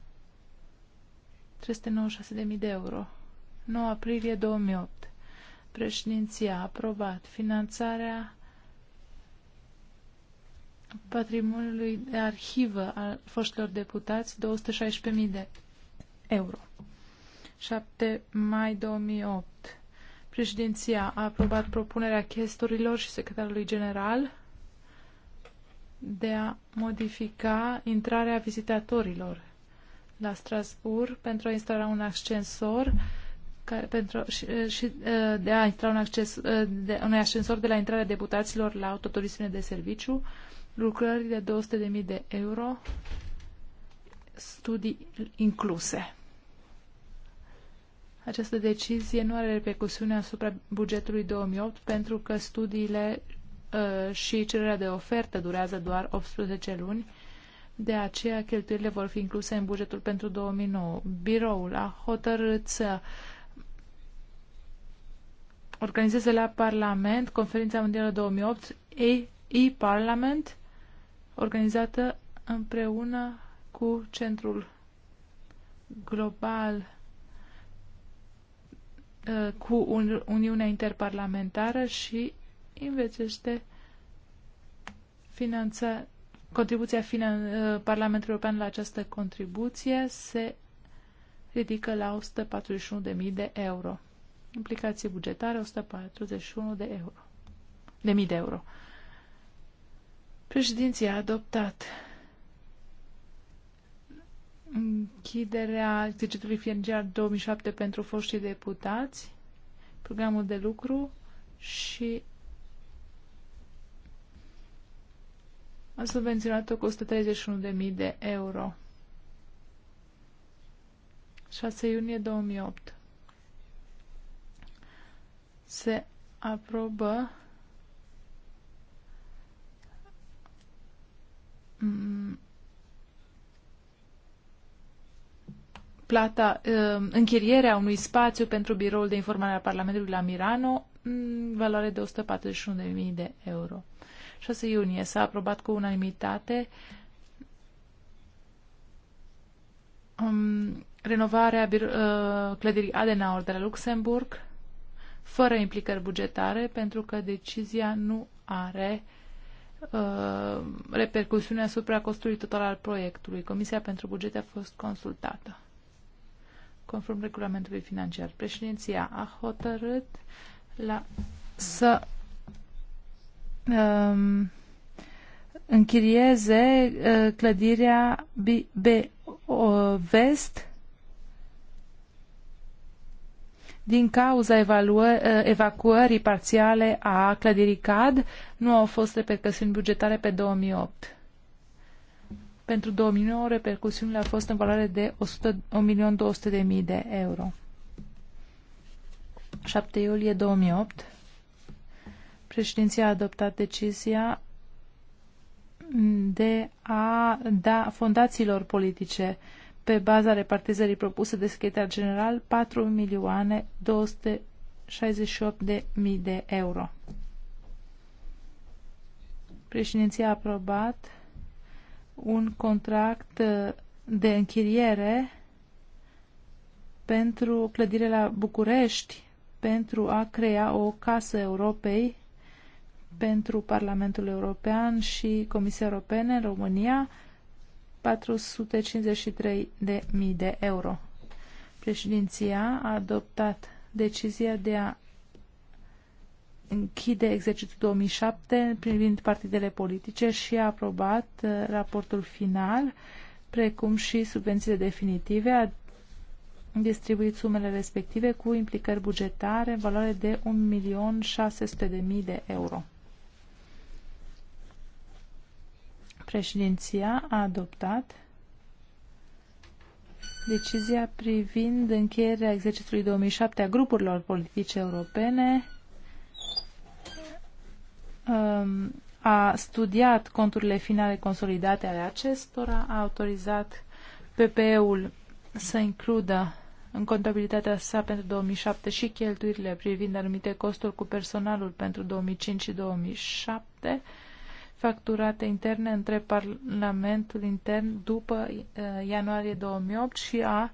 396.000 de euro. 9 aprilie 2008. Președinția a aprobat finanțarea patrimoniului de arhivă al foștilor deputați 216.000 de euro. 7 mai 2008. Președinția a aprobat propunerea chestorilor și secretarului general de a modifica intrarea vizitatorilor la Strasbourg pentru a instala un ascensor care, pentru, și, și uh, de a intra un, acces, uh, de, un ascensor de la intrarea deputaților la autoturisme de serviciu, lucrări de 200.000 de euro, studii incluse. Această decizie nu are repercusiune asupra bugetului 2008 pentru că studiile Uh, și cererea de ofertă durează doar 18 luni, de aceea cheltuielile vor fi incluse în bugetul pentru 2009. Biroul a hotărât să organizeze la Parlament conferința mondială 2008 e-Parlament organizată împreună cu Centrul Global uh, cu Uniunea Interparlamentară și investește finanța, contribuția finan, uh, Parlamentului European la această contribuție se ridică la 141.000 de euro. Implicații bugetare 141 de euro. De mii de euro. Președinția a adoptat închiderea exercițiului financiar 2007 pentru foștii deputați, programul de lucru și a subvenționat-o cu 131.000 de euro. 6 iunie 2008. Se aprobă mm, plata, mm, închirierea unui spațiu pentru biroul de informare al Parlamentului la Mirano, în mm, valoare de 141.000 de euro. 6 iunie. S-a aprobat cu unanimitate um, renovarea uh, clădirii Adenauer de la Luxemburg fără implicări bugetare pentru că decizia nu are uh, repercusiune asupra costului total al proiectului. Comisia pentru bugete a fost consultată conform regulamentului financiar. Președinția a hotărât la, să um, închirieze uh, clădirea B, B Vest din cauza uh, evacuării parțiale a clădirii CAD nu au fost repercusiuni bugetare pe 2008. Pentru 2009 repercusiunile au fost în valoare de 1.200.000 de euro. 7 iulie 2008 Președinția a adoptat decizia de a da fondațiilor politice pe baza repartizării propuse de secretar general 4 milioane 268 de mii de euro. Președinția a aprobat un contract de închiriere pentru clădire la București pentru a crea o casă Europei pentru Parlamentul European și Comisia Europene în România 453.000 de, de euro. Președinția a adoptat decizia de a închide exercițiul 2007 privind partidele politice și a aprobat uh, raportul final, precum și subvențiile definitive, a distribuit sumele respective cu implicări bugetare în valoare de 1.600.000 de euro. Președinția a adoptat decizia privind încheierea exercițiului 2007 a grupurilor politice europene um, a studiat conturile finale consolidate ale acestora, a autorizat PPE-ul să includă în contabilitatea sa pentru 2007 și cheltuirile privind anumite costuri cu personalul pentru 2005 și 2007 facturate interne între Parlamentul intern după uh, ianuarie 2008 și a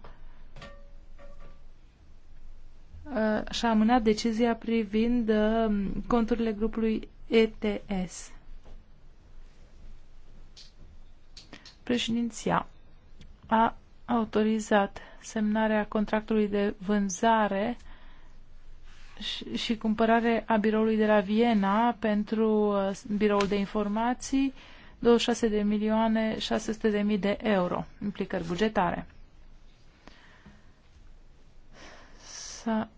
uh, și-a amânat decizia privind uh, conturile grupului ETS. Președinția a autorizat semnarea contractului de vânzare și, și cumpărare a biroului de la Viena pentru uh, biroul de informații, 26 de milioane 600 de mii de euro, implicări bugetare. S-a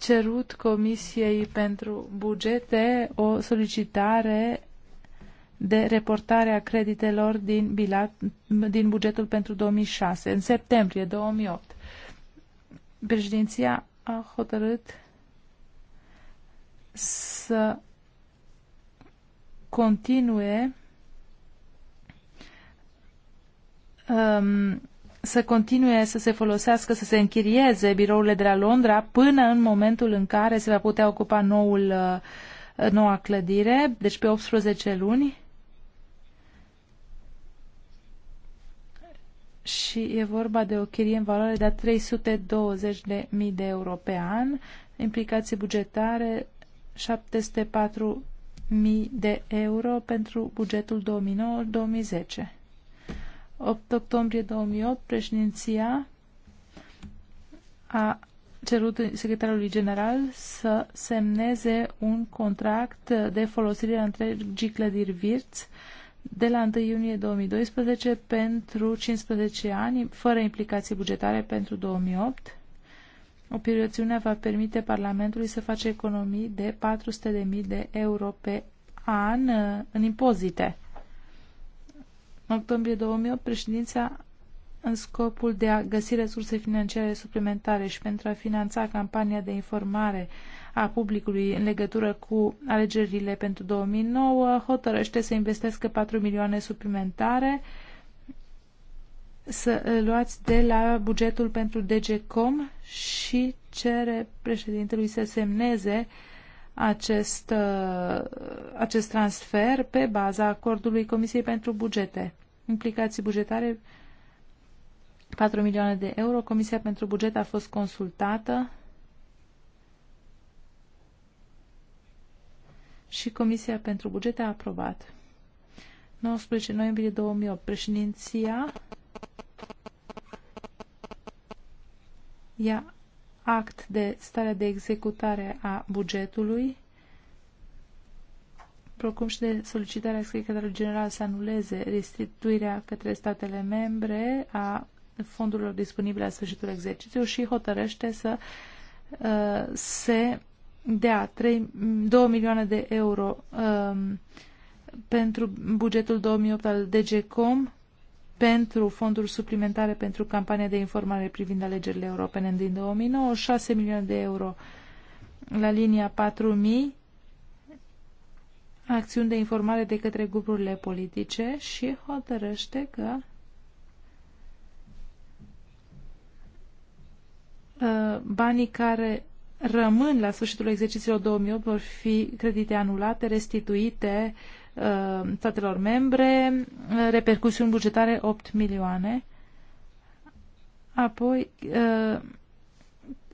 cerut Comisiei pentru Bugete o solicitare de reportare a creditelor din, bilat, din bugetul pentru 2006, în septembrie 2008. Președinția a hotărât să continue um, să continue să se folosească, să se închirieze birourile de la Londra până în momentul în care se va putea ocupa noul, uh, noua clădire, deci pe 18 luni. și e vorba de o chirie în valoare de 320.000 de euro pe an, implicații bugetare 704.000 mii de euro pentru bugetul 2009-2010. 8 octombrie 2008, președinția a cerut secretarului general să semneze un contract de folosire a întregii clădiri Virți de la 1 iunie 2012 pentru 15 ani, fără implicații bugetare pentru 2008. Operațiunea va permite Parlamentului să face economii de 400.000 de euro pe an uh, în impozite. În octombrie 2008, președința în scopul de a găsi resurse financiare suplimentare și pentru a finanța campania de informare a publicului în legătură cu alegerile pentru 2009 hotărăște să investească 4 milioane suplimentare să eh, luați de la bugetul pentru DGCOM și cere președintelui să semneze acest, eh, acest transfer pe baza acordului Comisiei pentru Bugete. Implicații bugetare 4 milioane de euro. Comisia pentru Buget a fost consultată și Comisia pentru Buget a aprobat. 19 noiembrie 2008, președinția ia act de stare de executare a bugetului, precum și de solicitarea secretarului general să anuleze restituirea către statele membre a fondurilor disponibile la sfârșitul exercițiului și hotărăște să uh, se dea 3, 2 milioane de euro um, pentru bugetul 2008 al DGCOM pentru fonduri suplimentare pentru campania de informare privind alegerile europene din 2009, 6 milioane de euro la linia 4000 acțiuni de informare de către grupurile politice și hotărăște că uh, banii care rămân la sfârșitul exercițiilor 2008 vor fi credite anulate, restituite uh, statelor membre, uh, repercusiuni bugetare 8 milioane, apoi uh,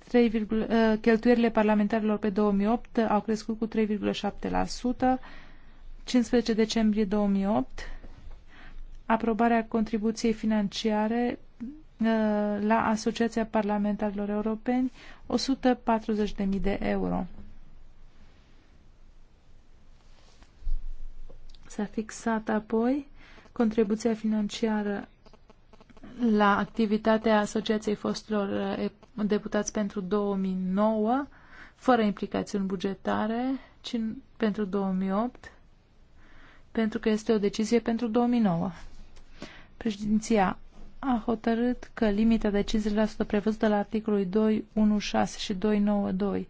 3, uh, cheltuierile parlamentarilor pe 2008 au crescut cu 3,7%, 15 decembrie 2008, aprobarea contribuției financiare Uh, la Asociația Parlamentarilor Europeni 140.000 de euro. S-a fixat apoi contribuția financiară la activitatea Asociației Fostilor uh, Deputați pentru 2009, fără implicațiuni bugetare, ci pentru 2008, pentru că este o decizie pentru 2009. Președinția a hotărât că limita de 50% prevăzută la articolul 216 și 292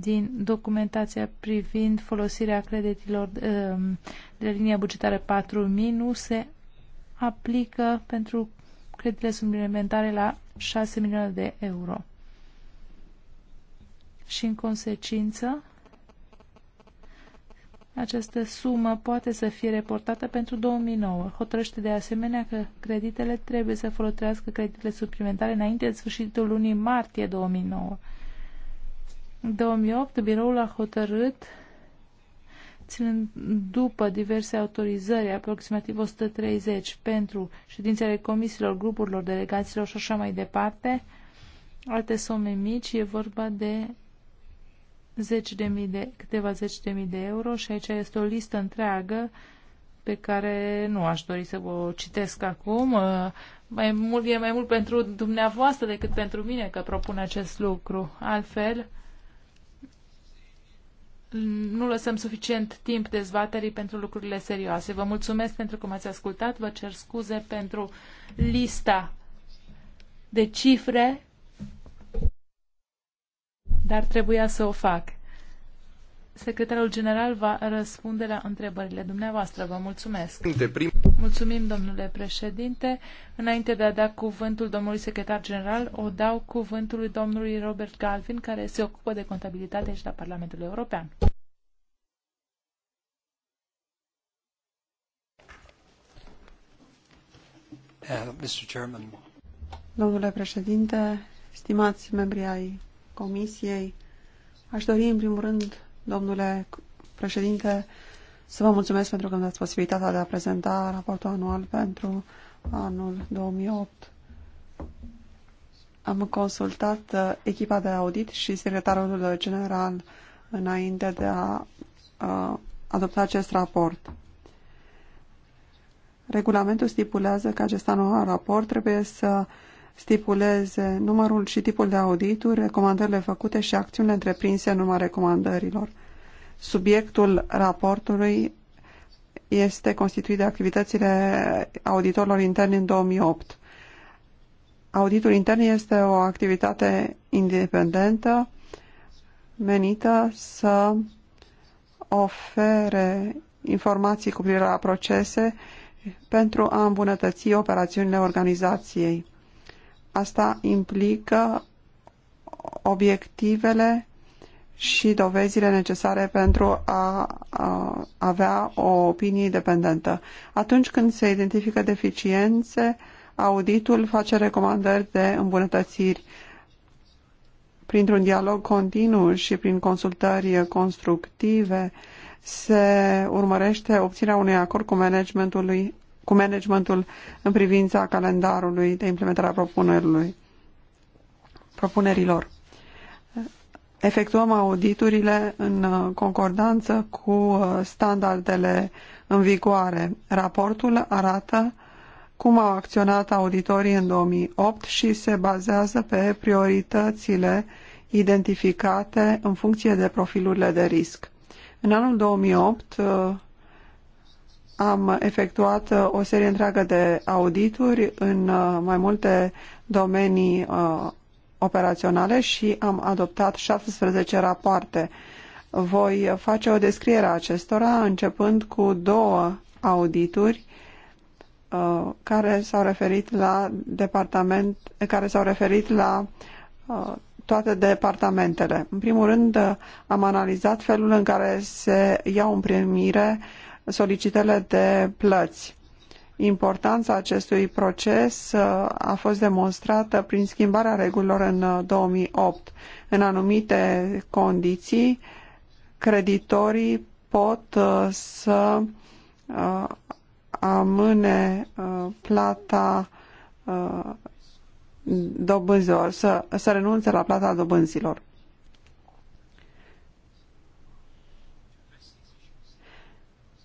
din documentația privind folosirea creditilor ehm, de linia bugetară 4000 nu se aplică pentru creditele suplimentare la 6 milioane de euro. Și în consecință, această sumă poate să fie reportată pentru 2009. Hotărăște de asemenea că creditele trebuie să folosească creditele suplimentare înainte de sfârșitul lunii martie 2009. În 2008, biroul a hotărât ținând după diverse autorizări, aproximativ 130 pentru ședințele comisiilor, grupurilor, delegaților și așa mai departe, alte sume mici, e vorba de zeci de mii de, câteva zeci de mii de euro și aici este o listă întreagă pe care nu aș dori să vă citesc acum. Uh, mai mult, e mai mult pentru dumneavoastră decât pentru mine că propun acest lucru. Altfel, nu lăsăm suficient timp dezbaterii pentru lucrurile serioase. Vă mulțumesc pentru că m-ați ascultat, vă cer scuze pentru lista de cifre dar trebuia să o fac. Secretarul general va răspunde la întrebările dumneavoastră. Vă mulțumesc. Mulțumim, domnule președinte. Înainte de a da cuvântul domnului secretar general, o dau cuvântul domnului Robert Galvin, care se ocupă de contabilitate și la Parlamentul European. Uh, domnule președinte, stimați membri ai Comisiei. Aș dori, în primul rând, domnule președinte, să vă mulțumesc pentru că îmi dați posibilitatea de a prezenta raportul anual pentru anul 2008. Am consultat uh, echipa de audit și secretarul general înainte de a, a uh, adopta acest raport. Regulamentul stipulează că acest anual raport trebuie să stipuleze numărul și tipul de audituri, recomandările făcute și acțiunile întreprinse în urma recomandărilor. Subiectul raportului este constituit de activitățile auditorilor interni în 2008. Auditul intern este o activitate independentă menită să ofere informații cu privire la procese pentru a îmbunătăți operațiunile organizației. Asta implică obiectivele și dovezile necesare pentru a, a avea o opinie independentă. Atunci când se identifică deficiențe, auditul face recomandări de îmbunătățiri printr-un dialog continuu și prin consultări constructive se urmărește obținerea unui acord cu managementul cu managementul în privința calendarului de implementare a propunerilor. propunerilor. Efectuăm auditurile în uh, concordanță cu uh, standardele în vigoare. Raportul arată cum au acționat auditorii în 2008 și se bazează pe prioritățile identificate în funcție de profilurile de risc. În anul 2008, am efectuat uh, o serie întreagă de audituri în uh, mai multe domenii uh, operaționale și am adoptat 17 rapoarte. Voi face o descriere a acestora începând cu două audituri care s-au referit la departament, care s-au referit la toate departamentele. În primul rând, am analizat felul în care se iau în primire uh, solicitările de plăți. Importanța acestui proces uh, a fost demonstrată prin schimbarea regulilor în 2008. Uh, în anumite condiții, creditorii pot uh, să amâne plata dobânzilor, să, să renunțe la plata dobânzilor.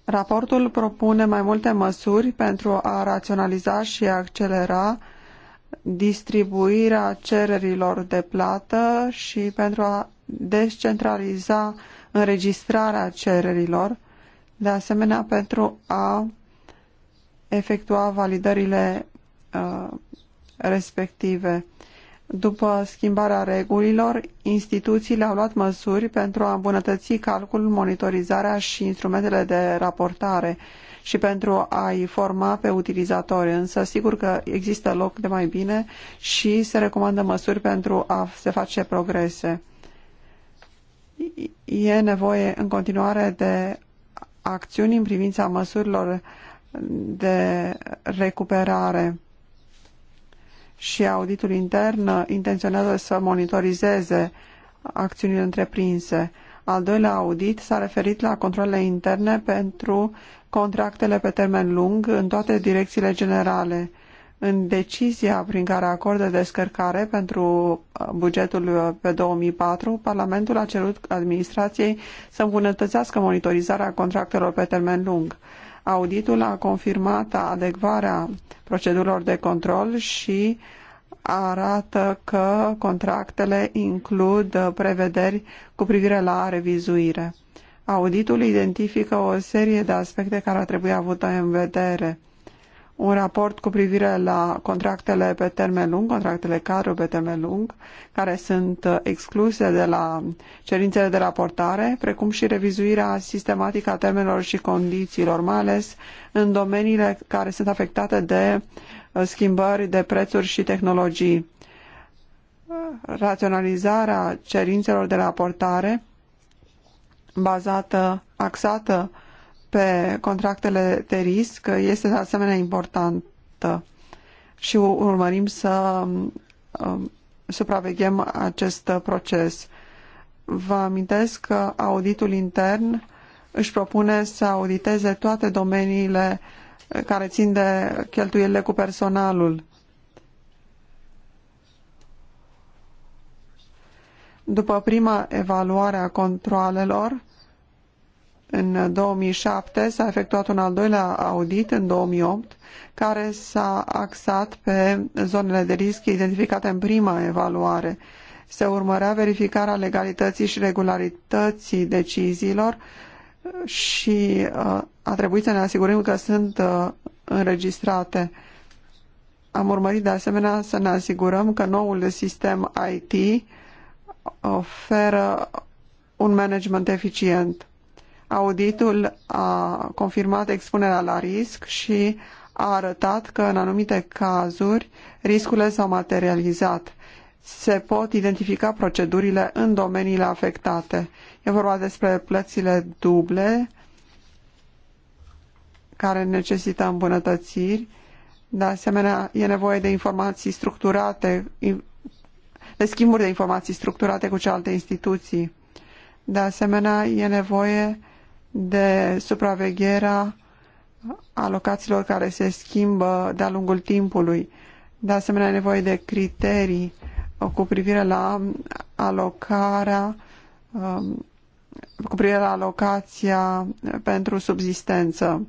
Raportul propune mai multe măsuri pentru a raționaliza și a accelera distribuirea cererilor de plată și pentru a descentraliza înregistrarea cererilor, de asemenea pentru a efectua validările uh, respective. După schimbarea regulilor, instituțiile au luat măsuri pentru a îmbunătăți calculul, monitorizarea și instrumentele de raportare și pentru a-i pe utilizatori. Însă, sigur că există loc de mai bine și se recomandă măsuri pentru a se face progrese. E nevoie în continuare de acțiuni în privința măsurilor de recuperare și auditul intern intenționează să monitorizeze acțiunile întreprinse. Al doilea audit s-a referit la controlele interne pentru contractele pe termen lung în toate direcțiile generale. În decizia prin care acordă descărcare pentru uh, bugetul uh, pe 2004, Parlamentul a cerut administrației să îmbunătățească monitorizarea contractelor pe termen lung. Auditul a confirmat adecvarea procedurilor de control și arată că contractele includ prevederi cu privire la revizuire. Auditul identifică o serie de aspecte care ar trebui avute în vedere un raport cu privire la contractele pe termen lung, contractele cadru pe termen lung, care sunt uh, excluse de la cerințele de raportare, precum și revizuirea sistematică a termenelor și condițiilor, mai ales în domeniile care sunt afectate de uh, schimbări de prețuri și tehnologii. Raționalizarea cerințelor de raportare bazată, axată pe contractele de risc este de asemenea importantă și urmărim să um, supraveghem acest proces. Vă amintesc că auditul intern își propune să auditeze toate domeniile care țin de cheltuielile cu personalul. După prima evaluare a controalelor, în 2007 s-a efectuat un al doilea audit în 2008 care s-a axat pe zonele de risc identificate în prima evaluare. Se urmărea verificarea legalității și regularității deciziilor și uh, a trebuit să ne asigurăm că sunt uh, înregistrate. Am urmărit de asemenea să ne asigurăm că noul sistem IT oferă un management eficient. Auditul a confirmat expunerea la risc și a arătat că în anumite cazuri riscurile s-au materializat. Se pot identifica procedurile în domeniile afectate. E vorba despre plățile duble care necesită îmbunătățiri. De asemenea, e nevoie de informații structurate, de schimburi de informații structurate cu celelalte instituții. De asemenea, e nevoie de supravegherea alocațiilor care se schimbă de-a lungul timpului. De asemenea, e nevoie de criterii uh, cu privire la alocarea um, cu privire la alocația pentru subsistență.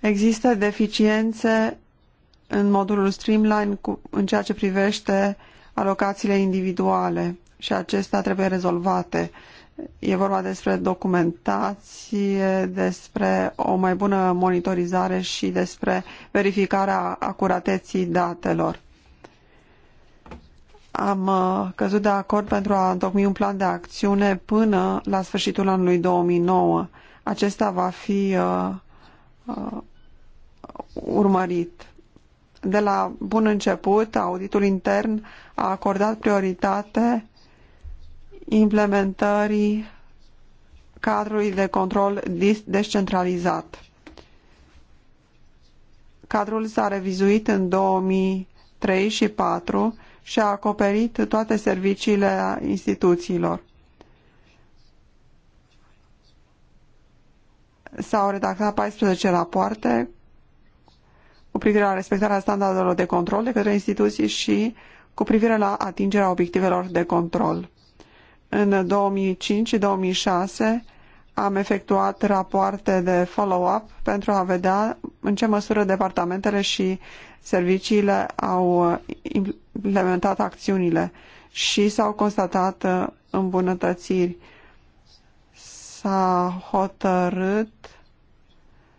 Există deficiențe în modulul streamline în ceea ce privește alocațiile individuale și acestea trebuie rezolvate. E vorba despre documentație, despre o mai bună monitorizare și despre verificarea acurateții datelor. Am uh, căzut de acord pentru a întocmi un plan de acțiune până la sfârșitul anului 2009. Acesta va fi uh, uh, urmărit. De la bun început, auditul intern a acordat prioritate implementării cadrului de control descentralizat. Cadrul s-a revizuit în 2003 și 2004 și a acoperit toate serviciile instituțiilor. S-au redactat 14 rapoarte cu privire la respectarea standardelor de control de către instituții și cu privire la atingerea obiectivelor de control. În 2005 și 2006 am efectuat rapoarte de follow-up pentru a vedea în ce măsură departamentele și serviciile au implementat acțiunile și s-au constatat îmbunătățiri. S-a hotărât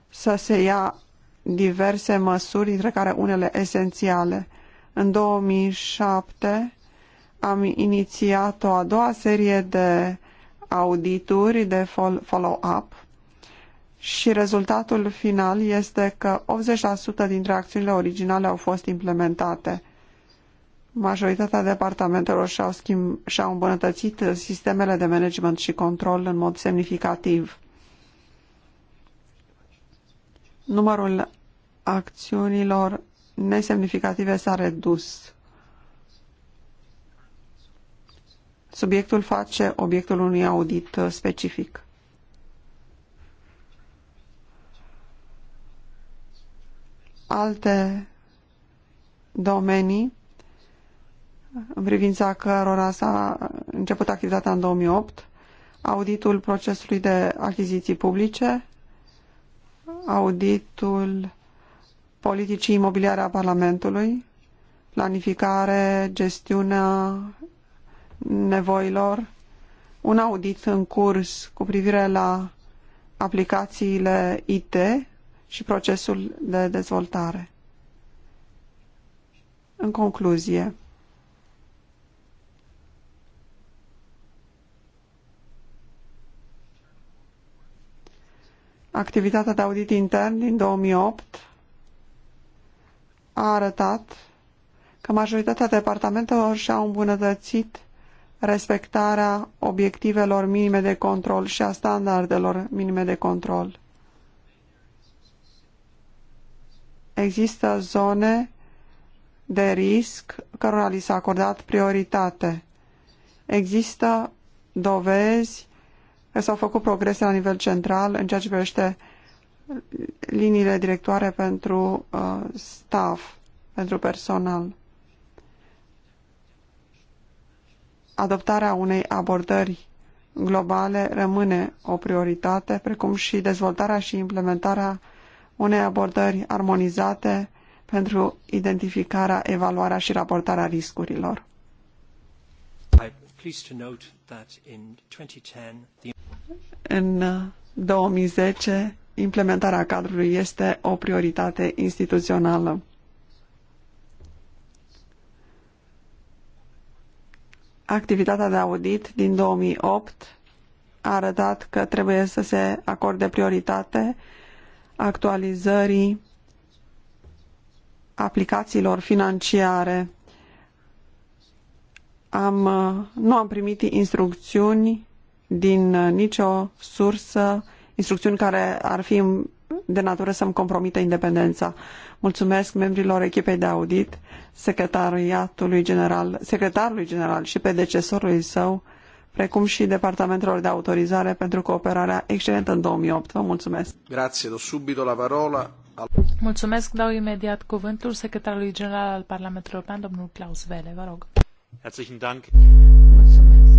să se ia diverse măsuri, dintre care unele esențiale. În 2007 am inițiat o a doua serie de audituri, de follow-up și rezultatul final este că 80% dintre acțiunile originale au fost implementate. Majoritatea departamentelor și-au, schimb, și-au îmbunătățit sistemele de management și control în mod semnificativ. Numărul acțiunilor nesemnificative s-a redus. Subiectul face obiectul unui audit uh, specific. Alte domenii în privința cărora s-a început activitatea în 2008, auditul procesului de achiziții publice, auditul politicii imobiliare a Parlamentului, planificare, gestiunea nevoilor, un audit în curs cu privire la aplicațiile IT și procesul de dezvoltare. În concluzie, activitatea de audit intern din 2008 a arătat că majoritatea departamentelor și-au îmbunătățit respectarea obiectivelor minime de control și a standardelor minime de control. Există zone de risc cărora li s-a acordat prioritate. Există dovezi că s-au făcut progrese la nivel central în ceea ce privește liniile directoare pentru uh, staff, pentru personal. adoptarea unei abordări globale rămâne o prioritate, precum și dezvoltarea și implementarea unei abordări armonizate pentru identificarea, evaluarea și raportarea riscurilor. În 2010, uh, implementarea cadrului este o prioritate instituțională. activitatea de audit din 2008 a arătat că trebuie să se acorde prioritate actualizării aplicațiilor financiare. Am, nu am primit instrucțiuni din uh, nicio sursă, instrucțiuni care ar fi de natură să-mi compromită independența. Mulțumesc membrilor echipei de audit, secretariatului general, secretarului general și predecesorului său, precum și departamentelor de autorizare pentru cooperarea excelentă în 2008. Vă mulțumesc. Grazie, do subito la parola. Mulțumesc, dau imediat cuvântul secretarului general al Parlamentului European, domnul Klaus Vele, vă rog. Herzlichen Dank. Mulțumesc.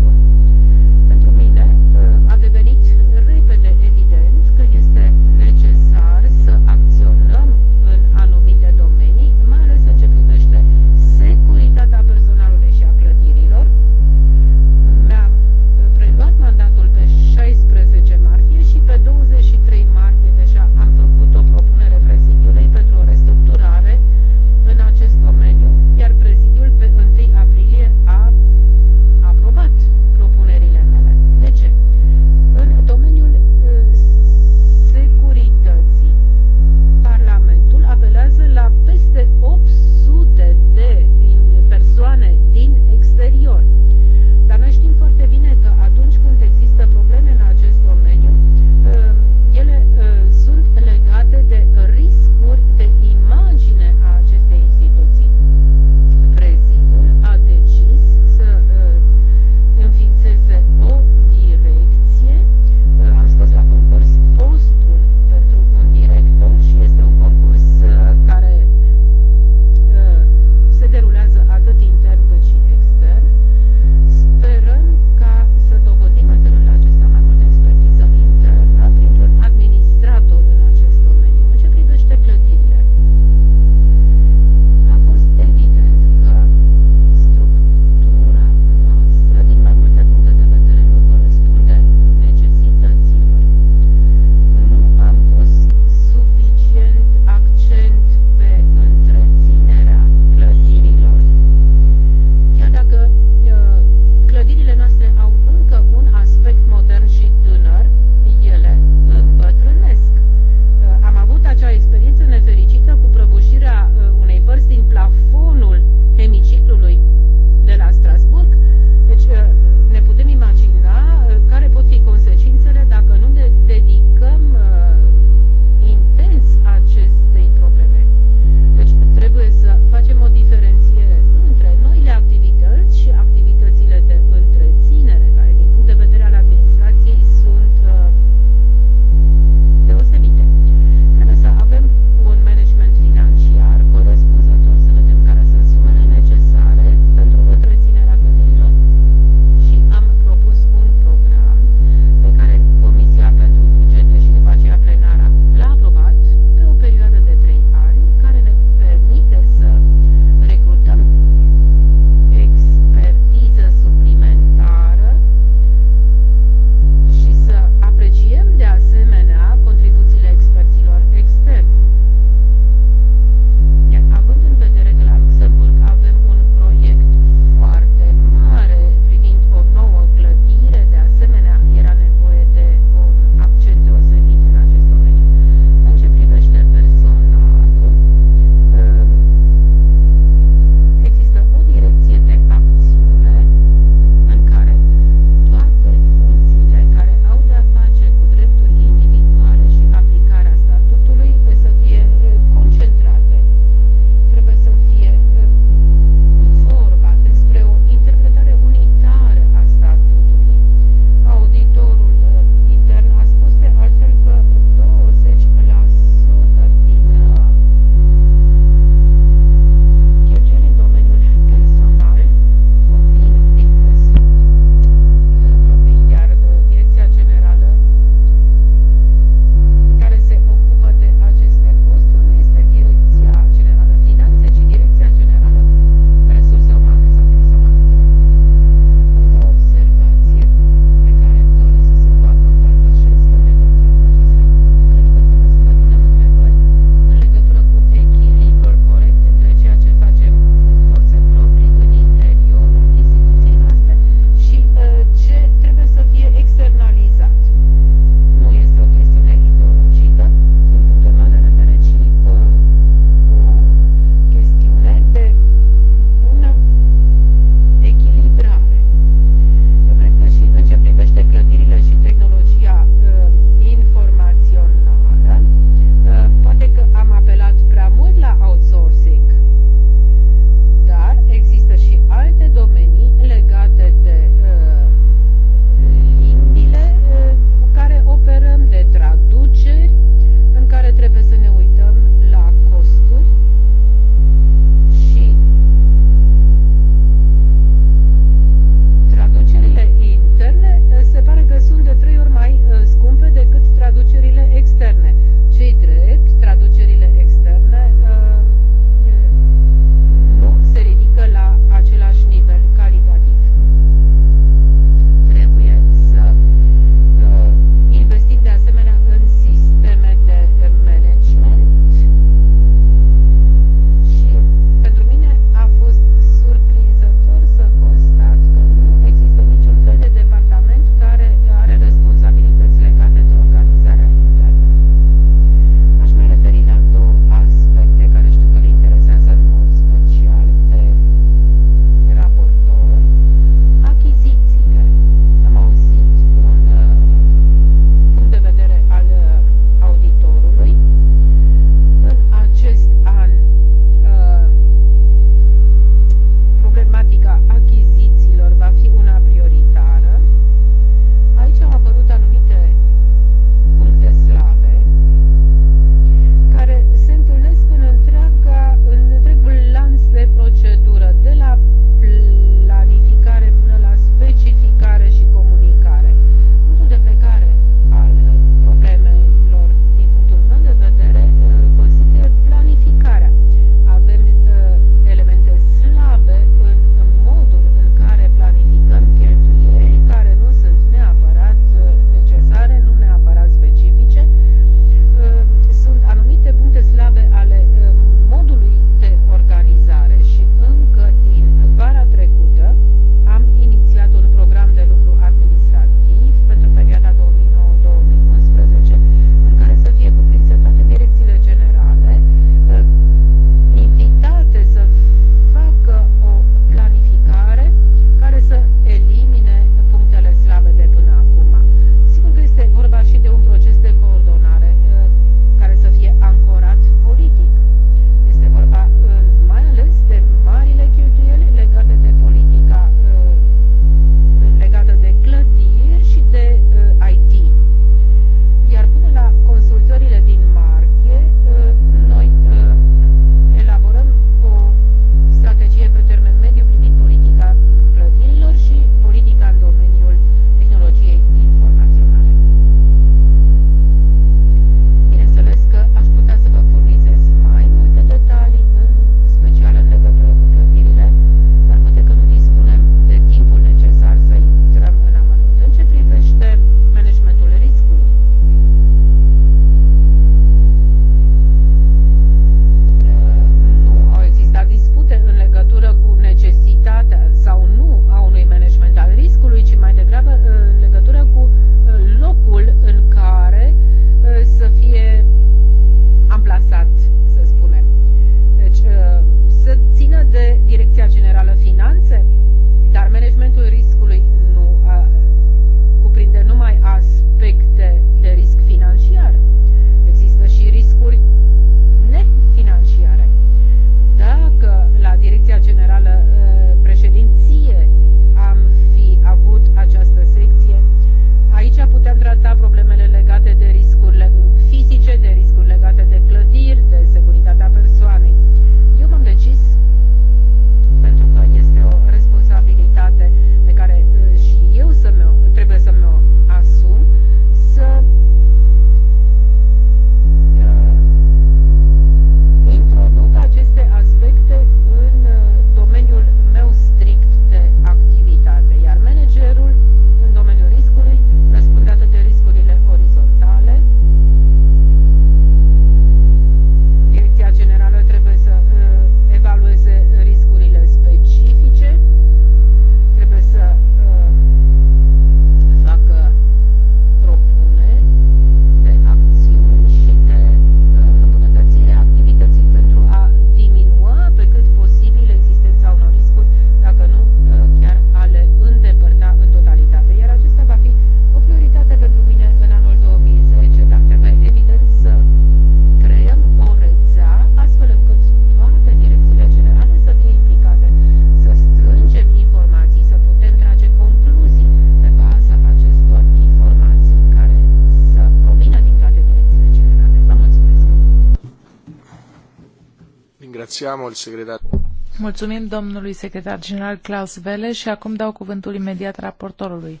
Mulțumim domnului secretar general Klaus Vele și acum dau cuvântul imediat raportorului,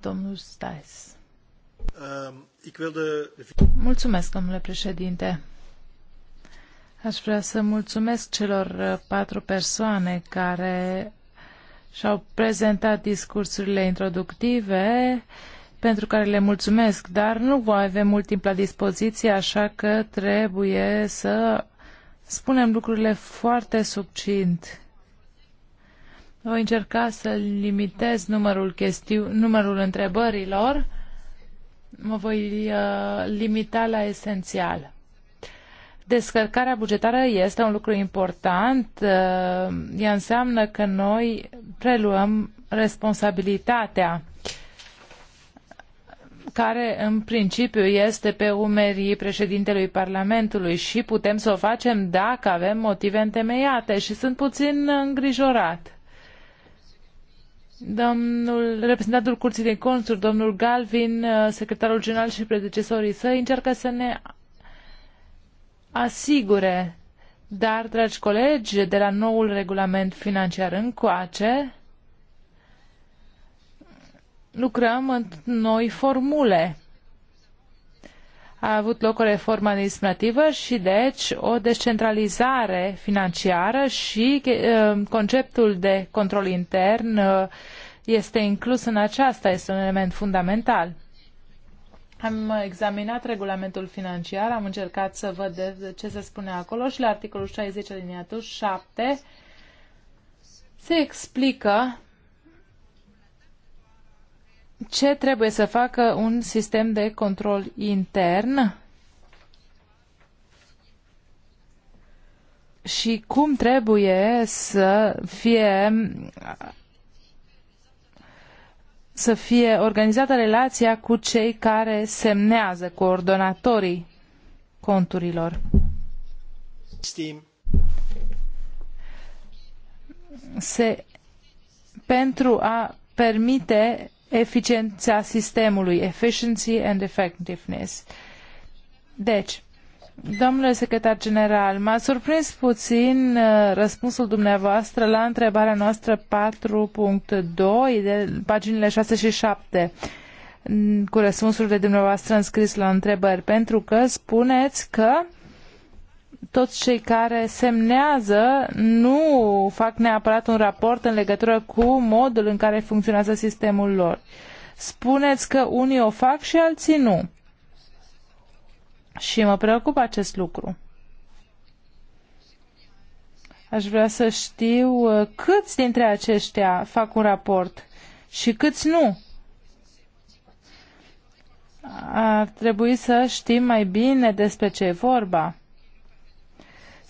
domnul Stais. Mulțumesc, domnule președinte. Aș vrea să mulțumesc celor patru persoane care și-au prezentat discursurile introductive, pentru care le mulțumesc, dar nu voi avea mult timp la dispoziție, așa că trebuie să spunem lucrurile foarte succint. Voi încerca să limitez numărul, chestiu- numărul întrebărilor. Mă voi uh, limita la esențial. Descărcarea bugetară este un lucru important. Uh, ea înseamnă că noi preluăm responsabilitatea uh, care în principiu este pe umerii președintelui Parlamentului și putem să o facem dacă avem motive întemeiate și sunt puțin îngrijorat. Domnul reprezentantul Curții de Conturi, domnul Galvin, uh, secretarul general și predecesorii săi încearcă să ne asigure. Dar, dragi colegi, de la noul regulament financiar încoace, lucrăm în noi formule. A avut loc o reformă administrativă și deci o descentralizare financiară și eh, conceptul de control intern eh, este inclus în aceasta, este un element fundamental. Am examinat regulamentul financiar, am încercat să văd de ce se spune acolo și la articolul 60 aliniatul 7 se explică ce trebuie să facă un sistem de control intern și cum trebuie să fie să fie organizată relația cu cei care semnează, coordonatorii conturilor. Steam. Se, pentru a permite eficiența sistemului, efficiency and effectiveness. Deci, domnule secretar general, m-a surprins puțin uh, răspunsul dumneavoastră la întrebarea noastră 4.2 de paginile 6 și 7 mm, cu răspunsurile dumneavoastră înscris la întrebări, pentru că spuneți că toți cei care semnează nu fac neapărat un raport în legătură cu modul în care funcționează sistemul lor. Spuneți că unii o fac și alții nu. Și mă preocupă acest lucru. Aș vrea să știu uh, câți dintre aceștia fac un raport și câți nu. Ar trebui să știm mai bine despre ce e vorba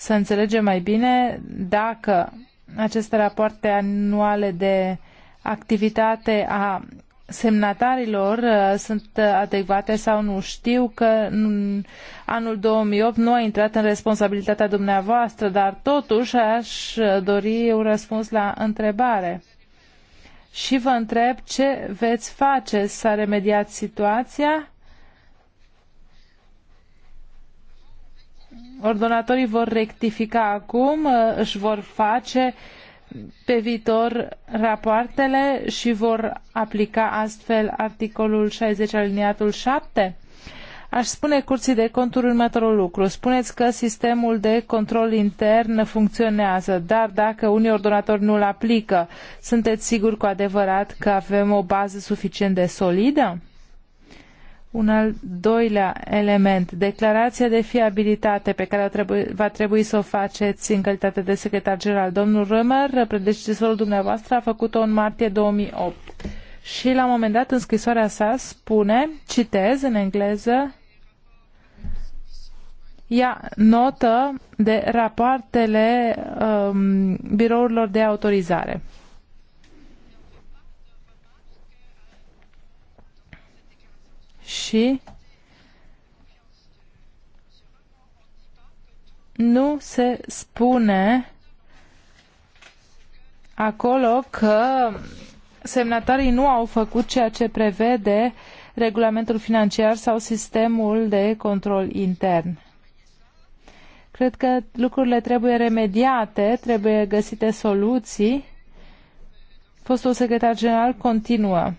să înțelegem mai bine dacă aceste rapoarte anuale de activitate a semnatarilor uh, sunt adecvate sau nu. Știu că în anul 2008 nu a intrat în responsabilitatea dumneavoastră, dar totuși aș dori un răspuns la întrebare. Și vă întreb ce veți face să remediați situația Ordonatorii vor rectifica acum, uh, își vor face pe viitor rapoartele și vor aplica astfel articolul 60 aliniatul 7? Aș spune curții de conturi următorul lucru. Spuneți că sistemul de control intern funcționează, dar dacă unii ordonatori nu-l aplică, sunteți siguri cu adevărat că avem o bază suficient de solidă? Un al doilea element, declarația de fiabilitate pe care trebui, va trebui să o faceți în calitate de secretar general. Domnul Römer, predecesorul dumneavoastră, a făcut-o în martie 2008. Și la un moment dat, în scrisoarea sa, spune, citez în engleză, ia notă de rapoartele um, birourilor de autorizare. și nu se spune acolo că semnatarii nu au făcut ceea ce prevede regulamentul financiar sau sistemul de control intern. Cred că lucrurile trebuie remediate, trebuie găsite soluții. Fostul secretar general continuă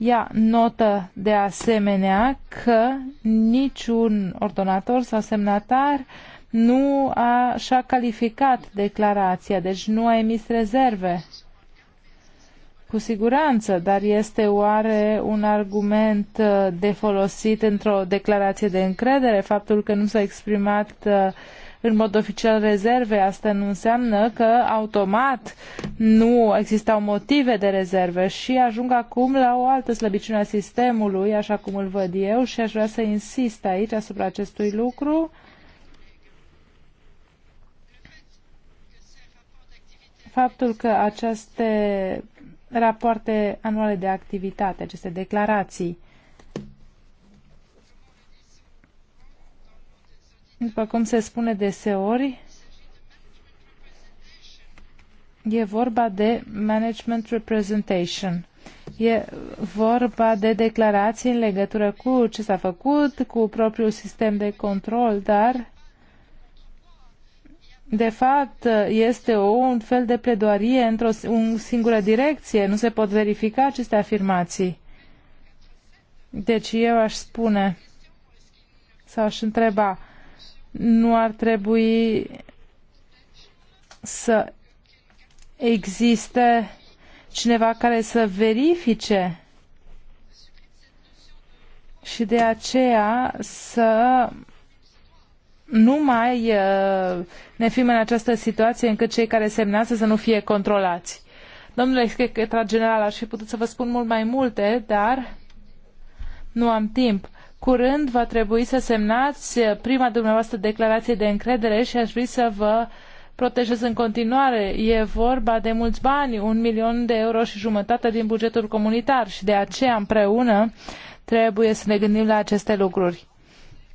ia notă de asemenea că niciun ordonator sau semnatar nu a, și-a calificat declarația, deci nu a emis rezerve cu siguranță, dar este oare un argument uh, de folosit într-o declarație de încredere? Faptul că nu s-a exprimat uh, în mod oficial rezerve, asta nu înseamnă că automat nu existau motive de rezerve și ajung acum la o altă slăbiciune a sistemului, așa cum îl văd eu și aș vrea să insist aici asupra acestui lucru. faptul că aceste rapoarte anuale de activitate, aceste declarații. După cum se spune deseori, e vorba de management representation. E vorba de declarații în legătură cu ce s-a făcut, cu propriul sistem de control, dar de fapt, este o, un fel de pledoarie într-o singură direcție. Nu se pot verifica aceste afirmații. Deci eu aș spune sau aș întreba, nu ar trebui să existe cineva care să verifice și de aceea să nu mai uh, ne fim în această situație încât cei care semnează să nu fie controlați. Domnule secretar general, aș fi putut să vă spun mult mai multe, dar nu am timp. Curând va trebui să semnați prima dumneavoastră declarație de încredere și aș vrea să vă protejez în continuare. E vorba de mulți bani, un milion de euro și jumătate din bugetul comunitar și de aceea împreună trebuie să ne gândim la aceste lucruri.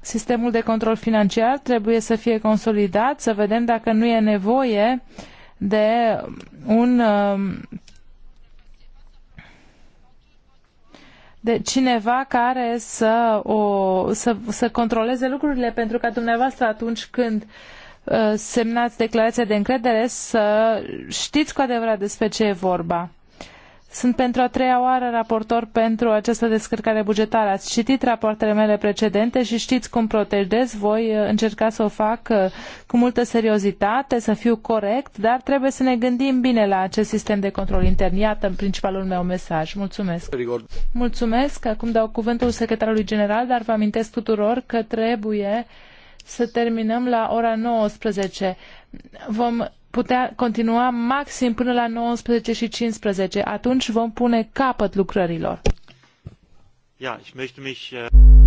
Sistemul de control financiar trebuie să fie consolidat, să vedem dacă nu e nevoie de un de cineva care să, o, să, să controleze lucrurile, pentru ca dumneavoastră atunci când uh, semnați declarația de încredere să știți cu adevărat despre ce e vorba. Sunt pentru a treia oară raportor pentru această descărcare bugetară. Ați citit rapoartele mele precedente și știți cum protejez. Voi uh, încerca să o fac uh, cu multă seriozitate, să fiu corect, dar trebuie să ne gândim bine la acest sistem de control intern. Iată principalul meu mesaj. Mulțumesc. Mulțumesc. Acum dau cuvântul secretarului general, dar vă amintesc tuturor că trebuie să terminăm la ora 19. Vom putea continua maxim până la 19 și 15. Atunci vom pune capăt lucrărilor. Ja, ich möchte mich, uh...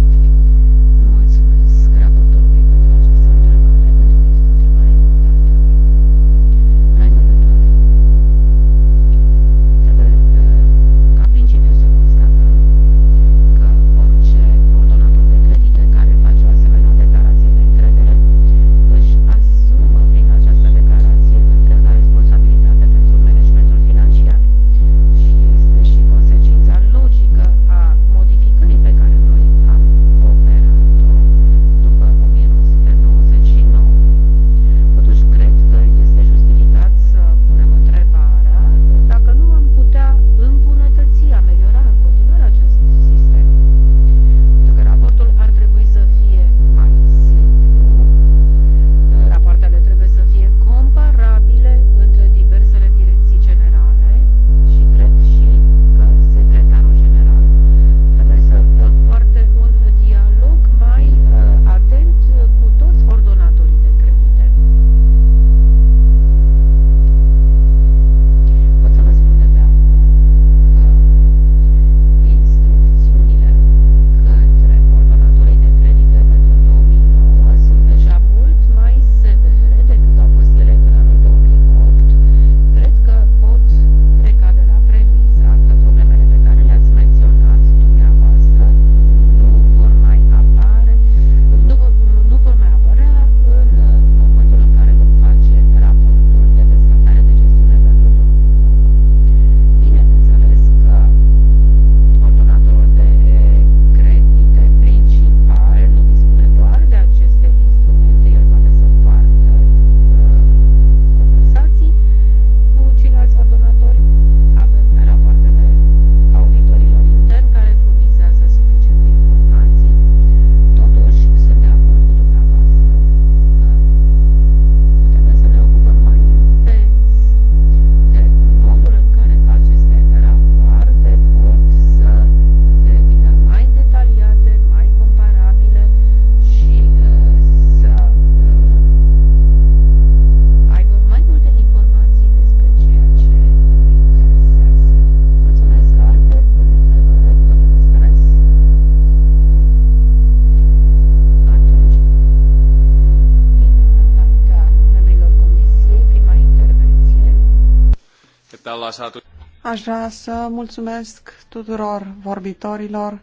Aș vrea să mulțumesc tuturor vorbitorilor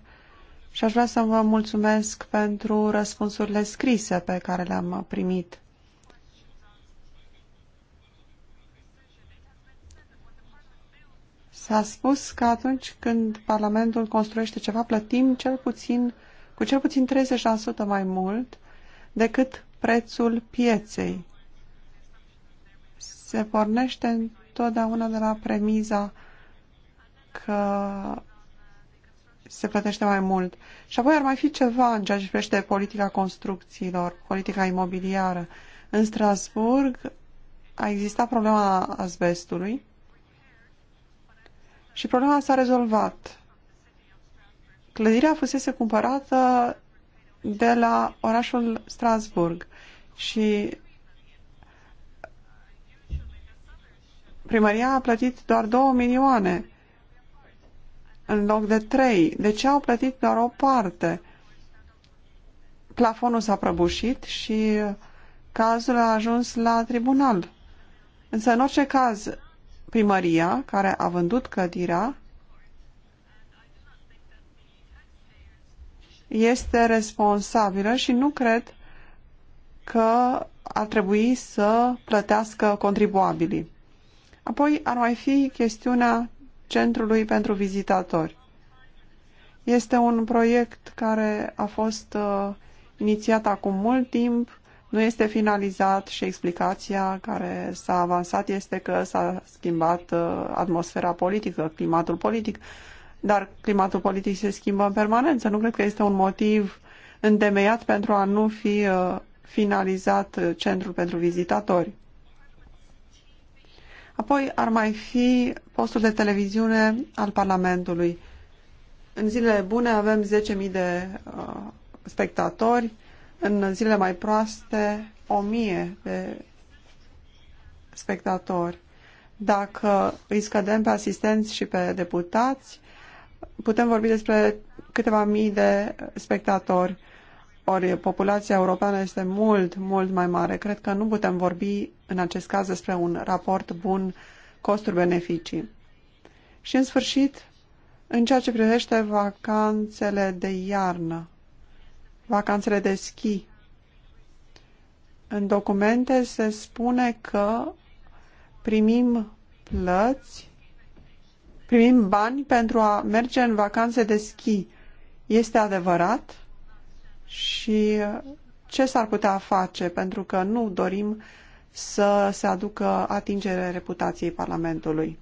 și aș vrea să vă mulțumesc pentru răspunsurile scrise pe care le-am primit. S-a spus că atunci când Parlamentul construiește ceva, plătim cel puțin, cu cel puțin 30% mai mult decât prețul pieței. Se pornește întotdeauna de la premiza că se plătește mai mult. Și apoi ar mai fi ceva în ceea ce privește politica construcțiilor, politica imobiliară. În Strasburg a existat problema asbestului și problema s-a rezolvat. Clădirea fusese cumpărată de la orașul Strasburg și primăria a plătit doar 2 milioane în loc de 3? De ce au plătit doar o parte? Plafonul s-a prăbușit și cazul a ajuns la tribunal. Însă, în orice caz, primăria care a vândut clădirea este responsabilă și nu cred că ar trebui să plătească contribuabilii. Apoi ar mai fi chestiunea Centrului pentru Vizitatori. Este un proiect care a fost uh, inițiat acum mult timp, nu este finalizat și explicația care s-a avansat este că s-a schimbat uh, atmosfera politică, climatul politic, dar climatul politic se schimbă în permanență. Nu cred că este un motiv îndemeiat pentru a nu fi uh, finalizat uh, centrul pentru vizitatori. Apoi ar mai fi postul de televiziune al Parlamentului. În zilele bune avem 10.000 de uh, spectatori, în zilele mai proaste 1.000 de spectatori. Dacă îi scădem pe asistenți și pe deputați, putem vorbi despre câteva mii de spectatori. Ori populația europeană este mult, mult mai mare. Cred că nu putem vorbi în acest caz despre un raport bun costuri-beneficii. Și în sfârșit, în ceea ce privește vacanțele de iarnă, vacanțele de schi, în documente se spune că primim plăți, primim bani pentru a merge în vacanțe de schi. Este adevărat? și ce s-ar putea face, pentru că nu dorim să se aducă atingere reputației Parlamentului.